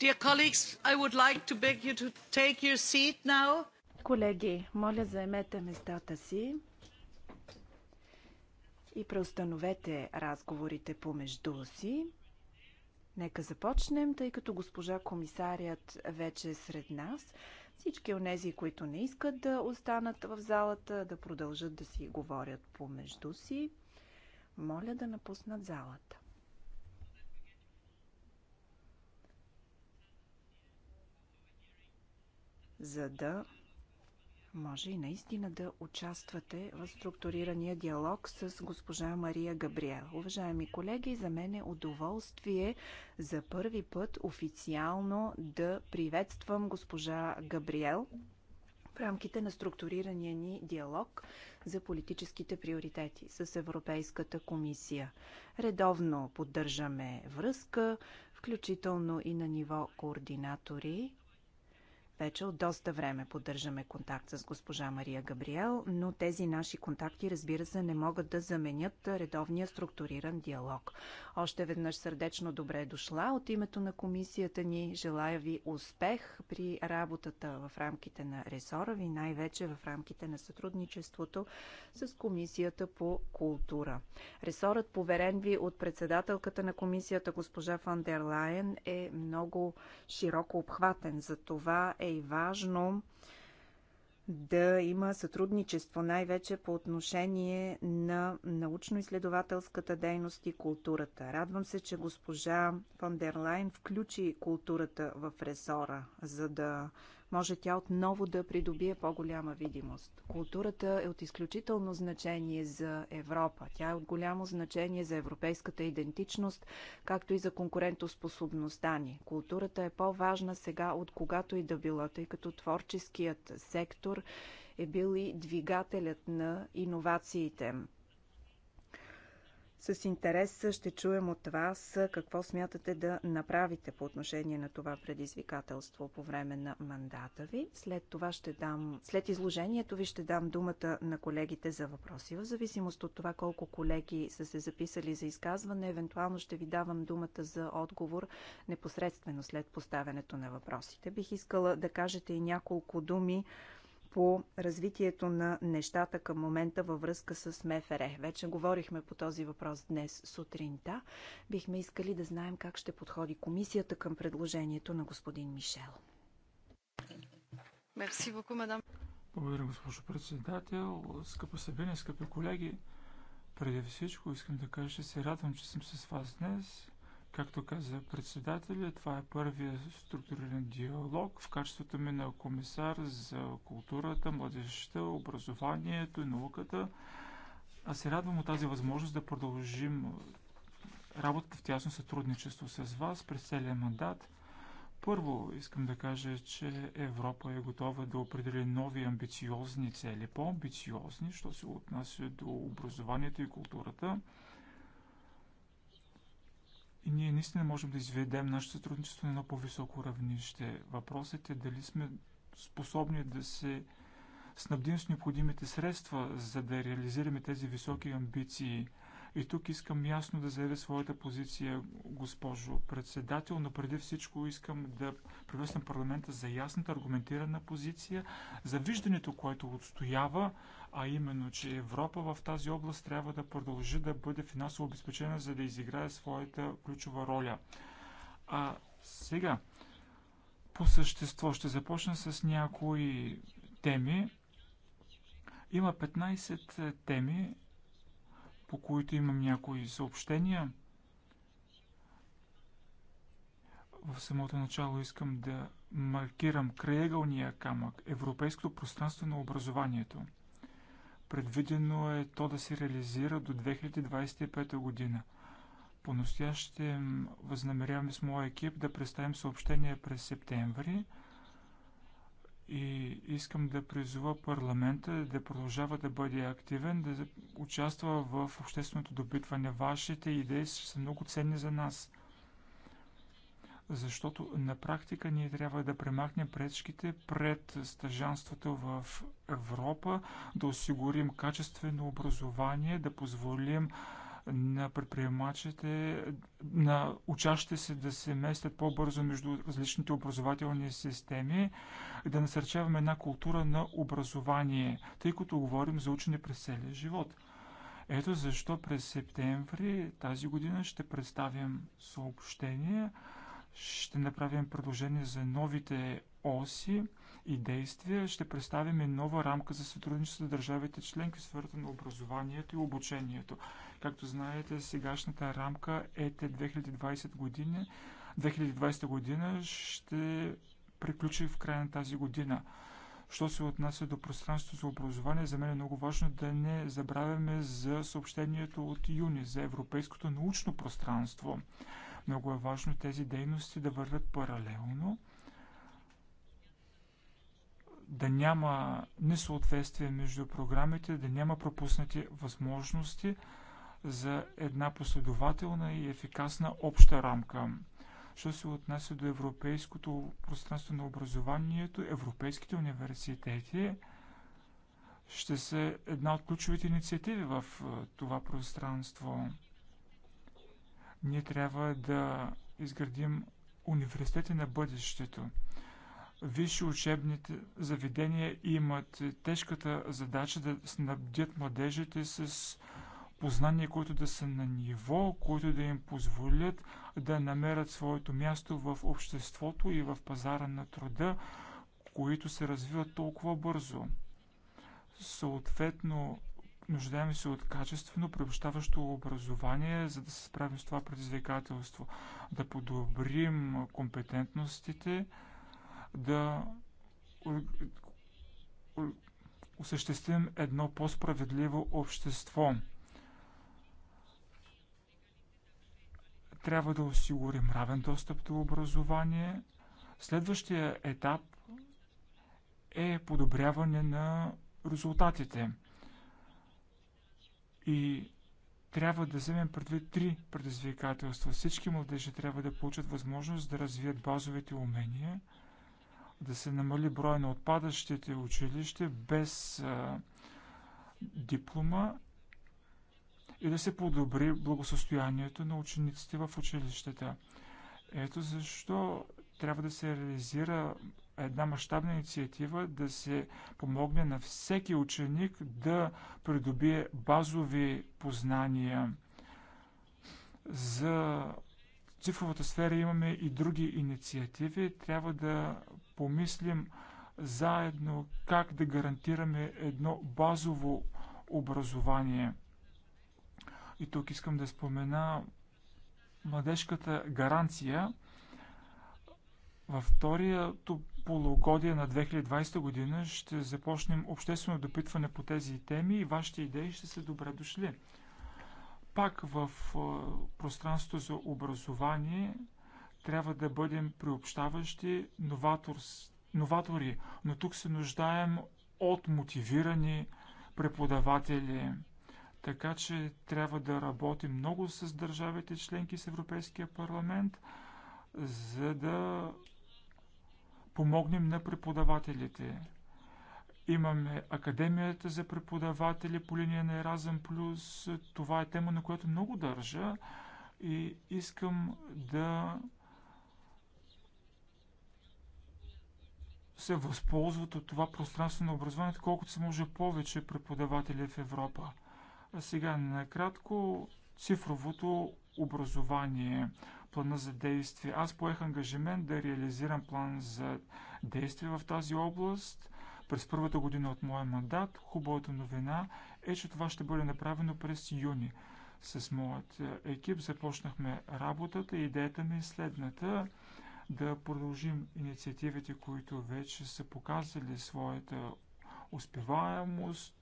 Dear colleagues, I would like to beg you to take your seat now. Колеги, моля заемете местата си и преустановете разговорите помежду си. Нека започнем, тъй като госпожа комисарият вече е сред нас. Всички онези, които не искат да останат в залата, да продължат да си говорят помежду си, моля да напуснат залата. за да може и наистина да участвате в структурирания диалог с госпожа Мария Габриел. Уважаеми колеги, за мен е удоволствие за първи път официално да приветствам госпожа Габриел в рамките на структурирания ни диалог за политическите приоритети с Европейската комисия. Редовно поддържаме връзка, включително и на ниво координатори. Вече от доста време поддържаме контакт с госпожа Мария Габриел, но тези наши контакти, разбира се, не могат да заменят редовния структуриран диалог. Още веднъж сърдечно добре е дошла от името на комисията ни. Желая ви успех при работата в рамките на ресора ви, най-вече в рамките на сътрудничеството с комисията по култура. Ресорът поверен ви от председателката на комисията госпожа Фандерлайн е много широко обхватен. За това е е и важно да има сътрудничество, най-вече по отношение на научно-изследователската дейност и културата. Радвам се, че госпожа Фондерлайн включи културата в ресора, за да може тя отново да придобие по-голяма видимост. Културата е от изключително значение за Европа. Тя е от голямо значение за европейската идентичност, както и за конкурентоспособността ни. Културата е по-важна сега от когато и да била, тъй като творческият сектор е бил и двигателят на иновациите. С интерес ще чуем от вас какво смятате да направите по отношение на това предизвикателство по време на мандата ви. След това ще дам, след изложението ви ще дам думата на колегите за въпроси. В зависимост от това колко колеги са се записали за изказване, евентуално ще ви давам думата за отговор непосредствено след поставянето на въпросите. Бих искала да кажете и няколко думи по развитието на нещата към момента във връзка с МФР. Вече говорихме по този въпрос днес сутринта. Бихме искали да знаем как ще подходи комисията към предложението на господин Мишел. Мерси Боку, мадам. Благодаря, госпожо председател. Скъпо събиране, скъпи колеги, преди всичко искам да кажа, че се радвам, че съм с вас днес Както каза председателя, това е първия структуриран диалог в качеството ми на комисар за културата, младежта, образованието и науката. А се радвам от тази възможност да продължим работата в тясно сътрудничество с вас през целия мандат. Първо искам да кажа, че Европа е готова да определи нови амбициозни цели, по-амбициозни, що се отнася до образованието и културата – и ние наистина можем да изведем нашето сътрудничество на едно по-високо равнище. Въпросът е дали сме способни да се снабдим с необходимите средства, за да реализираме тези високи амбиции. И тук искам ясно да заявя своята позиция, госпожо председател, но преди всичко искам да приветствам парламента за ясната, аргументирана позиция, за виждането, което отстоява, а именно, че Европа в тази област трябва да продължи да бъде финансово обезпечена, за да изиграе своята ключова роля. А сега, по същество, ще започна с някои теми. Има 15 теми, по които имам някои съобщения. В самото начало искам да маркирам краегълния камък Европейското пространство на образованието. Предвидено е то да се реализира до 2025 година. По-настояще възнамеряваме с моя екип да представим съобщение през септември – и искам да призова парламента да продължава да бъде активен, да участва в общественото допитване. Вашите идеи са много ценни за нас, защото на практика ние трябва да премахнем пречките пред стъжанството в Европа, да осигурим качествено образование, да позволим на предприемачите, на учащите се да се местят по-бързо между различните образователни системи, да насърчаваме една култура на образование, тъй като говорим за учене през целия живот. Ето защо през септември тази година ще представим съобщение, ще направим предложение за новите оси и действия, ще представим и нова рамка за сътрудничество с държавите членки в сферата на образованието и обучението. Както знаете, сегашната рамка ЕТ 2020 година, 2020 година ще приключи в края на тази година. Що се отнася до пространството за образование, за мен е много важно да не забравяме за съобщението от юни за европейското научно пространство. Много е важно тези дейности да вървят паралелно, да няма несъответствие между програмите, да няма пропуснати възможности за една последователна и ефикасна обща рамка. Що се отнася до европейското пространство на образованието, европейските университети ще са една от ключовите инициативи в това пространство. Ние трябва да изградим университети на бъдещето. Висши учебните заведения имат тежката задача да снабдят младежите с познания, които да са на ниво, които да им позволят да намерят своето място в обществото и в пазара на труда, които се развиват толкова бързо. Съответно, нуждаем се от качествено приобщаващо образование, за да се справим с това предизвикателство, да подобрим компетентностите, да осъществим едно по-справедливо общество. Трябва да осигурим равен достъп до образование. Следващия етап е подобряване на резултатите. И трябва да вземем предвид три предизвикателства. Всички младежи трябва да получат възможност да развият базовите умения, да се намали броя на отпадащите училище без а, диплома и да се подобри благосостоянието на учениците в училищата. Ето защо трябва да се реализира една мащабна инициатива да се помогне на всеки ученик да придобие базови познания. За цифровата сфера имаме и други инициативи. Трябва да помислим заедно как да гарантираме едно базово образование – и тук искам да спомена младежката гаранция. Във второто полугодие на 2020 година ще започнем обществено допитване по тези теми и вашите идеи ще са добре дошли. Пак в е, пространството за образование трябва да бъдем приобщаващи новаторс, новатори, но тук се нуждаем от мотивирани преподаватели – така че трябва да работим много с държавите членки с Европейския парламент, за да помогнем на преподавателите. Имаме Академията за преподаватели по линия на Еразъм Плюс. Това е тема, на която много държа и искам да се възползват от това пространство на образованието, колкото се може повече преподаватели в Европа. А сега накратко цифровото образование, плана за действие. Аз поех ангажимент да реализирам план за действие в тази област през първата година от моя мандат. Хубавата новина е, че това ще бъде направено през юни. С моят е, екип започнахме работата и идеята ми е следната да продължим инициативите, които вече са показали своята успеваемост,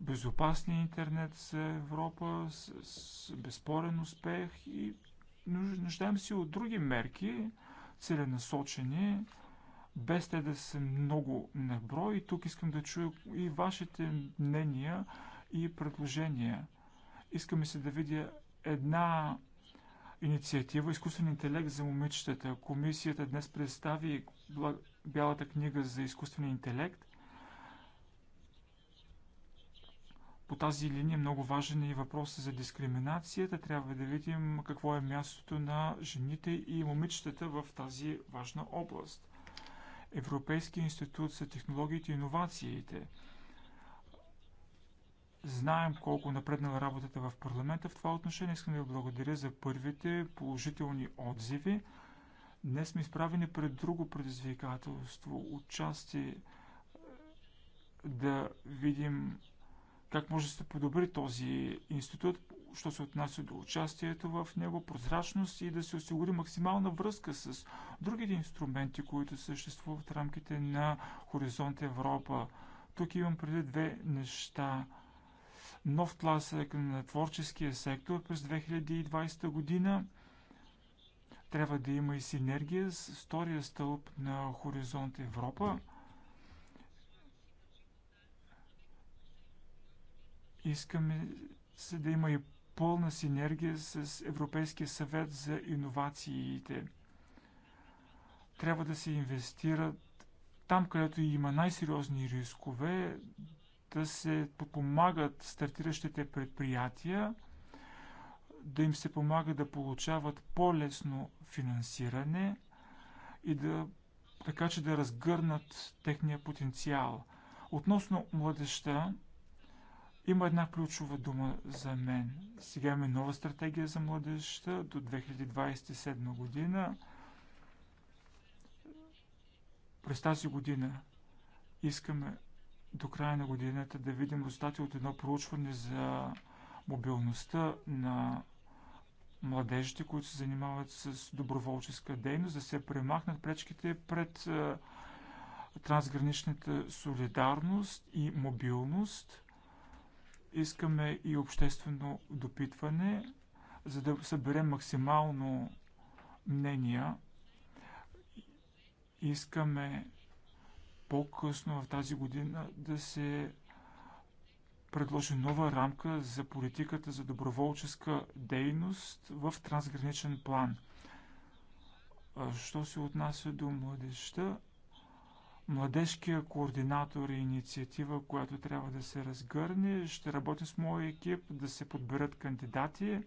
безопасния интернет за Европа с, с безспорен успех и нуждаем се от други мерки, целенасочени, без те да са много небро. И тук искам да чуя и вашите мнения и предложения. Искаме се да видя една инициатива изкуствен интелект за момичетата. Комисията днес представи Бялата книга за изкуствен интелект. По тази линия много важен е и въпросът за дискриминацията. Трябва да видим какво е мястото на жените и момичетата в тази важна област. Европейския институт за технологиите и иновациите. Знаем колко напреднала работата в парламента. В това отношение искам да ви благодаря за първите положителни отзиви. Днес сме изправени пред друго предизвикателство. Отчасти е, да видим как може да се подобри този институт, що се отнася до участието в него, прозрачност и да се осигури максимална връзка с другите инструменти, които съществуват в рамките на Хоризонт Европа. Тук имам преди две неща. Нов тласък на творческия сектор през 2020 година. Трябва да има и синергия с втория стълб на Хоризонт Европа. Искаме се да има и пълна синергия с Европейския съвет за иновациите. Трябва да се инвестират там, където има най-сериозни рискове, да се помагат стартиращите предприятия, да им се помага да получават по-лесно финансиране и да така че да разгърнат техния потенциал. Относно младеща, има една ключова дума за мен. Сега имаме нова стратегия за младежта до 2027 година. През тази година искаме до края на годината да видим резултати от едно проучване за мобилността на младежите, които се занимават с доброволческа дейност, да се премахнат пречките пред трансграничната солидарност и мобилност – Искаме и обществено допитване, за да съберем максимално мнения. Искаме по-късно в тази година да се предложи нова рамка за политиката за доброволческа дейност в трансграничен план. Що се отнася до младеща? младежкия координатор и е инициатива, която трябва да се разгърне. Ще работим с моя екип да се подберат кандидати.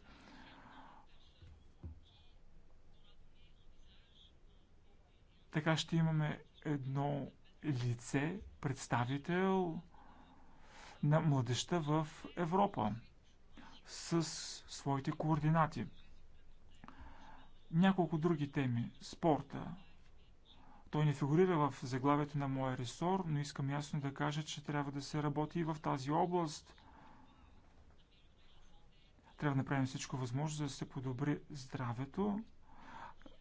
Така ще имаме едно лице, представител на младеща в Европа с своите координати. Няколко други теми. Спорта, той не фигурира в заглавието на моя ресор, но искам ясно да кажа, че трябва да се работи и в тази област. Трябва да направим всичко възможно, за да се подобри здравето,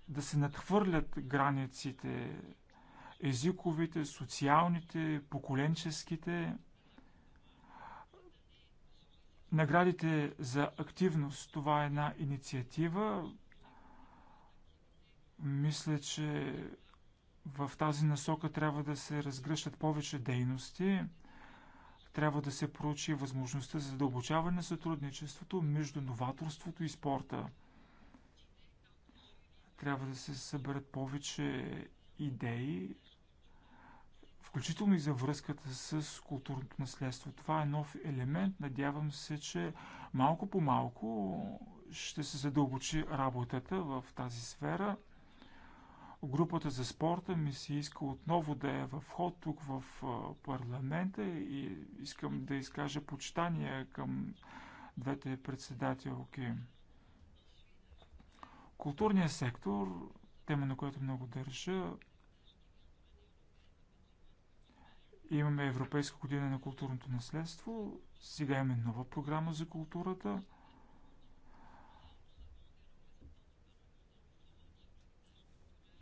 да се надхвърлят границите, езиковите, социалните, поколенческите. Наградите за активност, това е една инициатива. Мисля, че в тази насока трябва да се разгръщат повече дейности, трябва да се проучи възможността за задълбочаване на сътрудничеството между новаторството и спорта. Трябва да се съберат повече идеи, включително и за връзката с културното наследство. Това е нов елемент. Надявам се, че малко по малко ще се задълбочи работата в тази сфера групата за спорта ми се иска отново да е в ход тук в парламента и искам да изкажа почитание към двете председателки. Културният сектор, тема на която много държа, имаме Европейска година на културното наследство, сега имаме нова програма за културата –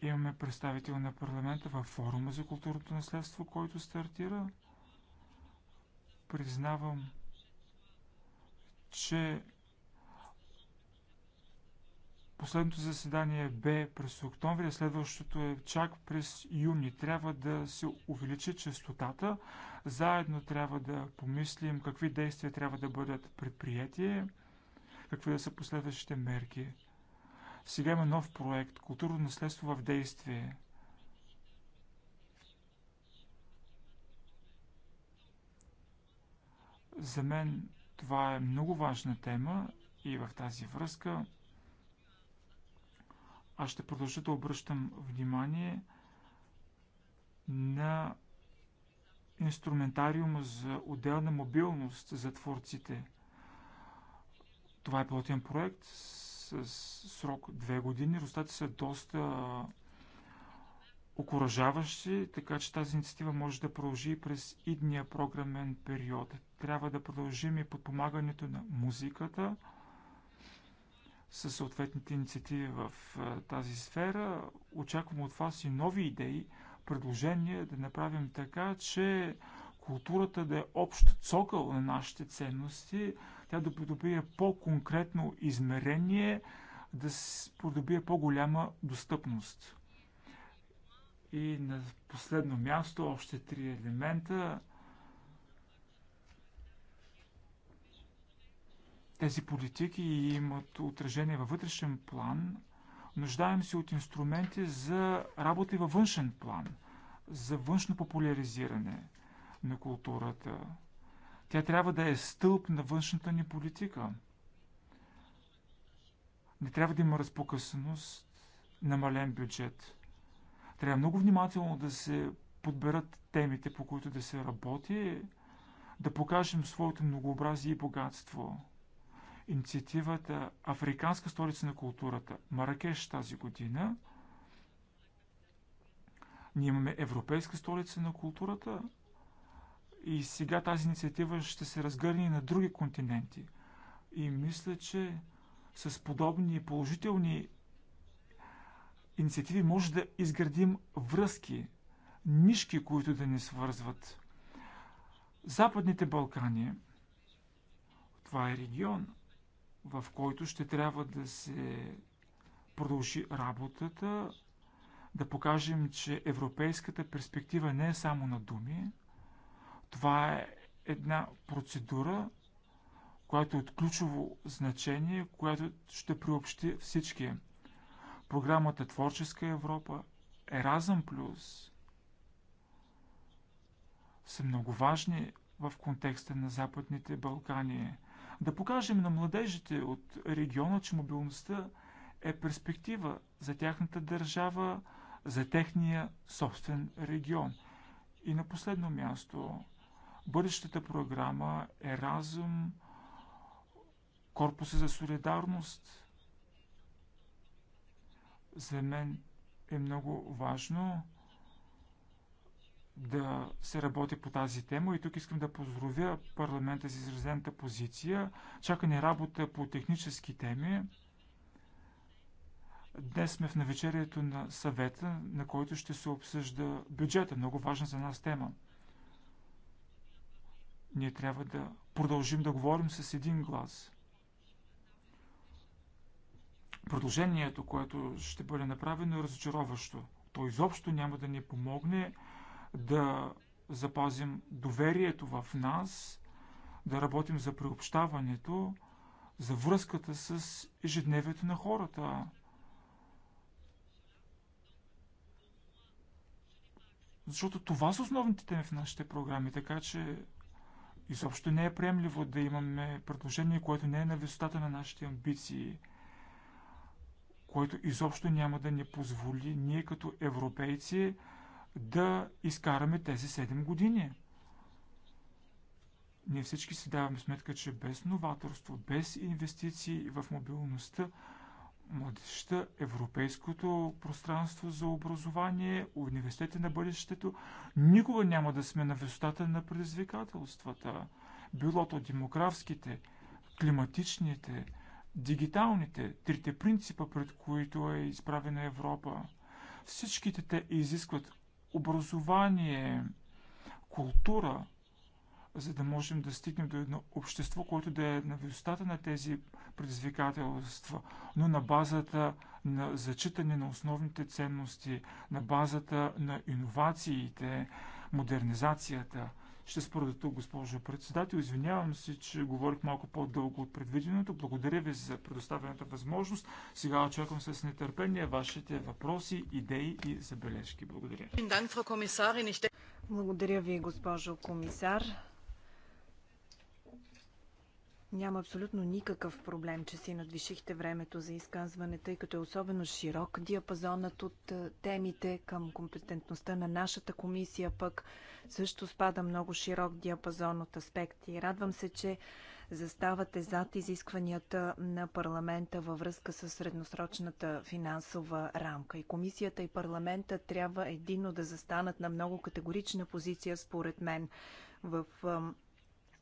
Имаме представител на парламента във форума за културното наследство, който стартира. Признавам, че последното заседание бе през октомври, следващото е чак през юни. Трябва да се увеличи частотата. Заедно трябва да помислим какви действия трябва да бъдат предприяти, какви да са последващите мерки. Сега има нов проект Културно наследство в действие. За мен това е много важна тема и в тази връзка аз ще продължа да обръщам внимание на инструментариума за отделна мобилност за творците. Това е платен проект с срок две години. Резултатите са доста окоръжаващи, така че тази инициатива може да продължи и през идния програмен период. Трябва да продължим и подпомагането на музиката със съответните инициативи в е, тази сфера. Очаквам от вас и нови идеи, предложения да направим така, че културата да е общ цокъл на нашите ценности – тя да придобие по-конкретно измерение, да придобие по-голяма достъпност. И на последно място, още три елемента. Тези политики имат отражение във вътрешен план. Нуждаем се от инструменти за работа и във външен план, за външно популяризиране на културата. Тя трябва да е стълб на външната ни политика. Не трябва да има разпокъсаност, намален бюджет. Трябва много внимателно да се подберат темите, по които да се работи, да покажем своето многообразие и богатство. Инициативата Африканска столица на културата Маракеш тази година. Ние имаме Европейска столица на културата, и сега тази инициатива ще се разгърне и на други континенти. И мисля, че с подобни положителни инициативи може да изградим връзки, нишки, които да ни свързват. Западните Балкани, това е регион, в който ще трябва да се продължи работата, да покажем, че европейската перспектива не е само на думи, това е една процедура, която е от ключово значение, която ще приобщи всички. Програмата Творческа Европа, Еразъм Плюс са много важни в контекста на Западните Балкани. Да покажем на младежите от региона, че мобилността е перспектива за тяхната държава, за техния собствен регион. И на последно място бъдещата програма Еразъм, Корпуса за солидарност. За мен е много важно да се работи по тази тема и тук искам да поздравя парламента с изразената позиция. Чака ни работа по технически теми. Днес сме в навечерието на съвета, на който ще се обсъжда бюджета. Много важна за нас тема. Ние трябва да продължим да говорим с един глас. Продължението, което ще бъде направено, е разочароващо. То изобщо няма да ни помогне да запазим доверието в нас, да работим за приобщаването, за връзката с ежедневието на хората. Защото това са основните теми в нашите програми, така че Изобщо не е приемливо да имаме предложение, което не е на висотата на нашите амбиции, което изобщо няма да ни позволи ние като европейци да изкараме тези 7 години. Ние всички си даваме сметка, че без новаторство, без инвестиции в мобилността, младеща, европейското пространство за образование, университети на бъдещето, никога няма да сме на висотата на предизвикателствата. Било то демографските, климатичните, дигиталните, трите принципа, пред които е изправена Европа. Всичките те изискват образование, култура, за да можем да стигнем до едно общество, което да е на висотата на тези предизвикателства, но на базата на зачитане на основните ценности, на базата на иновациите, модернизацията. Ще спра тук, госпожо председател. Извинявам се, че говорих малко по-дълго от предвиденото. Благодаря ви за предоставената възможност. Сега очаквам с нетърпение вашите въпроси, идеи и забележки. Благодаря. Благодаря ви, госпожо комисар. Няма абсолютно никакъв проблем, че си надвишихте времето за изказване, тъй като е особено широк диапазонът от е, темите към компетентността на нашата комисия, пък също спада много широк диапазон от аспекти. Радвам се, че заставате зад изискванията на парламента във връзка с средносрочната финансова рамка. И комисията и парламента трябва единно да застанат на много категорична позиция, според мен, в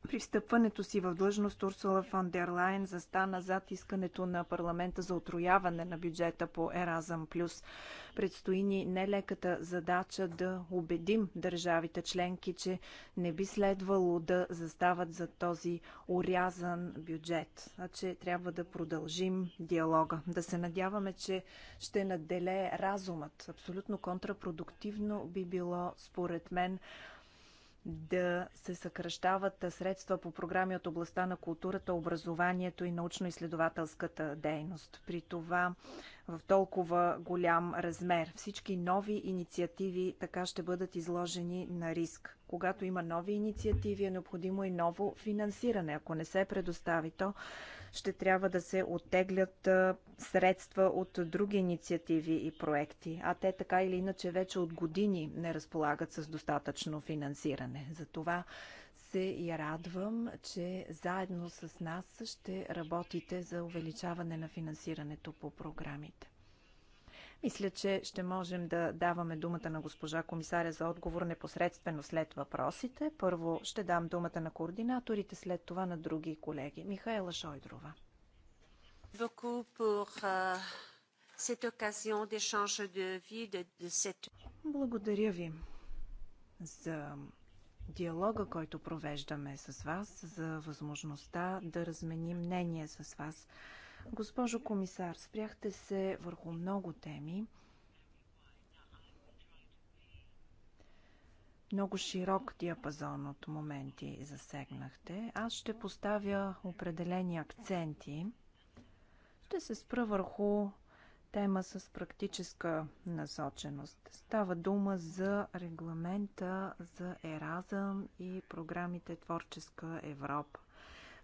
при встъпването си в длъжност Урсула фон дер Лайн застана зад искането на парламента за отрояване на бюджета по Еразъм Плюс. Предстои ни нелеката задача да убедим държавите членки, че не би следвало да застават за този урязан бюджет, а че трябва да продължим диалога. Да се надяваме, че ще надделее разумът. Абсолютно контрапродуктивно би било, според мен, да се съкръщават средства по програми от областта на културата, образованието и научно-изследователската дейност. При това в толкова голям размер. Всички нови инициативи така ще бъдат изложени на риск. Когато има нови инициативи, е необходимо и ново финансиране. Ако не се предостави то, ще трябва да се оттеглят средства от други инициативи и проекти, а те така или иначе вече от години не разполагат с достатъчно финансиране. Затова се и радвам, че заедно с нас ще работите за увеличаване на финансирането по програмите. Мисля, че ще можем да даваме думата на госпожа комисаря за отговор непосредствено след въпросите. Първо ще дам думата на координаторите, след това на други колеги. Михаела Шойдрова. Euh, Благодаря ви за диалога, който провеждаме с вас, за възможността да разменим мнение с вас Госпожо комисар, спряхте се върху много теми. Много широк диапазон от моменти засегнахте. Аз ще поставя определени акценти. Ще се спра върху тема с практическа насоченост. Става дума за регламента за Еразъм и програмите Творческа Европа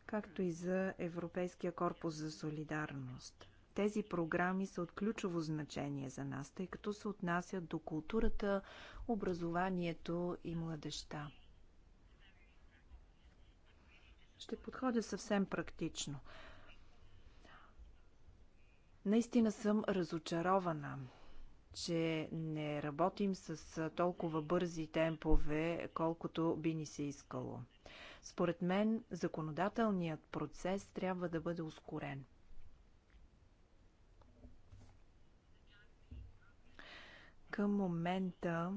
както и за Европейския корпус за солидарност. Тези програми са от ключово значение за нас, тъй като се отнасят до културата, образованието и младеща. Ще подходя съвсем практично. Наистина съм разочарована, че не работим с толкова бързи темпове, колкото би ни се искало. Според мен, законодателният процес трябва да бъде ускорен. Към момента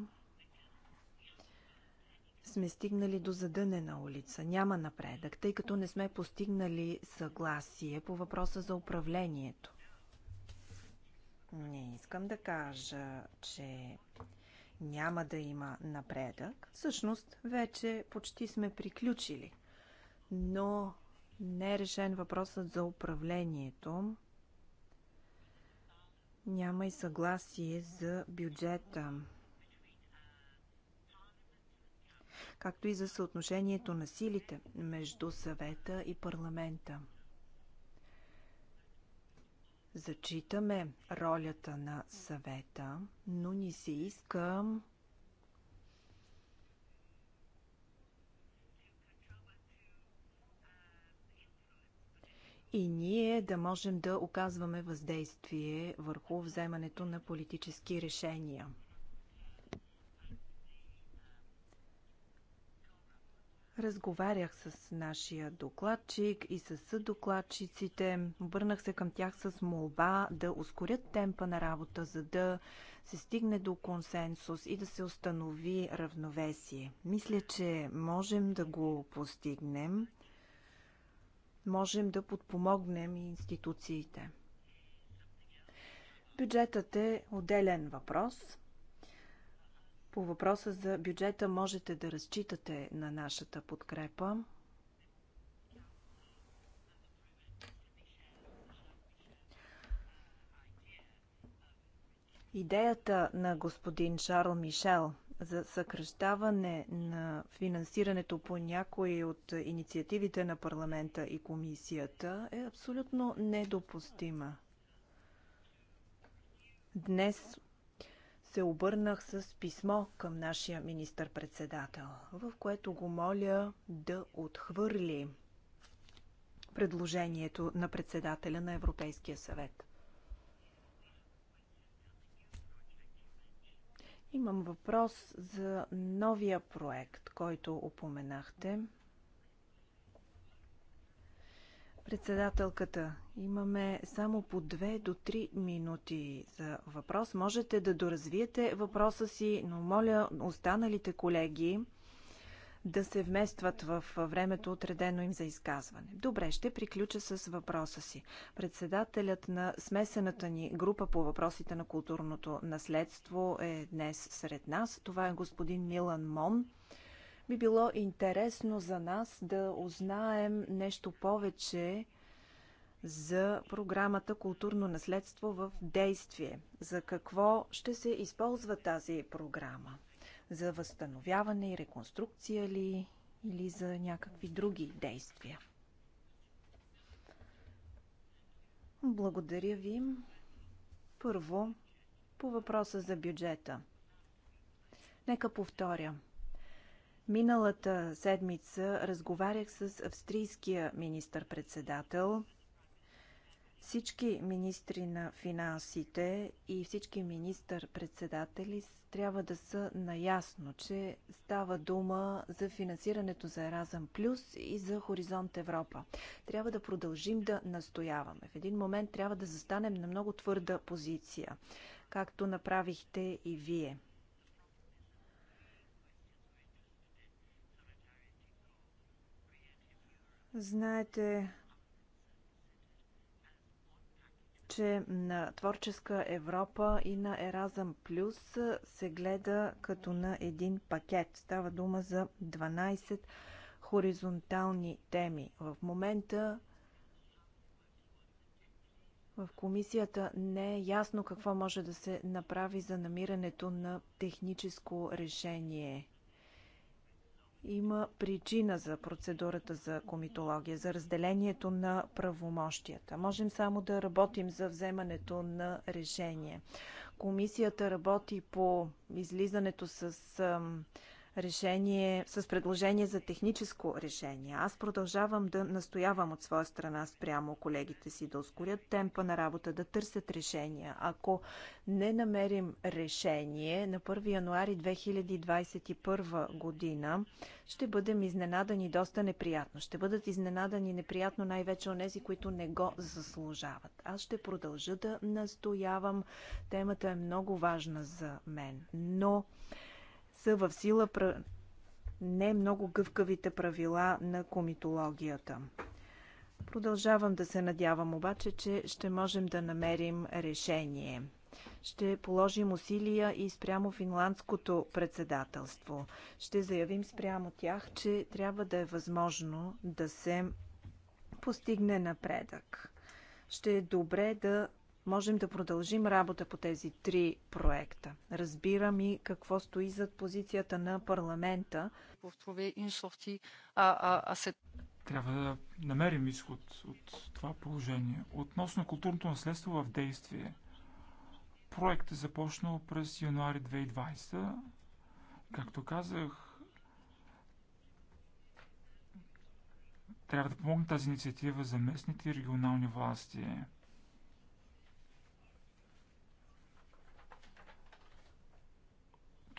сме стигнали до задънена улица. Няма напредък, тъй като не сме постигнали съгласие по въпроса за управлението. Не искам да кажа, че няма да има напредък. Всъщност, вече почти сме приключили. Но не е решен въпросът за управлението. Няма и съгласие за бюджета. Както и за съотношението на силите между съвета и парламента. Зачитаме ролята на съвета, но ни се иска и ние да можем да оказваме въздействие върху вземането на политически решения. Разговарях с нашия докладчик и с съдокладчиците. Обърнах се към тях с молба да ускорят темпа на работа, за да се стигне до консенсус и да се установи равновесие. Мисля, че можем да го постигнем. Можем да подпомогнем и институциите. Бюджетът е отделен въпрос – по въпроса за бюджета можете да разчитате на нашата подкрепа. Идеята на господин Шарл Мишел за съкръщаване на финансирането по някои от инициативите на парламента и комисията е абсолютно недопустима. Днес се обърнах с писмо към нашия министър-председател, в което го моля да отхвърли предложението на председателя на Европейския съвет. Имам въпрос за новия проект, който упоменахте. Председателката, имаме само по 2 до 3 минути за въпрос. Можете да доразвиете въпроса си, но моля останалите колеги да се вместват в времето отредено им за изказване. Добре, ще приключа с въпроса си. Председателят на смесената ни група по въпросите на културното наследство е днес сред нас. Това е господин Милан Мон. Би било интересно за нас да узнаем нещо повече за програмата Културно наследство в действие. За какво ще се използва тази програма? За възстановяване и реконструкция ли? Или за някакви други действия? Благодаря ви. Първо, по въпроса за бюджета. Нека повторя – Миналата седмица разговарях с австрийския министър-председател. Всички министри на финансите и всички министър-председатели трябва да са наясно, че става дума за финансирането за Еразъм Плюс и за Хоризонт Европа. Трябва да продължим да настояваме. В един момент трябва да застанем на много твърда позиция, както направихте и вие. Знаете, че на Творческа Европа и на Еразъм Плюс се гледа като на един пакет. Става дума за 12 хоризонтални теми. В момента в комисията не е ясно какво може да се направи за намирането на техническо решение има причина за процедурата за комитология, за разделението на правомощията. Можем само да работим за вземането на решение. Комисията работи по излизането с решение, с предложение за техническо решение. Аз продължавам да настоявам от своя страна спрямо колегите си да ускорят темпа на работа, да търсят решения. Ако не намерим решение на 1 януари 2021 година, ще бъдем изненадани доста неприятно. Ще бъдат изненадани неприятно най-вече тези, които не го заслужават. Аз ще продължа да настоявам. Темата е много важна за мен. Но са в сила не много гъвкавите правила на комитологията. Продължавам да се надявам обаче, че ще можем да намерим решение. Ще положим усилия и спрямо финландското председателство. Ще заявим спрямо тях, че трябва да е възможно да се постигне напредък. Ще е добре да можем да продължим работа по тези три проекта. Разбирам и какво стои зад позицията на парламента. Трябва да намерим изход от това положение. Относно културното наследство в действие. Проектът е започнал през януари 2020. Както казах, трябва да помогне тази инициатива за местните и регионални власти.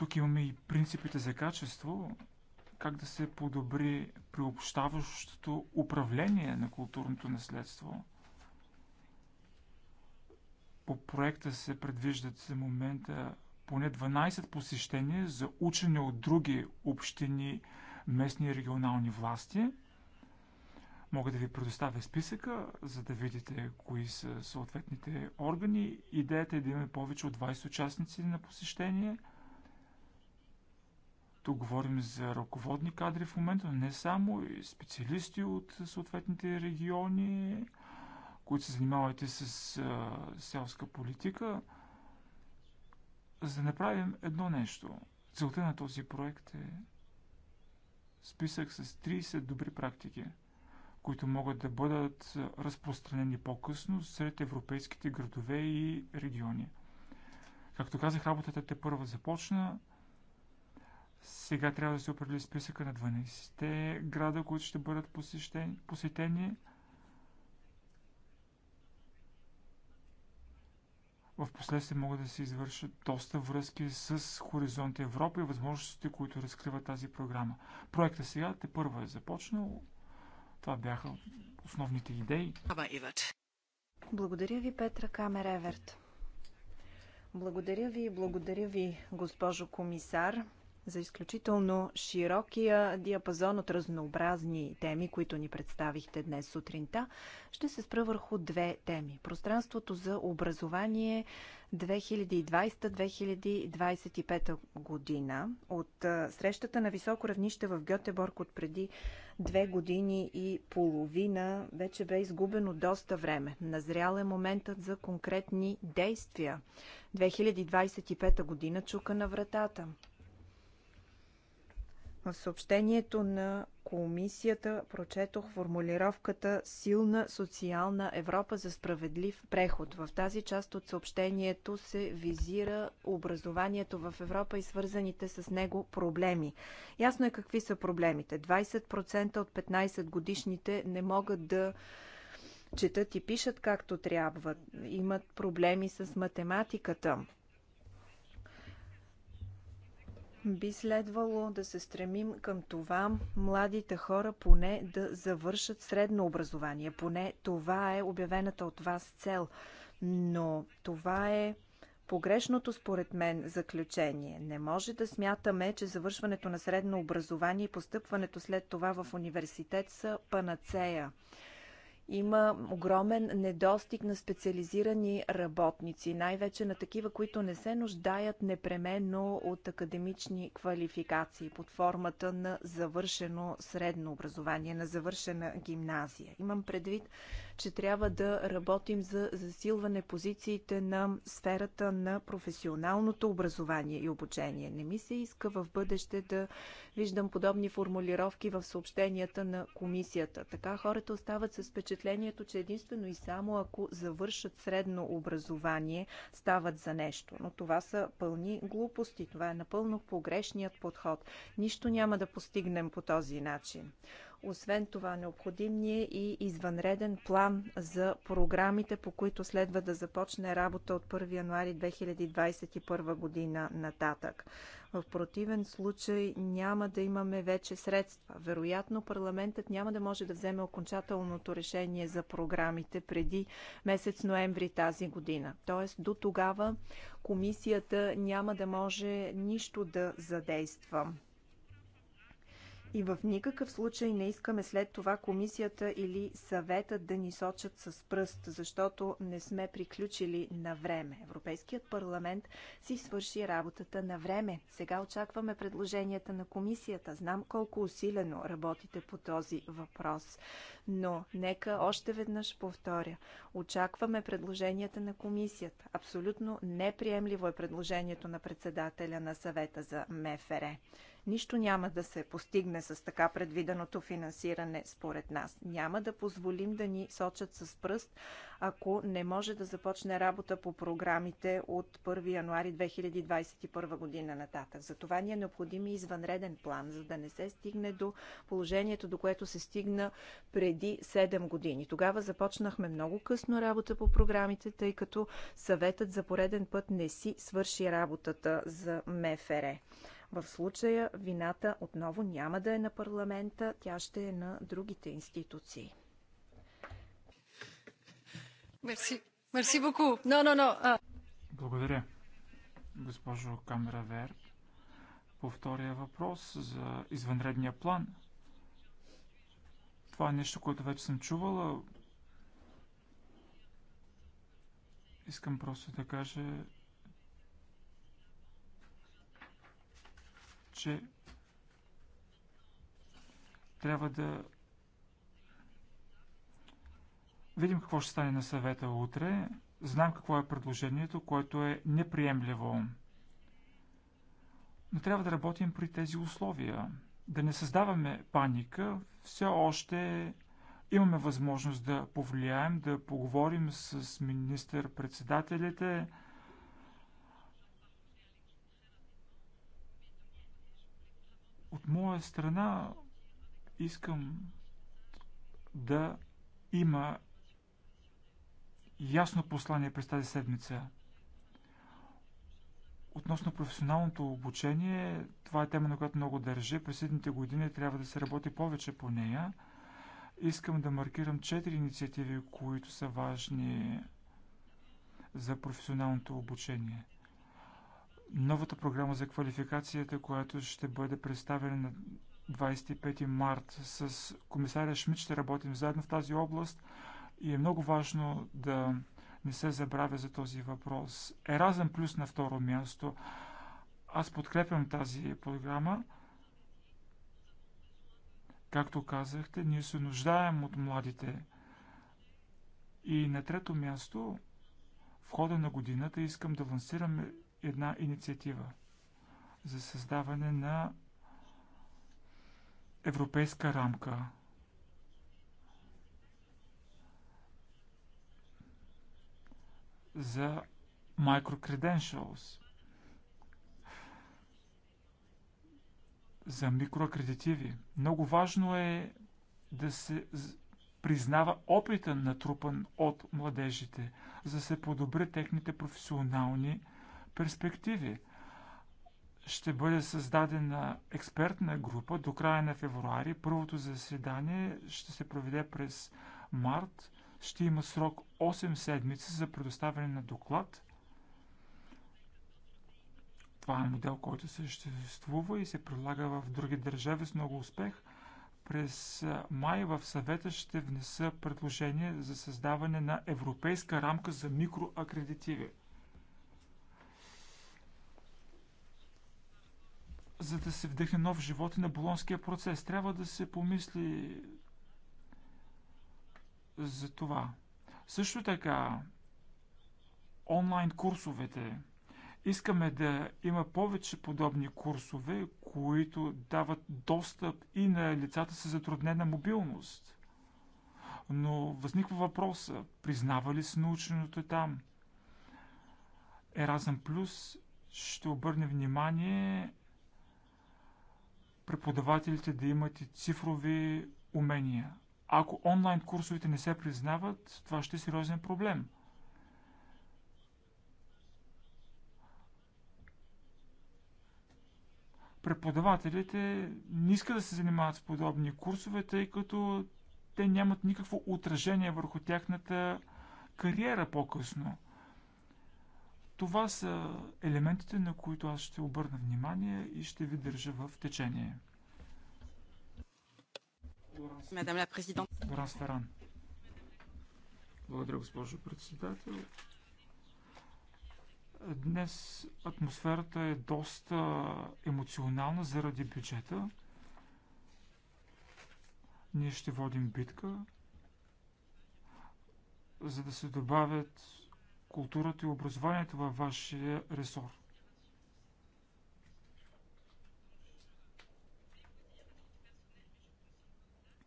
Тук имаме и принципите за качество, как да се подобри приобщаващото управление на културното наследство. По проекта се предвиждат за момента поне 12 посещения за учене от други общини, местни и регионални власти. Мога да ви предоставя списъка, за да видите кои са съответните органи. Идеята е да имаме повече от 20 участници на посещение – тук говорим за ръководни кадри в момента, но не само, и специалисти от съответните региони, които се занимавате с а, селска политика, за да направим едно нещо. Целта на този проект е списък с 30 добри практики, които могат да бъдат разпространени по-късно сред европейските градове и региони. Както казах, работата те първа започна – сега трябва да се определи списъка на 12-те града, които ще бъдат посещени, посетени. В последствие могат да се извършат доста връзки с Хоризонт Европа и възможностите, които разкрива тази програма. Проекта сега те първо е започнал. Това бяха основните идеи. Благодаря ви, Петра Камер Еверт. Благодаря ви, и благодаря ви, госпожо комисар за изключително широкия диапазон от разнообразни теми, които ни представихте днес сутринта. Ще се спра върху две теми. Пространството за образование 2020-2025 година от срещата на високо равнище в Гьотеборг от преди две години и половина вече бе изгубено доста време. Назрял е моментът за конкретни действия. 2025 година чука на вратата. В съобщението на комисията прочетох формулировката Силна социална Европа за справедлив преход. В тази част от съобщението се визира образованието в Европа и свързаните с него проблеми. Ясно е какви са проблемите. 20% от 15 годишните не могат да четат и пишат както трябва. Имат проблеми с математиката. Би следвало да се стремим към това младите хора поне да завършат средно образование. Поне това е обявената от вас цел. Но това е погрешното според мен заключение. Не може да смятаме, че завършването на средно образование и постъпването след това в университет са панацея. Има огромен недостиг на специализирани работници, най-вече на такива, които не се нуждаят непременно от академични квалификации под формата на завършено средно образование, на завършена гимназия. Имам предвид че трябва да работим за засилване позициите на сферата на професионалното образование и обучение. Не ми се иска в бъдеще да виждам подобни формулировки в съобщенията на комисията. Така хората остават с впечатлението, че единствено и само ако завършат средно образование, стават за нещо. Но това са пълни глупости. Това е напълно погрешният подход. Нищо няма да постигнем по този начин. Освен това, необходим ни е и извънреден план за програмите, по които следва да започне работа от 1 януари 2021 година нататък. В противен случай няма да имаме вече средства. Вероятно парламентът няма да може да вземе окончателното решение за програмите преди месец ноември тази година. Тоест до тогава комисията няма да може нищо да задейства. И в никакъв случай не искаме след това комисията или съветът да ни сочат с пръст, защото не сме приключили на време. Европейският парламент си свърши работата на време. Сега очакваме предложенията на комисията. Знам колко усилено работите по този въпрос. Но нека още веднъж повторя. Очакваме предложенията на комисията. Абсолютно неприемливо е предложението на председателя на съвета за МФР. Нищо няма да се постигне с така предвиденото финансиране според нас. Няма да позволим да ни сочат с пръст, ако не може да започне работа по програмите от 1 януари 2021 година нататък. За това ни е необходим и извънреден план, за да не се стигне до положението, до което се стигна преди 7 години. Тогава започнахме много късно работа по програмите, тъй като съветът за пореден път не си свърши работата за МФР. В случая вината отново няма да е на парламента, тя ще е на другите институции. Мерси. Мерси боку. но. Благодаря, госпожо Камеравер. По втория въпрос за извънредния план. Това е нещо, което вече съм чувала. Искам просто да кажа, че трябва да видим какво ще стане на съвета утре. Знам какво е предложението, което е неприемливо. Но трябва да работим при тези условия. Да не създаваме паника. Все още имаме възможност да повлияем, да поговорим с министър-председателите, От моя страна искам да има ясно послание през тази седмица. Относно професионалното обучение, това е тема, на която много държа. През следните години трябва да се работи повече по нея. Искам да маркирам четири инициативи, които са важни за професионалното обучение новата програма за квалификацията, която ще бъде представена на 25 март. С комисаря Шмидт ще работим заедно в тази област и е много важно да не се забравя за този въпрос. Еразъм плюс на второ място. Аз подкрепям тази програма. Както казахте, ние се нуждаем от младите. И на трето място, в хода на годината искам да лансираме една инициатива за създаване на европейска рамка. за microcredentials, за микроакредитиви. Много важно е да се признава опита натрупан от младежите, за да се подобри техните професионални перспективи. Ще бъде създадена експертна група до края на февруари. Първото заседание ще се проведе през март. Ще има срок 8 седмици за предоставяне на доклад. Това е модел, който съществува и се прилага в други държави с много успех. През май в съвета ще внеса предложение за създаване на европейска рамка за микроакредитиви. за да се вдъхне нов живот на болонския процес. Трябва да се помисли за това. Също така, онлайн курсовете. Искаме да има повече подобни курсове, които дават достъп и на лицата с затруднена мобилност. Но възниква въпроса, признава ли се наученото там? Еразъм Плюс ще обърне внимание преподавателите да имат и цифрови умения. Ако онлайн курсовете не се признават, това ще е сериозен проблем. Преподавателите не искат да се занимават с подобни курсове, тъй като те нямат никакво отражение върху тяхната кариера по-късно. Това са елементите, на които аз ще обърна внимание и ще ви държа в течение. Лоранс Феран. Благодаря, госпожо председател. Днес атмосферата е доста емоционална заради бюджета. Ние ще водим битка, за да се добавят културата и образованието във вашия ресор.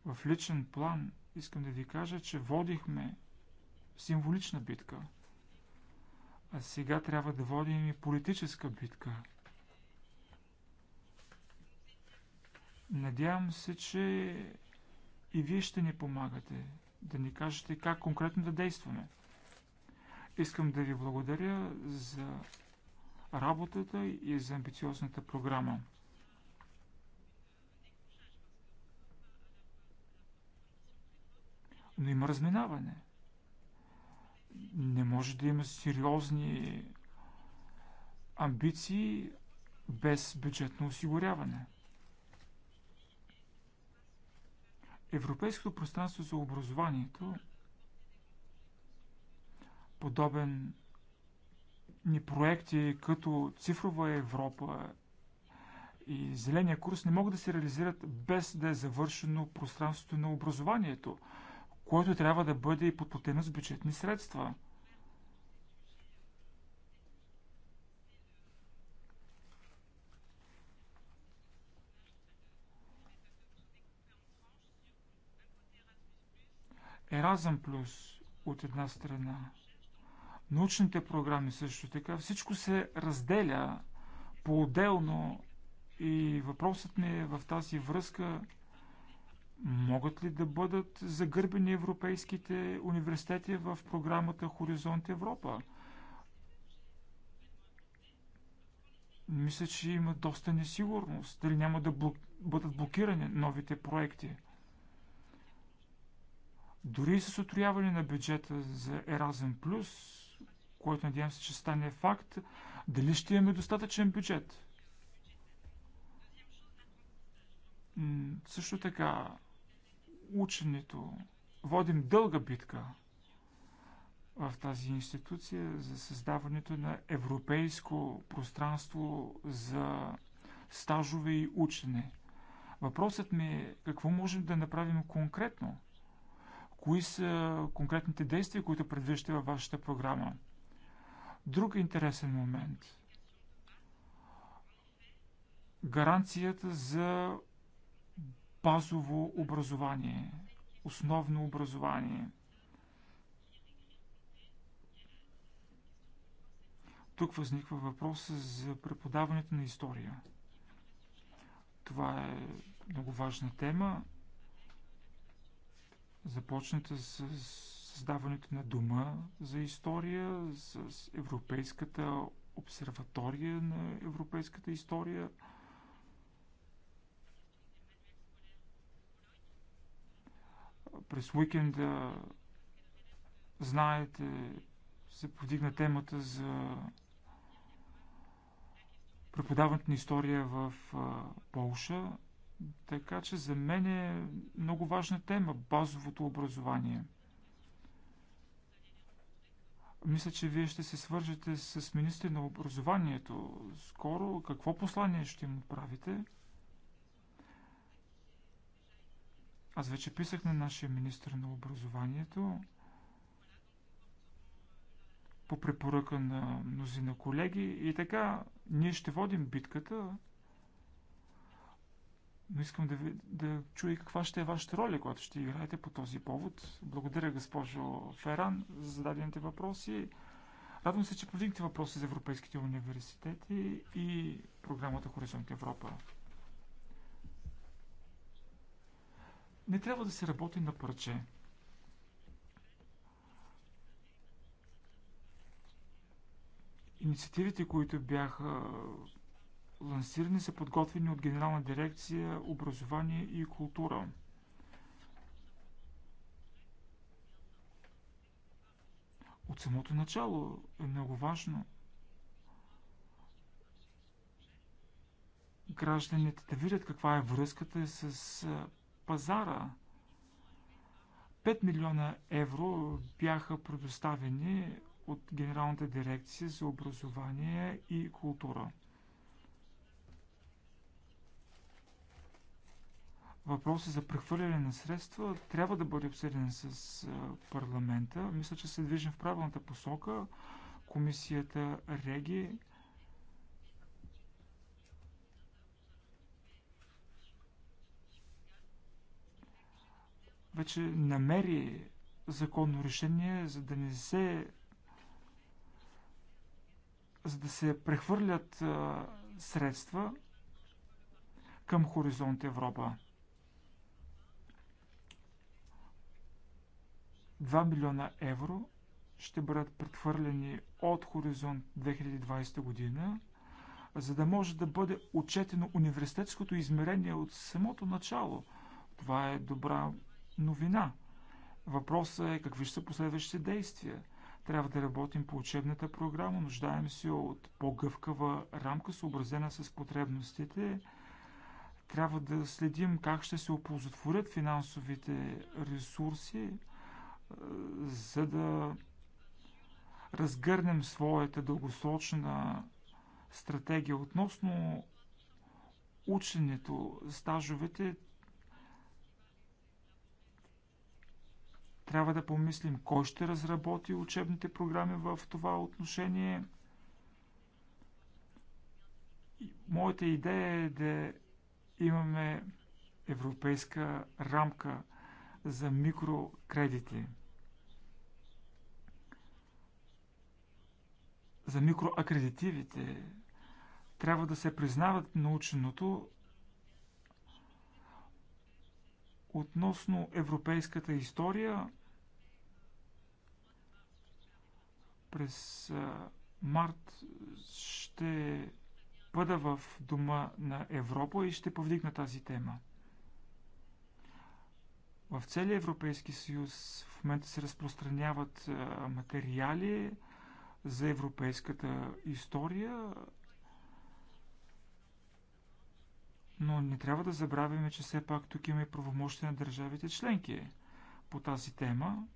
В личен план искам да ви кажа, че водихме символична битка, а сега трябва да водим и политическа битка. Надявам се, че и вие ще ни помагате да ни кажете как конкретно да действаме. Искам да ви благодаря за работата и за амбициозната програма. Но има разминаване. Не може да има сериозни амбиции без бюджетно осигуряване. Европейското пространство за образованието – подобен ни проекти като цифрова Европа и зеления курс не могат да се реализират без да е завършено пространството на образованието, което трябва да бъде и подплатено с бюджетни средства. Еразъм плюс от една страна – научните програми също така. Всичко се разделя по-отделно и въпросът ми е в тази връзка могат ли да бъдат загърбени европейските университети в програмата Хоризонт Европа? Мисля, че има доста несигурност. Дали няма да блок... бъдат блокирани новите проекти? Дори с отрояване на бюджета за Erasmus което надявам се, че стане факт, дали ще имаме достатъчен бюджет. Също така, ученето. Водим дълга битка в тази институция за създаването на европейско пространство за стажове и учене. Въпросът ми е какво можем да направим конкретно? Кои са конкретните действия, които предвиждате във вашата програма? Друг интересен момент. Гаранцията за базово образование, основно образование. Тук възниква въпроса за преподаването на история. Това е много важна тема, започната с създаването на дума за история, с Европейската обсерватория на европейската история. През уикенда, знаете, се повдигна темата за преподаването на история в Полша. Така че за мен е много важна тема базовото образование – мисля, че вие ще се свържете с министри на образованието скоро. Какво послание ще им отправите? Аз вече писах на нашия министр на образованието по препоръка на мнозина колеги и така ние ще водим битката но искам да, ви, да чуя каква ще е вашата роля, която ще играете по този повод. Благодаря, госпожо Феран, за зададените въпроси. Радвам се, че повдигнахте въпроси за европейските университети и програмата Хоризонт Европа. Не трябва да се работи на парче. Инициативите, които бяха Лансирани са подготвени от Генерална дирекция Образование и култура. От самото начало е много важно гражданите да видят каква е връзката с пазара. 5 милиона евро бяха предоставени от Генералната дирекция за образование и култура. въпроса за прехвърляне на средства трябва да бъде обсъден с парламента. Мисля, че се движим в правилната посока. Комисията Реги вече намери законно решение, за да не се за да се прехвърлят средства към Хоризонт Европа. 2 милиона евро ще бъдат прехвърлени от Хоризонт 2020 година, за да може да бъде отчетено университетското измерение от самото начало. Това е добра новина. Въпросът е какви ще са последващите действия. Трябва да работим по учебната програма, нуждаем се от по-гъвкава рамка, съобразена с потребностите. Трябва да следим как ще се оползотворят финансовите ресурси, за да разгърнем своята дългосрочна стратегия относно ученето, стажовете, трябва да помислим кой ще разработи учебните програми в това отношение. Моята идея е да имаме европейска рамка – за микрокредити, за микроакредитивите. Трябва да се признават наученото относно европейската история през март ще бъда в Дома на Европа и ще повдигна тази тема. В целия Европейски съюз в момента се разпространяват материали за европейската история, но не трябва да забравяме, че все пак тук има и правомощия на държавите членки по тази тема.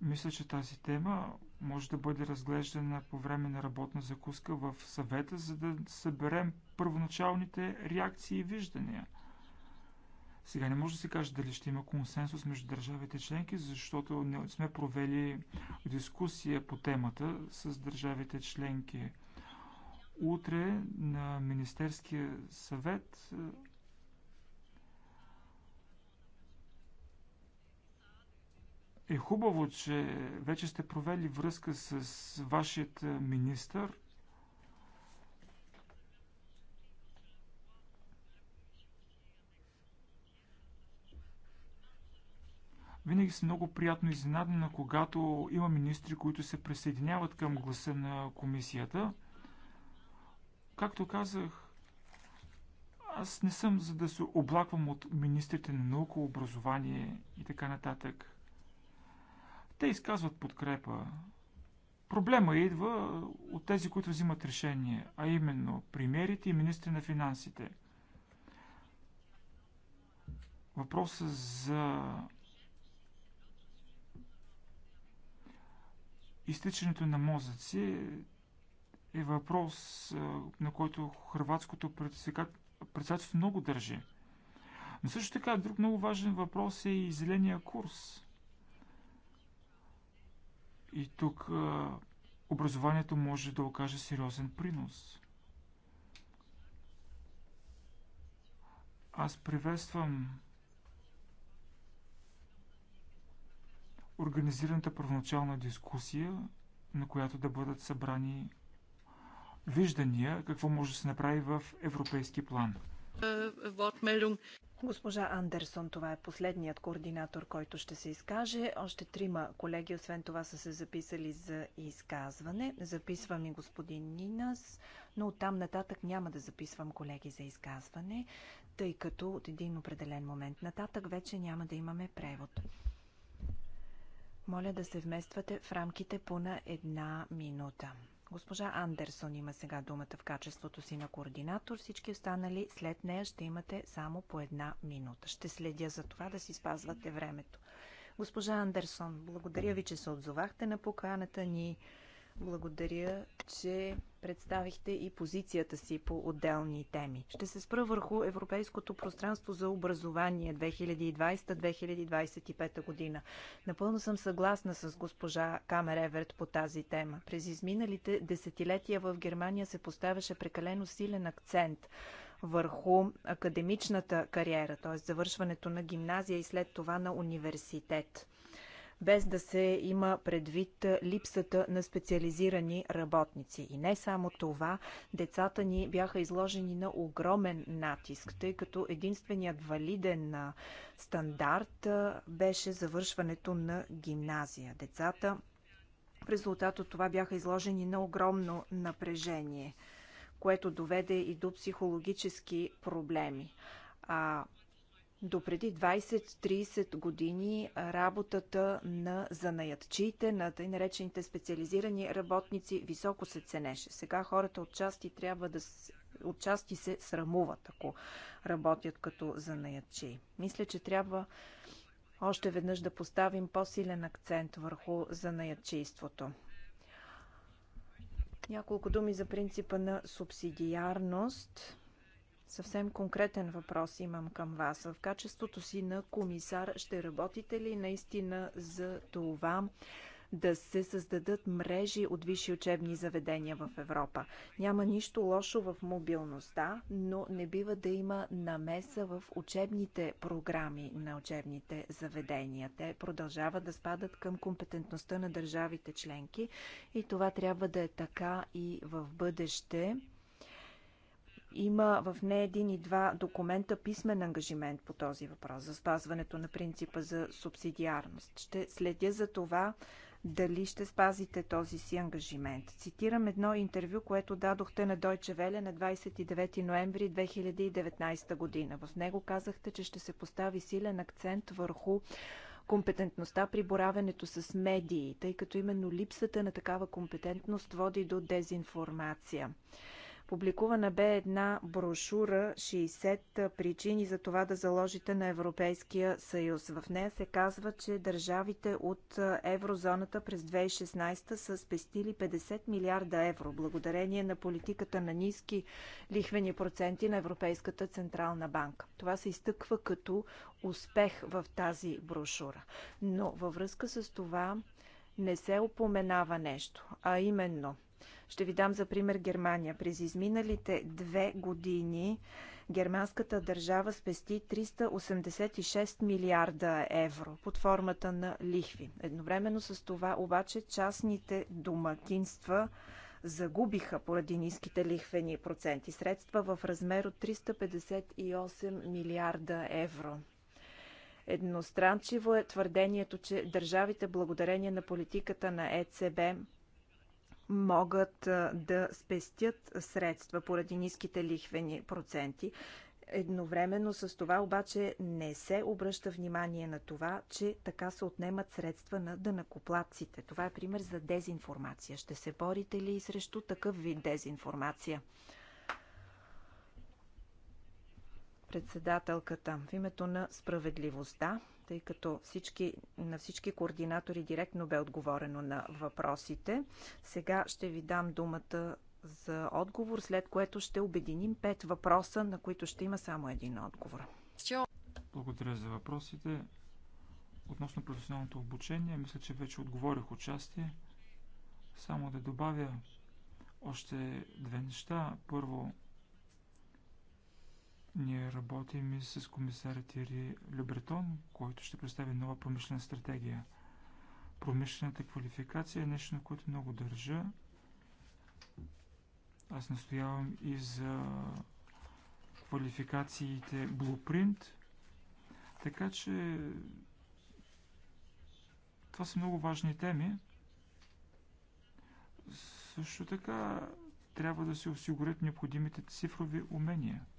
Мисля, че тази тема може да бъде разглеждана по време на работна закуска в съвета, за да съберем първоначалните реакции и виждания. Сега не може да се каже дали ще има консенсус между държавите членки, защото не сме провели дискусия по темата с държавите членки. Утре на Министерския съвет е хубаво, че вече сте провели връзка с вашият е, министър. Винаги съм много приятно изненадана, когато има министри, които се присъединяват към гласа на комисията. Както казах, аз не съм за да се облаквам от министрите на наука, образование и така нататък. Те изказват подкрепа. Проблема идва от тези, които взимат решение, а именно премиерите и министри на финансите. Въпросът за изтичането на мозъци е въпрос, на който хрватското председателство много държи. Но също така, друг много важен въпрос е и зеления курс. И тук образованието може да окаже сериозен принос. Аз приветствам организираната първоначална дискусия, на която да бъдат събрани виждания какво може да се направи в европейски план. Е, е, Госпожа Андерсон, това е последният координатор, който ще се изкаже. Още трима колеги, освен това, са се записали за изказване. Записвам и господин Нинас, но оттам нататък няма да записвам колеги за изказване, тъй като от един определен момент нататък вече няма да имаме превод. Моля да се вмествате в рамките по на една минута. Госпожа Андерсон има сега думата в качеството си на координатор. Всички останали след нея ще имате само по една минута. Ще следя за това да си спазвате времето. Госпожа Андерсон, благодаря ви, че се отзовахте на поканата ни. Благодаря, че представихте и позицията си по отделни теми. Ще се спра върху Европейското пространство за образование 2020-2025 година. Напълно съм съгласна с госпожа Камер Еверт по тази тема. През изминалите десетилетия в Германия се поставяше прекалено силен акцент върху академичната кариера, т.е. завършването на гимназия и след това на университет без да се има предвид липсата на специализирани работници. И не само това, децата ни бяха изложени на огромен натиск, тъй като единственият валиден стандарт беше завършването на гимназия. Децата в резултат от това бяха изложени на огромно напрежение, което доведе и до психологически проблеми. А до преди 20-30 години работата на занаятчиите, на тъй наречените специализирани работници, високо се ценеше. Сега хората отчасти трябва да отчасти се срамуват, ако работят като занаятчи. Мисля, че трябва още веднъж да поставим по-силен акцент върху занаятчийството. Няколко думи за принципа на субсидиарност. Съвсем конкретен въпрос имам към вас. В качеството си на комисар ще работите ли наистина за това да се създадат мрежи от висши учебни заведения в Европа? Няма нищо лошо в мобилността, но не бива да има намеса в учебните програми на учебните заведения. Те продължават да спадат към компетентността на държавите членки и това трябва да е така и в бъдеще има в не един и два документа писмен ангажимент по този въпрос за спазването на принципа за субсидиарност. Ще следя за това дали ще спазите този си ангажимент. Цитирам едно интервю, което дадохте на Deutsche Welle на 29 ноември 2019 година. В него казахте, че ще се постави силен акцент върху компетентността при боравенето с медии, тъй като именно липсата на такава компетентност води до дезинформация. Публикувана бе една брошура 60 причини за това да заложите на Европейския съюз. В нея се казва, че държавите от еврозоната през 2016 са спестили 50 милиарда евро благодарение на политиката на ниски лихвени проценти на Европейската централна банка. Това се изтъква като успех в тази брошура. Но във връзка с това не се упоменава нещо, а именно – ще ви дам за пример Германия. През изминалите две години германската държава спести 386 милиарда евро под формата на лихви. Едновременно с това обаче частните домакинства загубиха поради ниските лихвени проценти средства в размер от 358 милиарда евро. Едностранчиво е твърдението, че държавите благодарение на политиката на ЕЦБ могат да спестят средства поради ниските лихвени проценти. Едновременно с това обаче не се обръща внимание на това, че така се отнемат средства на дънакоплаците. Това е пример за дезинформация. Ще се борите ли срещу такъв вид дезинформация? Председателката в името на справедливостта тъй като всички, на всички координатори директно бе отговорено на въпросите. Сега ще ви дам думата за отговор, след което ще обединим пет въпроса, на които ще има само един отговор. Благодаря за въпросите. Относно професионалното обучение, мисля, че вече отговорих участие. Само да добавя още две неща. Първо, ние работим и с комисар Тири Любретон, който ще представи нова промишлена стратегия. Промишлената квалификация е нещо, на което много държа. Аз настоявам и за квалификациите Blueprint. Така че това са много важни теми. Също така трябва да се осигурят необходимите цифрови умения –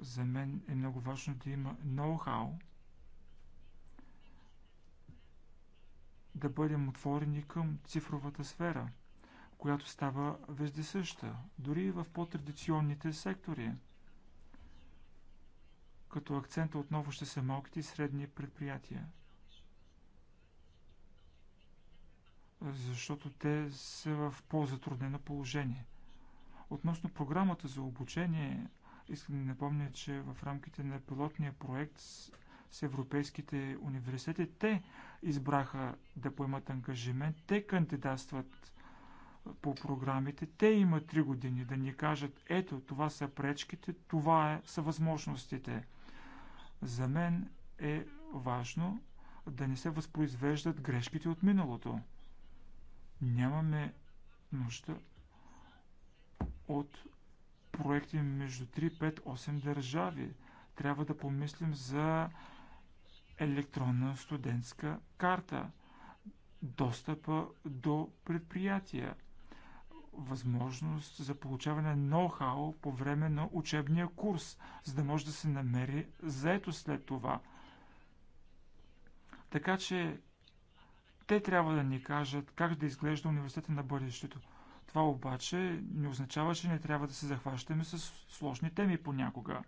За мен е много важно да има ноу-хау, да бъдем отворени към цифровата сфера, която става вездесъща, дори и в по-традиционните сектори. Като акцента отново ще са малките и средни предприятия. Защото те са в по-затруднено положение. Относно програмата за обучение, Искам да напомня, че в рамките на пилотния проект с европейските университети те избраха да поемат ангажимент, те кандидатстват по програмите, те имат три години да ни кажат, ето това са пречките, това е, са възможностите. За мен е важно да не се възпроизвеждат грешките от миналото. Нямаме нужда от проекти между 3, 5, 8 държави. Трябва да помислим за електронна студентска карта, достъпа до предприятия, възможност за получаване на ноу-хау по време на учебния курс, за да може да се намери заето след това. Така че те трябва да ни кажат как да изглежда университета на бъдещето. Това обаче не означава, че не трябва да се захващаме с сложни теми понякога.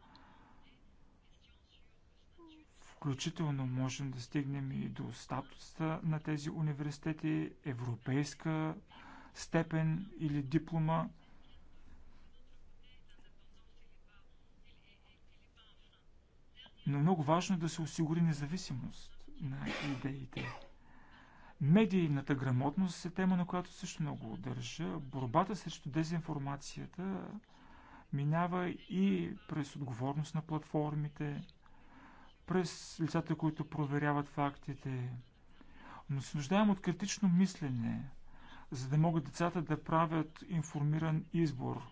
Включително можем да стигнем и до статуса на тези университети, европейска степен или диплома. Но много важно е да се осигури независимост на идеите. Медийната грамотност е тема, на която също много държа. Борбата срещу дезинформацията минава и през отговорност на платформите, през лицата, които проверяват фактите. Но се нуждаем от критично мислене, за да могат децата да правят информиран избор.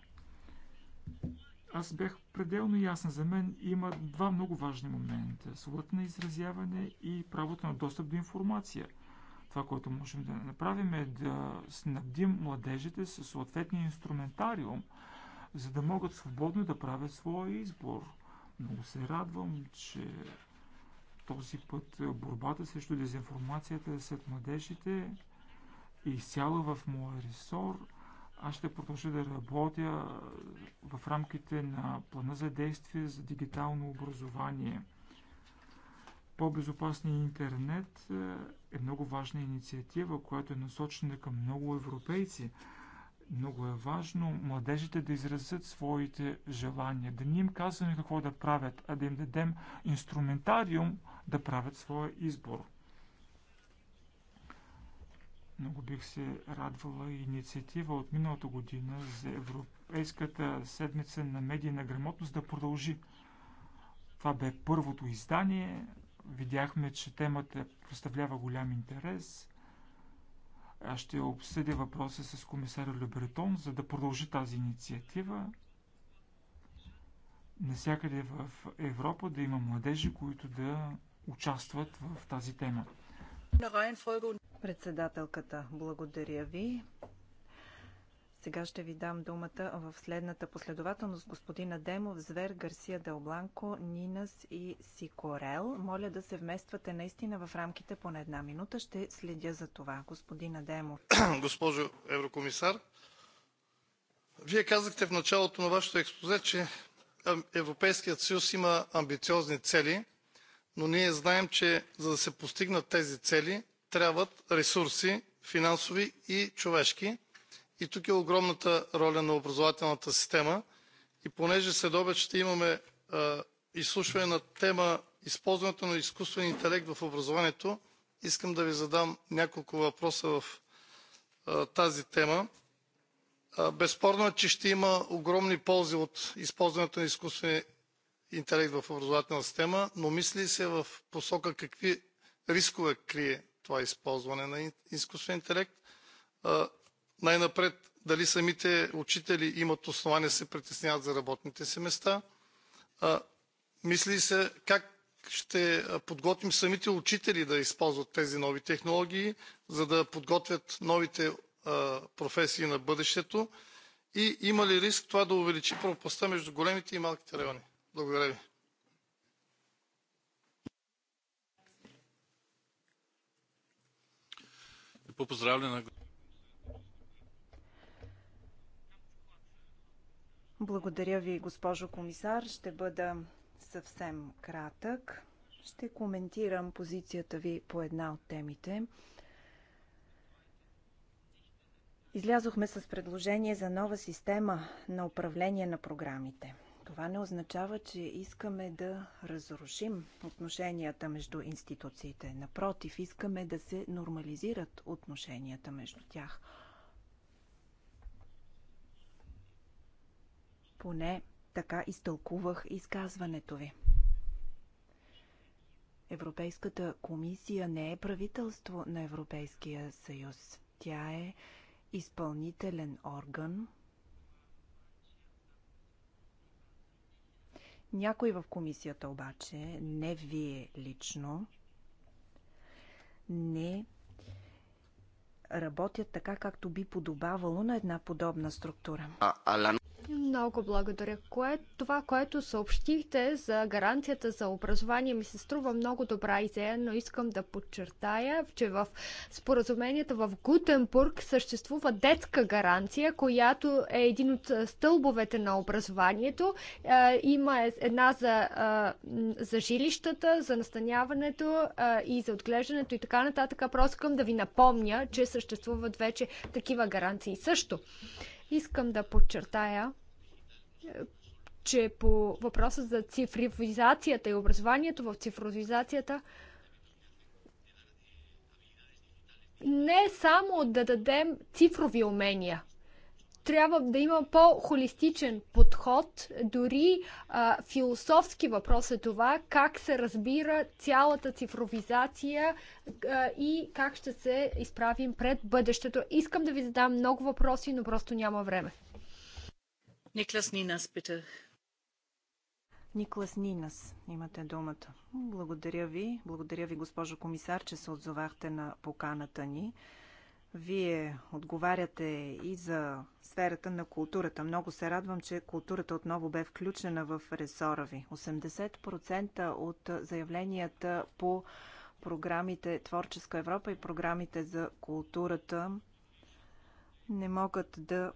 Аз бях пределно ясен. За мен има два много важни момента. Свободата на изразяване и правото на достъп до информация – това, което можем да направим е да снабдим младежите с съответния инструментариум, за да могат свободно да правят своя избор. Много се радвам, че този път е, борбата срещу дезинформацията сред младежите е изцяло в моя ресор. Аз ще продължа да работя е, в рамките на плана за действие за дигитално образование – по-безопасния интернет е, е много важна инициатива, която е насочена към много европейци. Много е важно младежите да изразят своите желания, да не им казваме какво да правят, а да им дадем инструментариум да правят своя избор. Много бих се радвала инициатива от миналата година за Европейската седмица на медийна грамотност да продължи. Това бе първото издание Видяхме, че темата представлява голям интерес. Аз ще обсъдя въпроса с комисаря Любретон, за да продължи тази инициатива. Насякъде в Европа да има младежи, които да участват в тази тема. Председателката, благодаря ви. Сега ще ви дам думата в следната последователност. Господин Адемов, Звер, Гарсия Делбланко, Нинас и Сикорел. Моля да се вмествате наистина в рамките по една минута. Ще следя за това. господина Демов, Госпожо еврокомисар, вие казахте в началото на вашето експозе, че Европейският съюз има амбициозни цели, но ние знаем, че за да се постигнат тези цели, трябват ресурси, финансови и човешки – и тук е огромната роля на образователната система. И понеже обед ще имаме а, изслушване на тема използването на изкуствен интелект в образованието, искам да ви задам няколко въпроса в а, тази тема. А, безспорно е, че ще има огромни ползи от използването на изкуствен интелект в образователна система, но мисли се в посока какви рискове крие това използване на изкуствен интелект. А, най-напред дали самите учители имат основание да се притесняват за работните си места. Мисли се как ще подготвим самите учители да използват тези нови технологии, за да подготвят новите професии на бъдещето и има ли риск това да увеличи пропаста между големите и малките райони? Благодаря ви. Lepo на Благодаря ви, госпожо комисар. Ще бъда съвсем кратък. Ще коментирам позицията ви по една от темите. Излязохме с предложение за нова система на управление на програмите. Това не означава, че искаме да разрушим отношенията между институциите. Напротив, искаме да се нормализират отношенията между тях – Поне така изтълкувах изказването ви. Европейската комисия не е правителство на Европейския съюз. Тя е изпълнителен орган. Някой в комисията обаче, не вие лично, не работят така, както би подобавало на една подобна структура. А, много благодаря. Кое, това, което съобщихте за гаранцията за образование, ми се струва много добра идея, но искам да подчертая, че в споразумението в Гутенбург съществува детска гаранция, която е един от стълбовете на образованието. Е, има е една за, е, за жилищата, за настаняването и за отглеждането и така нататък. Просто искам да ви напомня, че съществуват вече такива гаранции също. Искам да подчертая, че по въпроса за цифровизацията и образованието в цифровизацията, не е само да дадем цифрови умения, трябва да има по-холистичен подход, дори а, философски въпрос е това, как се разбира цялата цифровизация а, и как ще се изправим пред бъдещето. Искам да ви задам много въпроси, но просто няма време. Никлас Нинас, пита. Никлас Нинас, имате думата. Благодаря ви. Благодаря ви, госпожо комисар, че се отзовахте на поканата ни. Вие отговаряте и за сферата на културата. Много се радвам, че културата отново бе включена в ресора ви. 80% от заявленията по програмите Творческа Европа и програмите за културата не могат да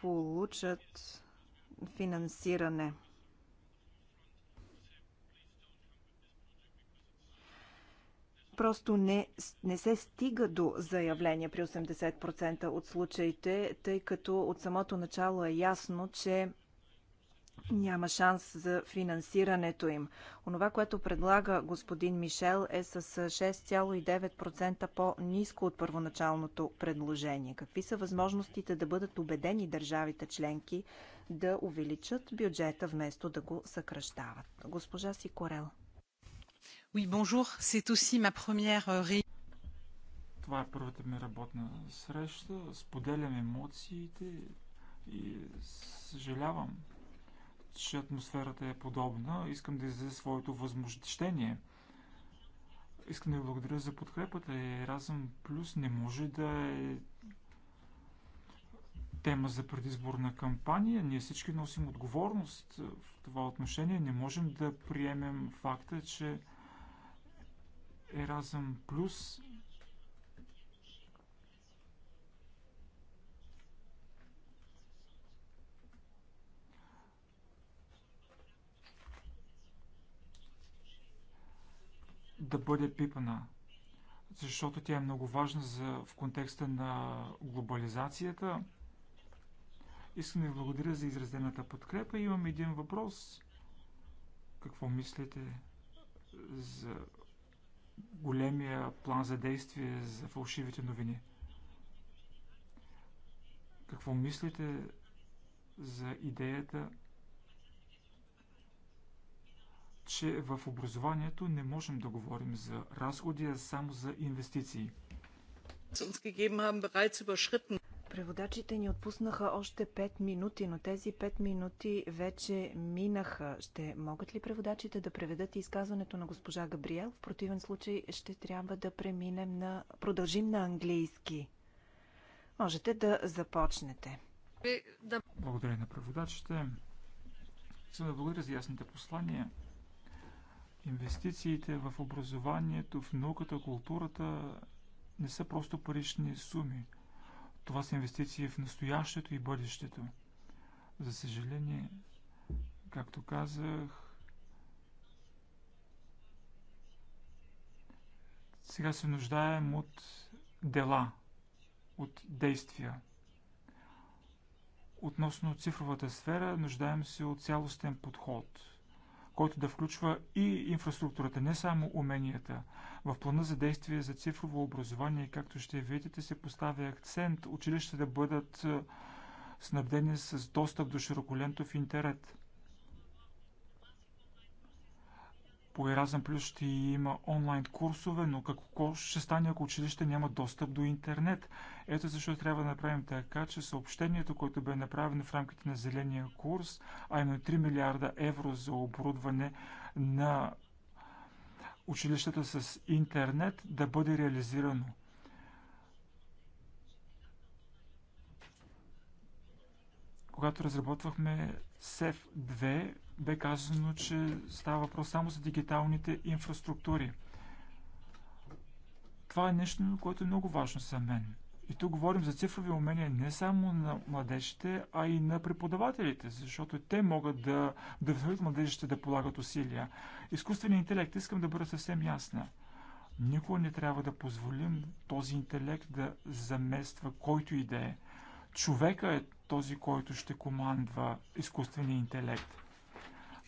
получат финансиране. Просто не, не се стига до заявления при 80% от случаите, тъй като от самото начало е ясно, че няма шанс за финансирането им. Онова, което предлага господин Мишел е с 6,9% по-низко от първоначалното предложение. Какви са възможностите да бъдат убедени държавите членки да увеличат бюджета вместо да го съкръщават? Госпожа Сикорел. Oui, bonjour. C'est aussi ma première euh, réunion. Това е първата ми работна среща. Споделям емоциите и съжалявам, че атмосферата е подобна. Искам да изразя своето възмущение. Искам да ви благодаря за подкрепата. Еразъм Плюс не може да е тема за предизборна кампания. Ние всички носим отговорност в това отношение. Не можем да приемем факта, че Еразъм Плюс. да бъде пипана, защото тя е много важна за, в контекста на глобализацията. Искам да ви благодаря за изразената подкрепа. Имам един въпрос. Какво мислите за големия план за действие за фалшивите новини. Какво мислите за идеята, че в образованието не можем да говорим за разходи, а само за инвестиции? uns gegeben haben, bereits überschritten. Преводачите ни отпуснаха още 5 минути, но тези 5 минути вече минаха. Ще могат ли преводачите да преведат изказването на госпожа Габриел? В противен случай ще трябва да преминем на... продължим на английски. Можете да започнете. Благодаря на преводачите. Искам да благодаря за ясните послания. Инвестициите в образованието, в науката, културата не са просто парични суми – това са инвестиции в настоящето и бъдещето. За съжаление, както казах, сега се нуждаем от дела, от действия. Относно цифровата сфера, нуждаем се от цялостен подход – който да включва и инфраструктурата, не само уменията. В плана за действие за цифрово образование, както ще видите, се поставя акцент училищата да бъдат снабдени с достъп до широколентов интернет. По Еразъм Плюс ще има онлайн курсове, но какво ще стане, ако училище няма достъп до интернет? Ето защо трябва да направим така, че съобщението, което бе направено в рамките на зеления курс, а именно 3 милиарда евро за оборудване на училищата с интернет, да бъде реализирано. Когато разработвахме SEF 2, бе казано, че става въпрос само за дигиталните инфраструктури. Това е нещо, което е много важно за мен. И тук говорим за цифрови умения не само на младежите, а и на преподавателите, защото те могат да вдъхновят младежите да полагат усилия. Изкуственият интелект, искам да бъда съвсем ясна. Никога не трябва да позволим този интелект да замества който и да е. Човека е този, който ще командва изкуствения интелект.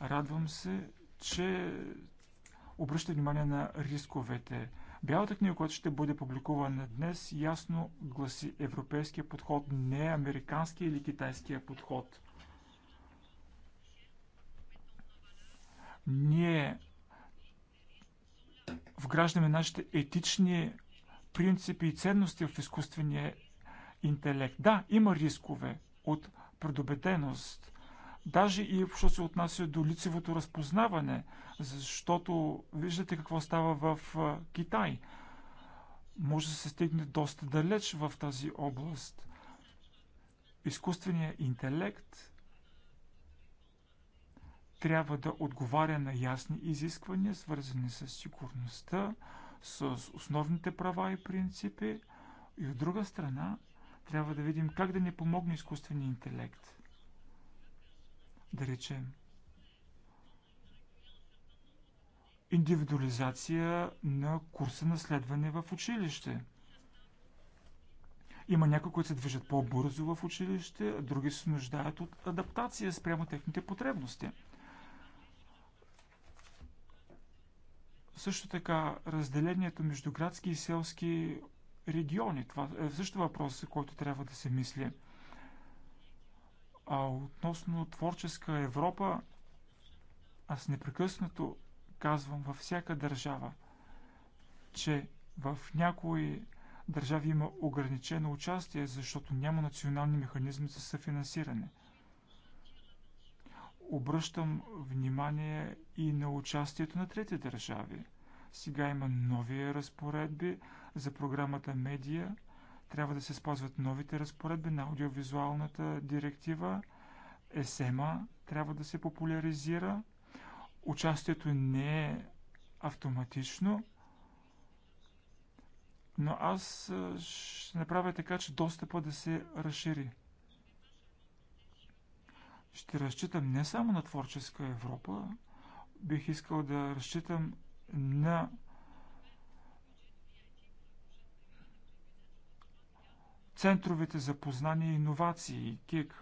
Радвам се, че обръща внимание на рисковете. Бялата книга, която ще бъде публикувана днес, ясно гласи европейския подход, не е американския или китайския подход. Ние вграждаме нашите етични принципи и ценности в изкуствения интелект. Да, има рискове от предубеденост, Даже и що се отнася до лицевото разпознаване, защото виждате какво става в Китай. Може да се стигне доста далеч в тази област. Изкуственият интелект трябва да отговаря на ясни изисквания, свързани с сигурността, с основните права и принципи. И от друга страна, трябва да видим как да ни помогне изкуственият интелект – да речем. Индивидуализация на курса на следване в училище. Има някои, които се движат по-бързо в училище, а други се нуждаят от адаптация спрямо техните потребности. Също така, разделението между градски и селски региони. Това е също въпрос, който трябва да се мисли. А относно творческа Европа, аз непрекъснато казвам във всяка държава, че в някои държави има ограничено участие, защото няма национални механизми за съфинансиране. Обръщам внимание и на участието на трети държави. Сега има нови разпоредби за програмата Медия – трябва да се спазват новите разпоредби на аудиовизуалната директива. ЕСЕМА трябва да се популяризира. Участието не е автоматично, но аз ще направя така, че достъпа да се разшири. Ще разчитам не само на творческа Европа, бих искал да разчитам на центровете за познание и иновации, КИК.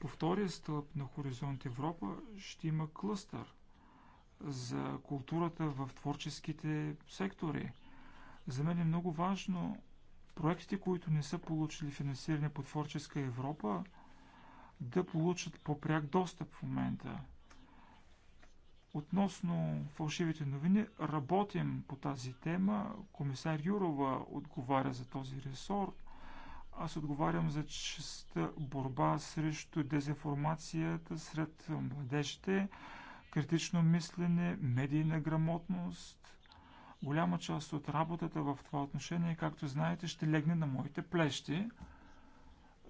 По втория стълб на Хоризонт Европа ще има клъстър за културата в творческите сектори. За мен е много важно проектите, които не са получили финансиране по Творческа Европа, да получат по-пряк достъп в момента. Относно фалшивите новини, работим по тази тема. Комисар Юрова отговаря за този ресор. Аз отговарям за честа борба срещу дезинформацията сред младежите, критично мислене, медийна грамотност. Голяма част от работата в това отношение, както знаете, ще легне на моите плещи.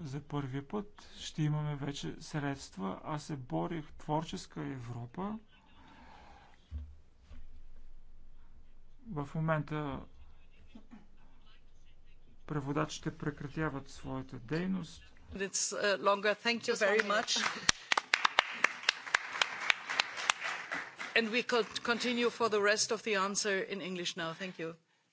За първи път ще имаме вече средства. Аз се борих творческа Европа В момента преводачите прекратяват своята дейност. And we could continue for the rest of the answer in English now. Thank you.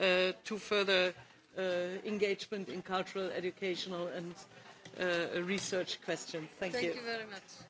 to further engagement in cultural, educational and research questions. Thank you. Thank you very much.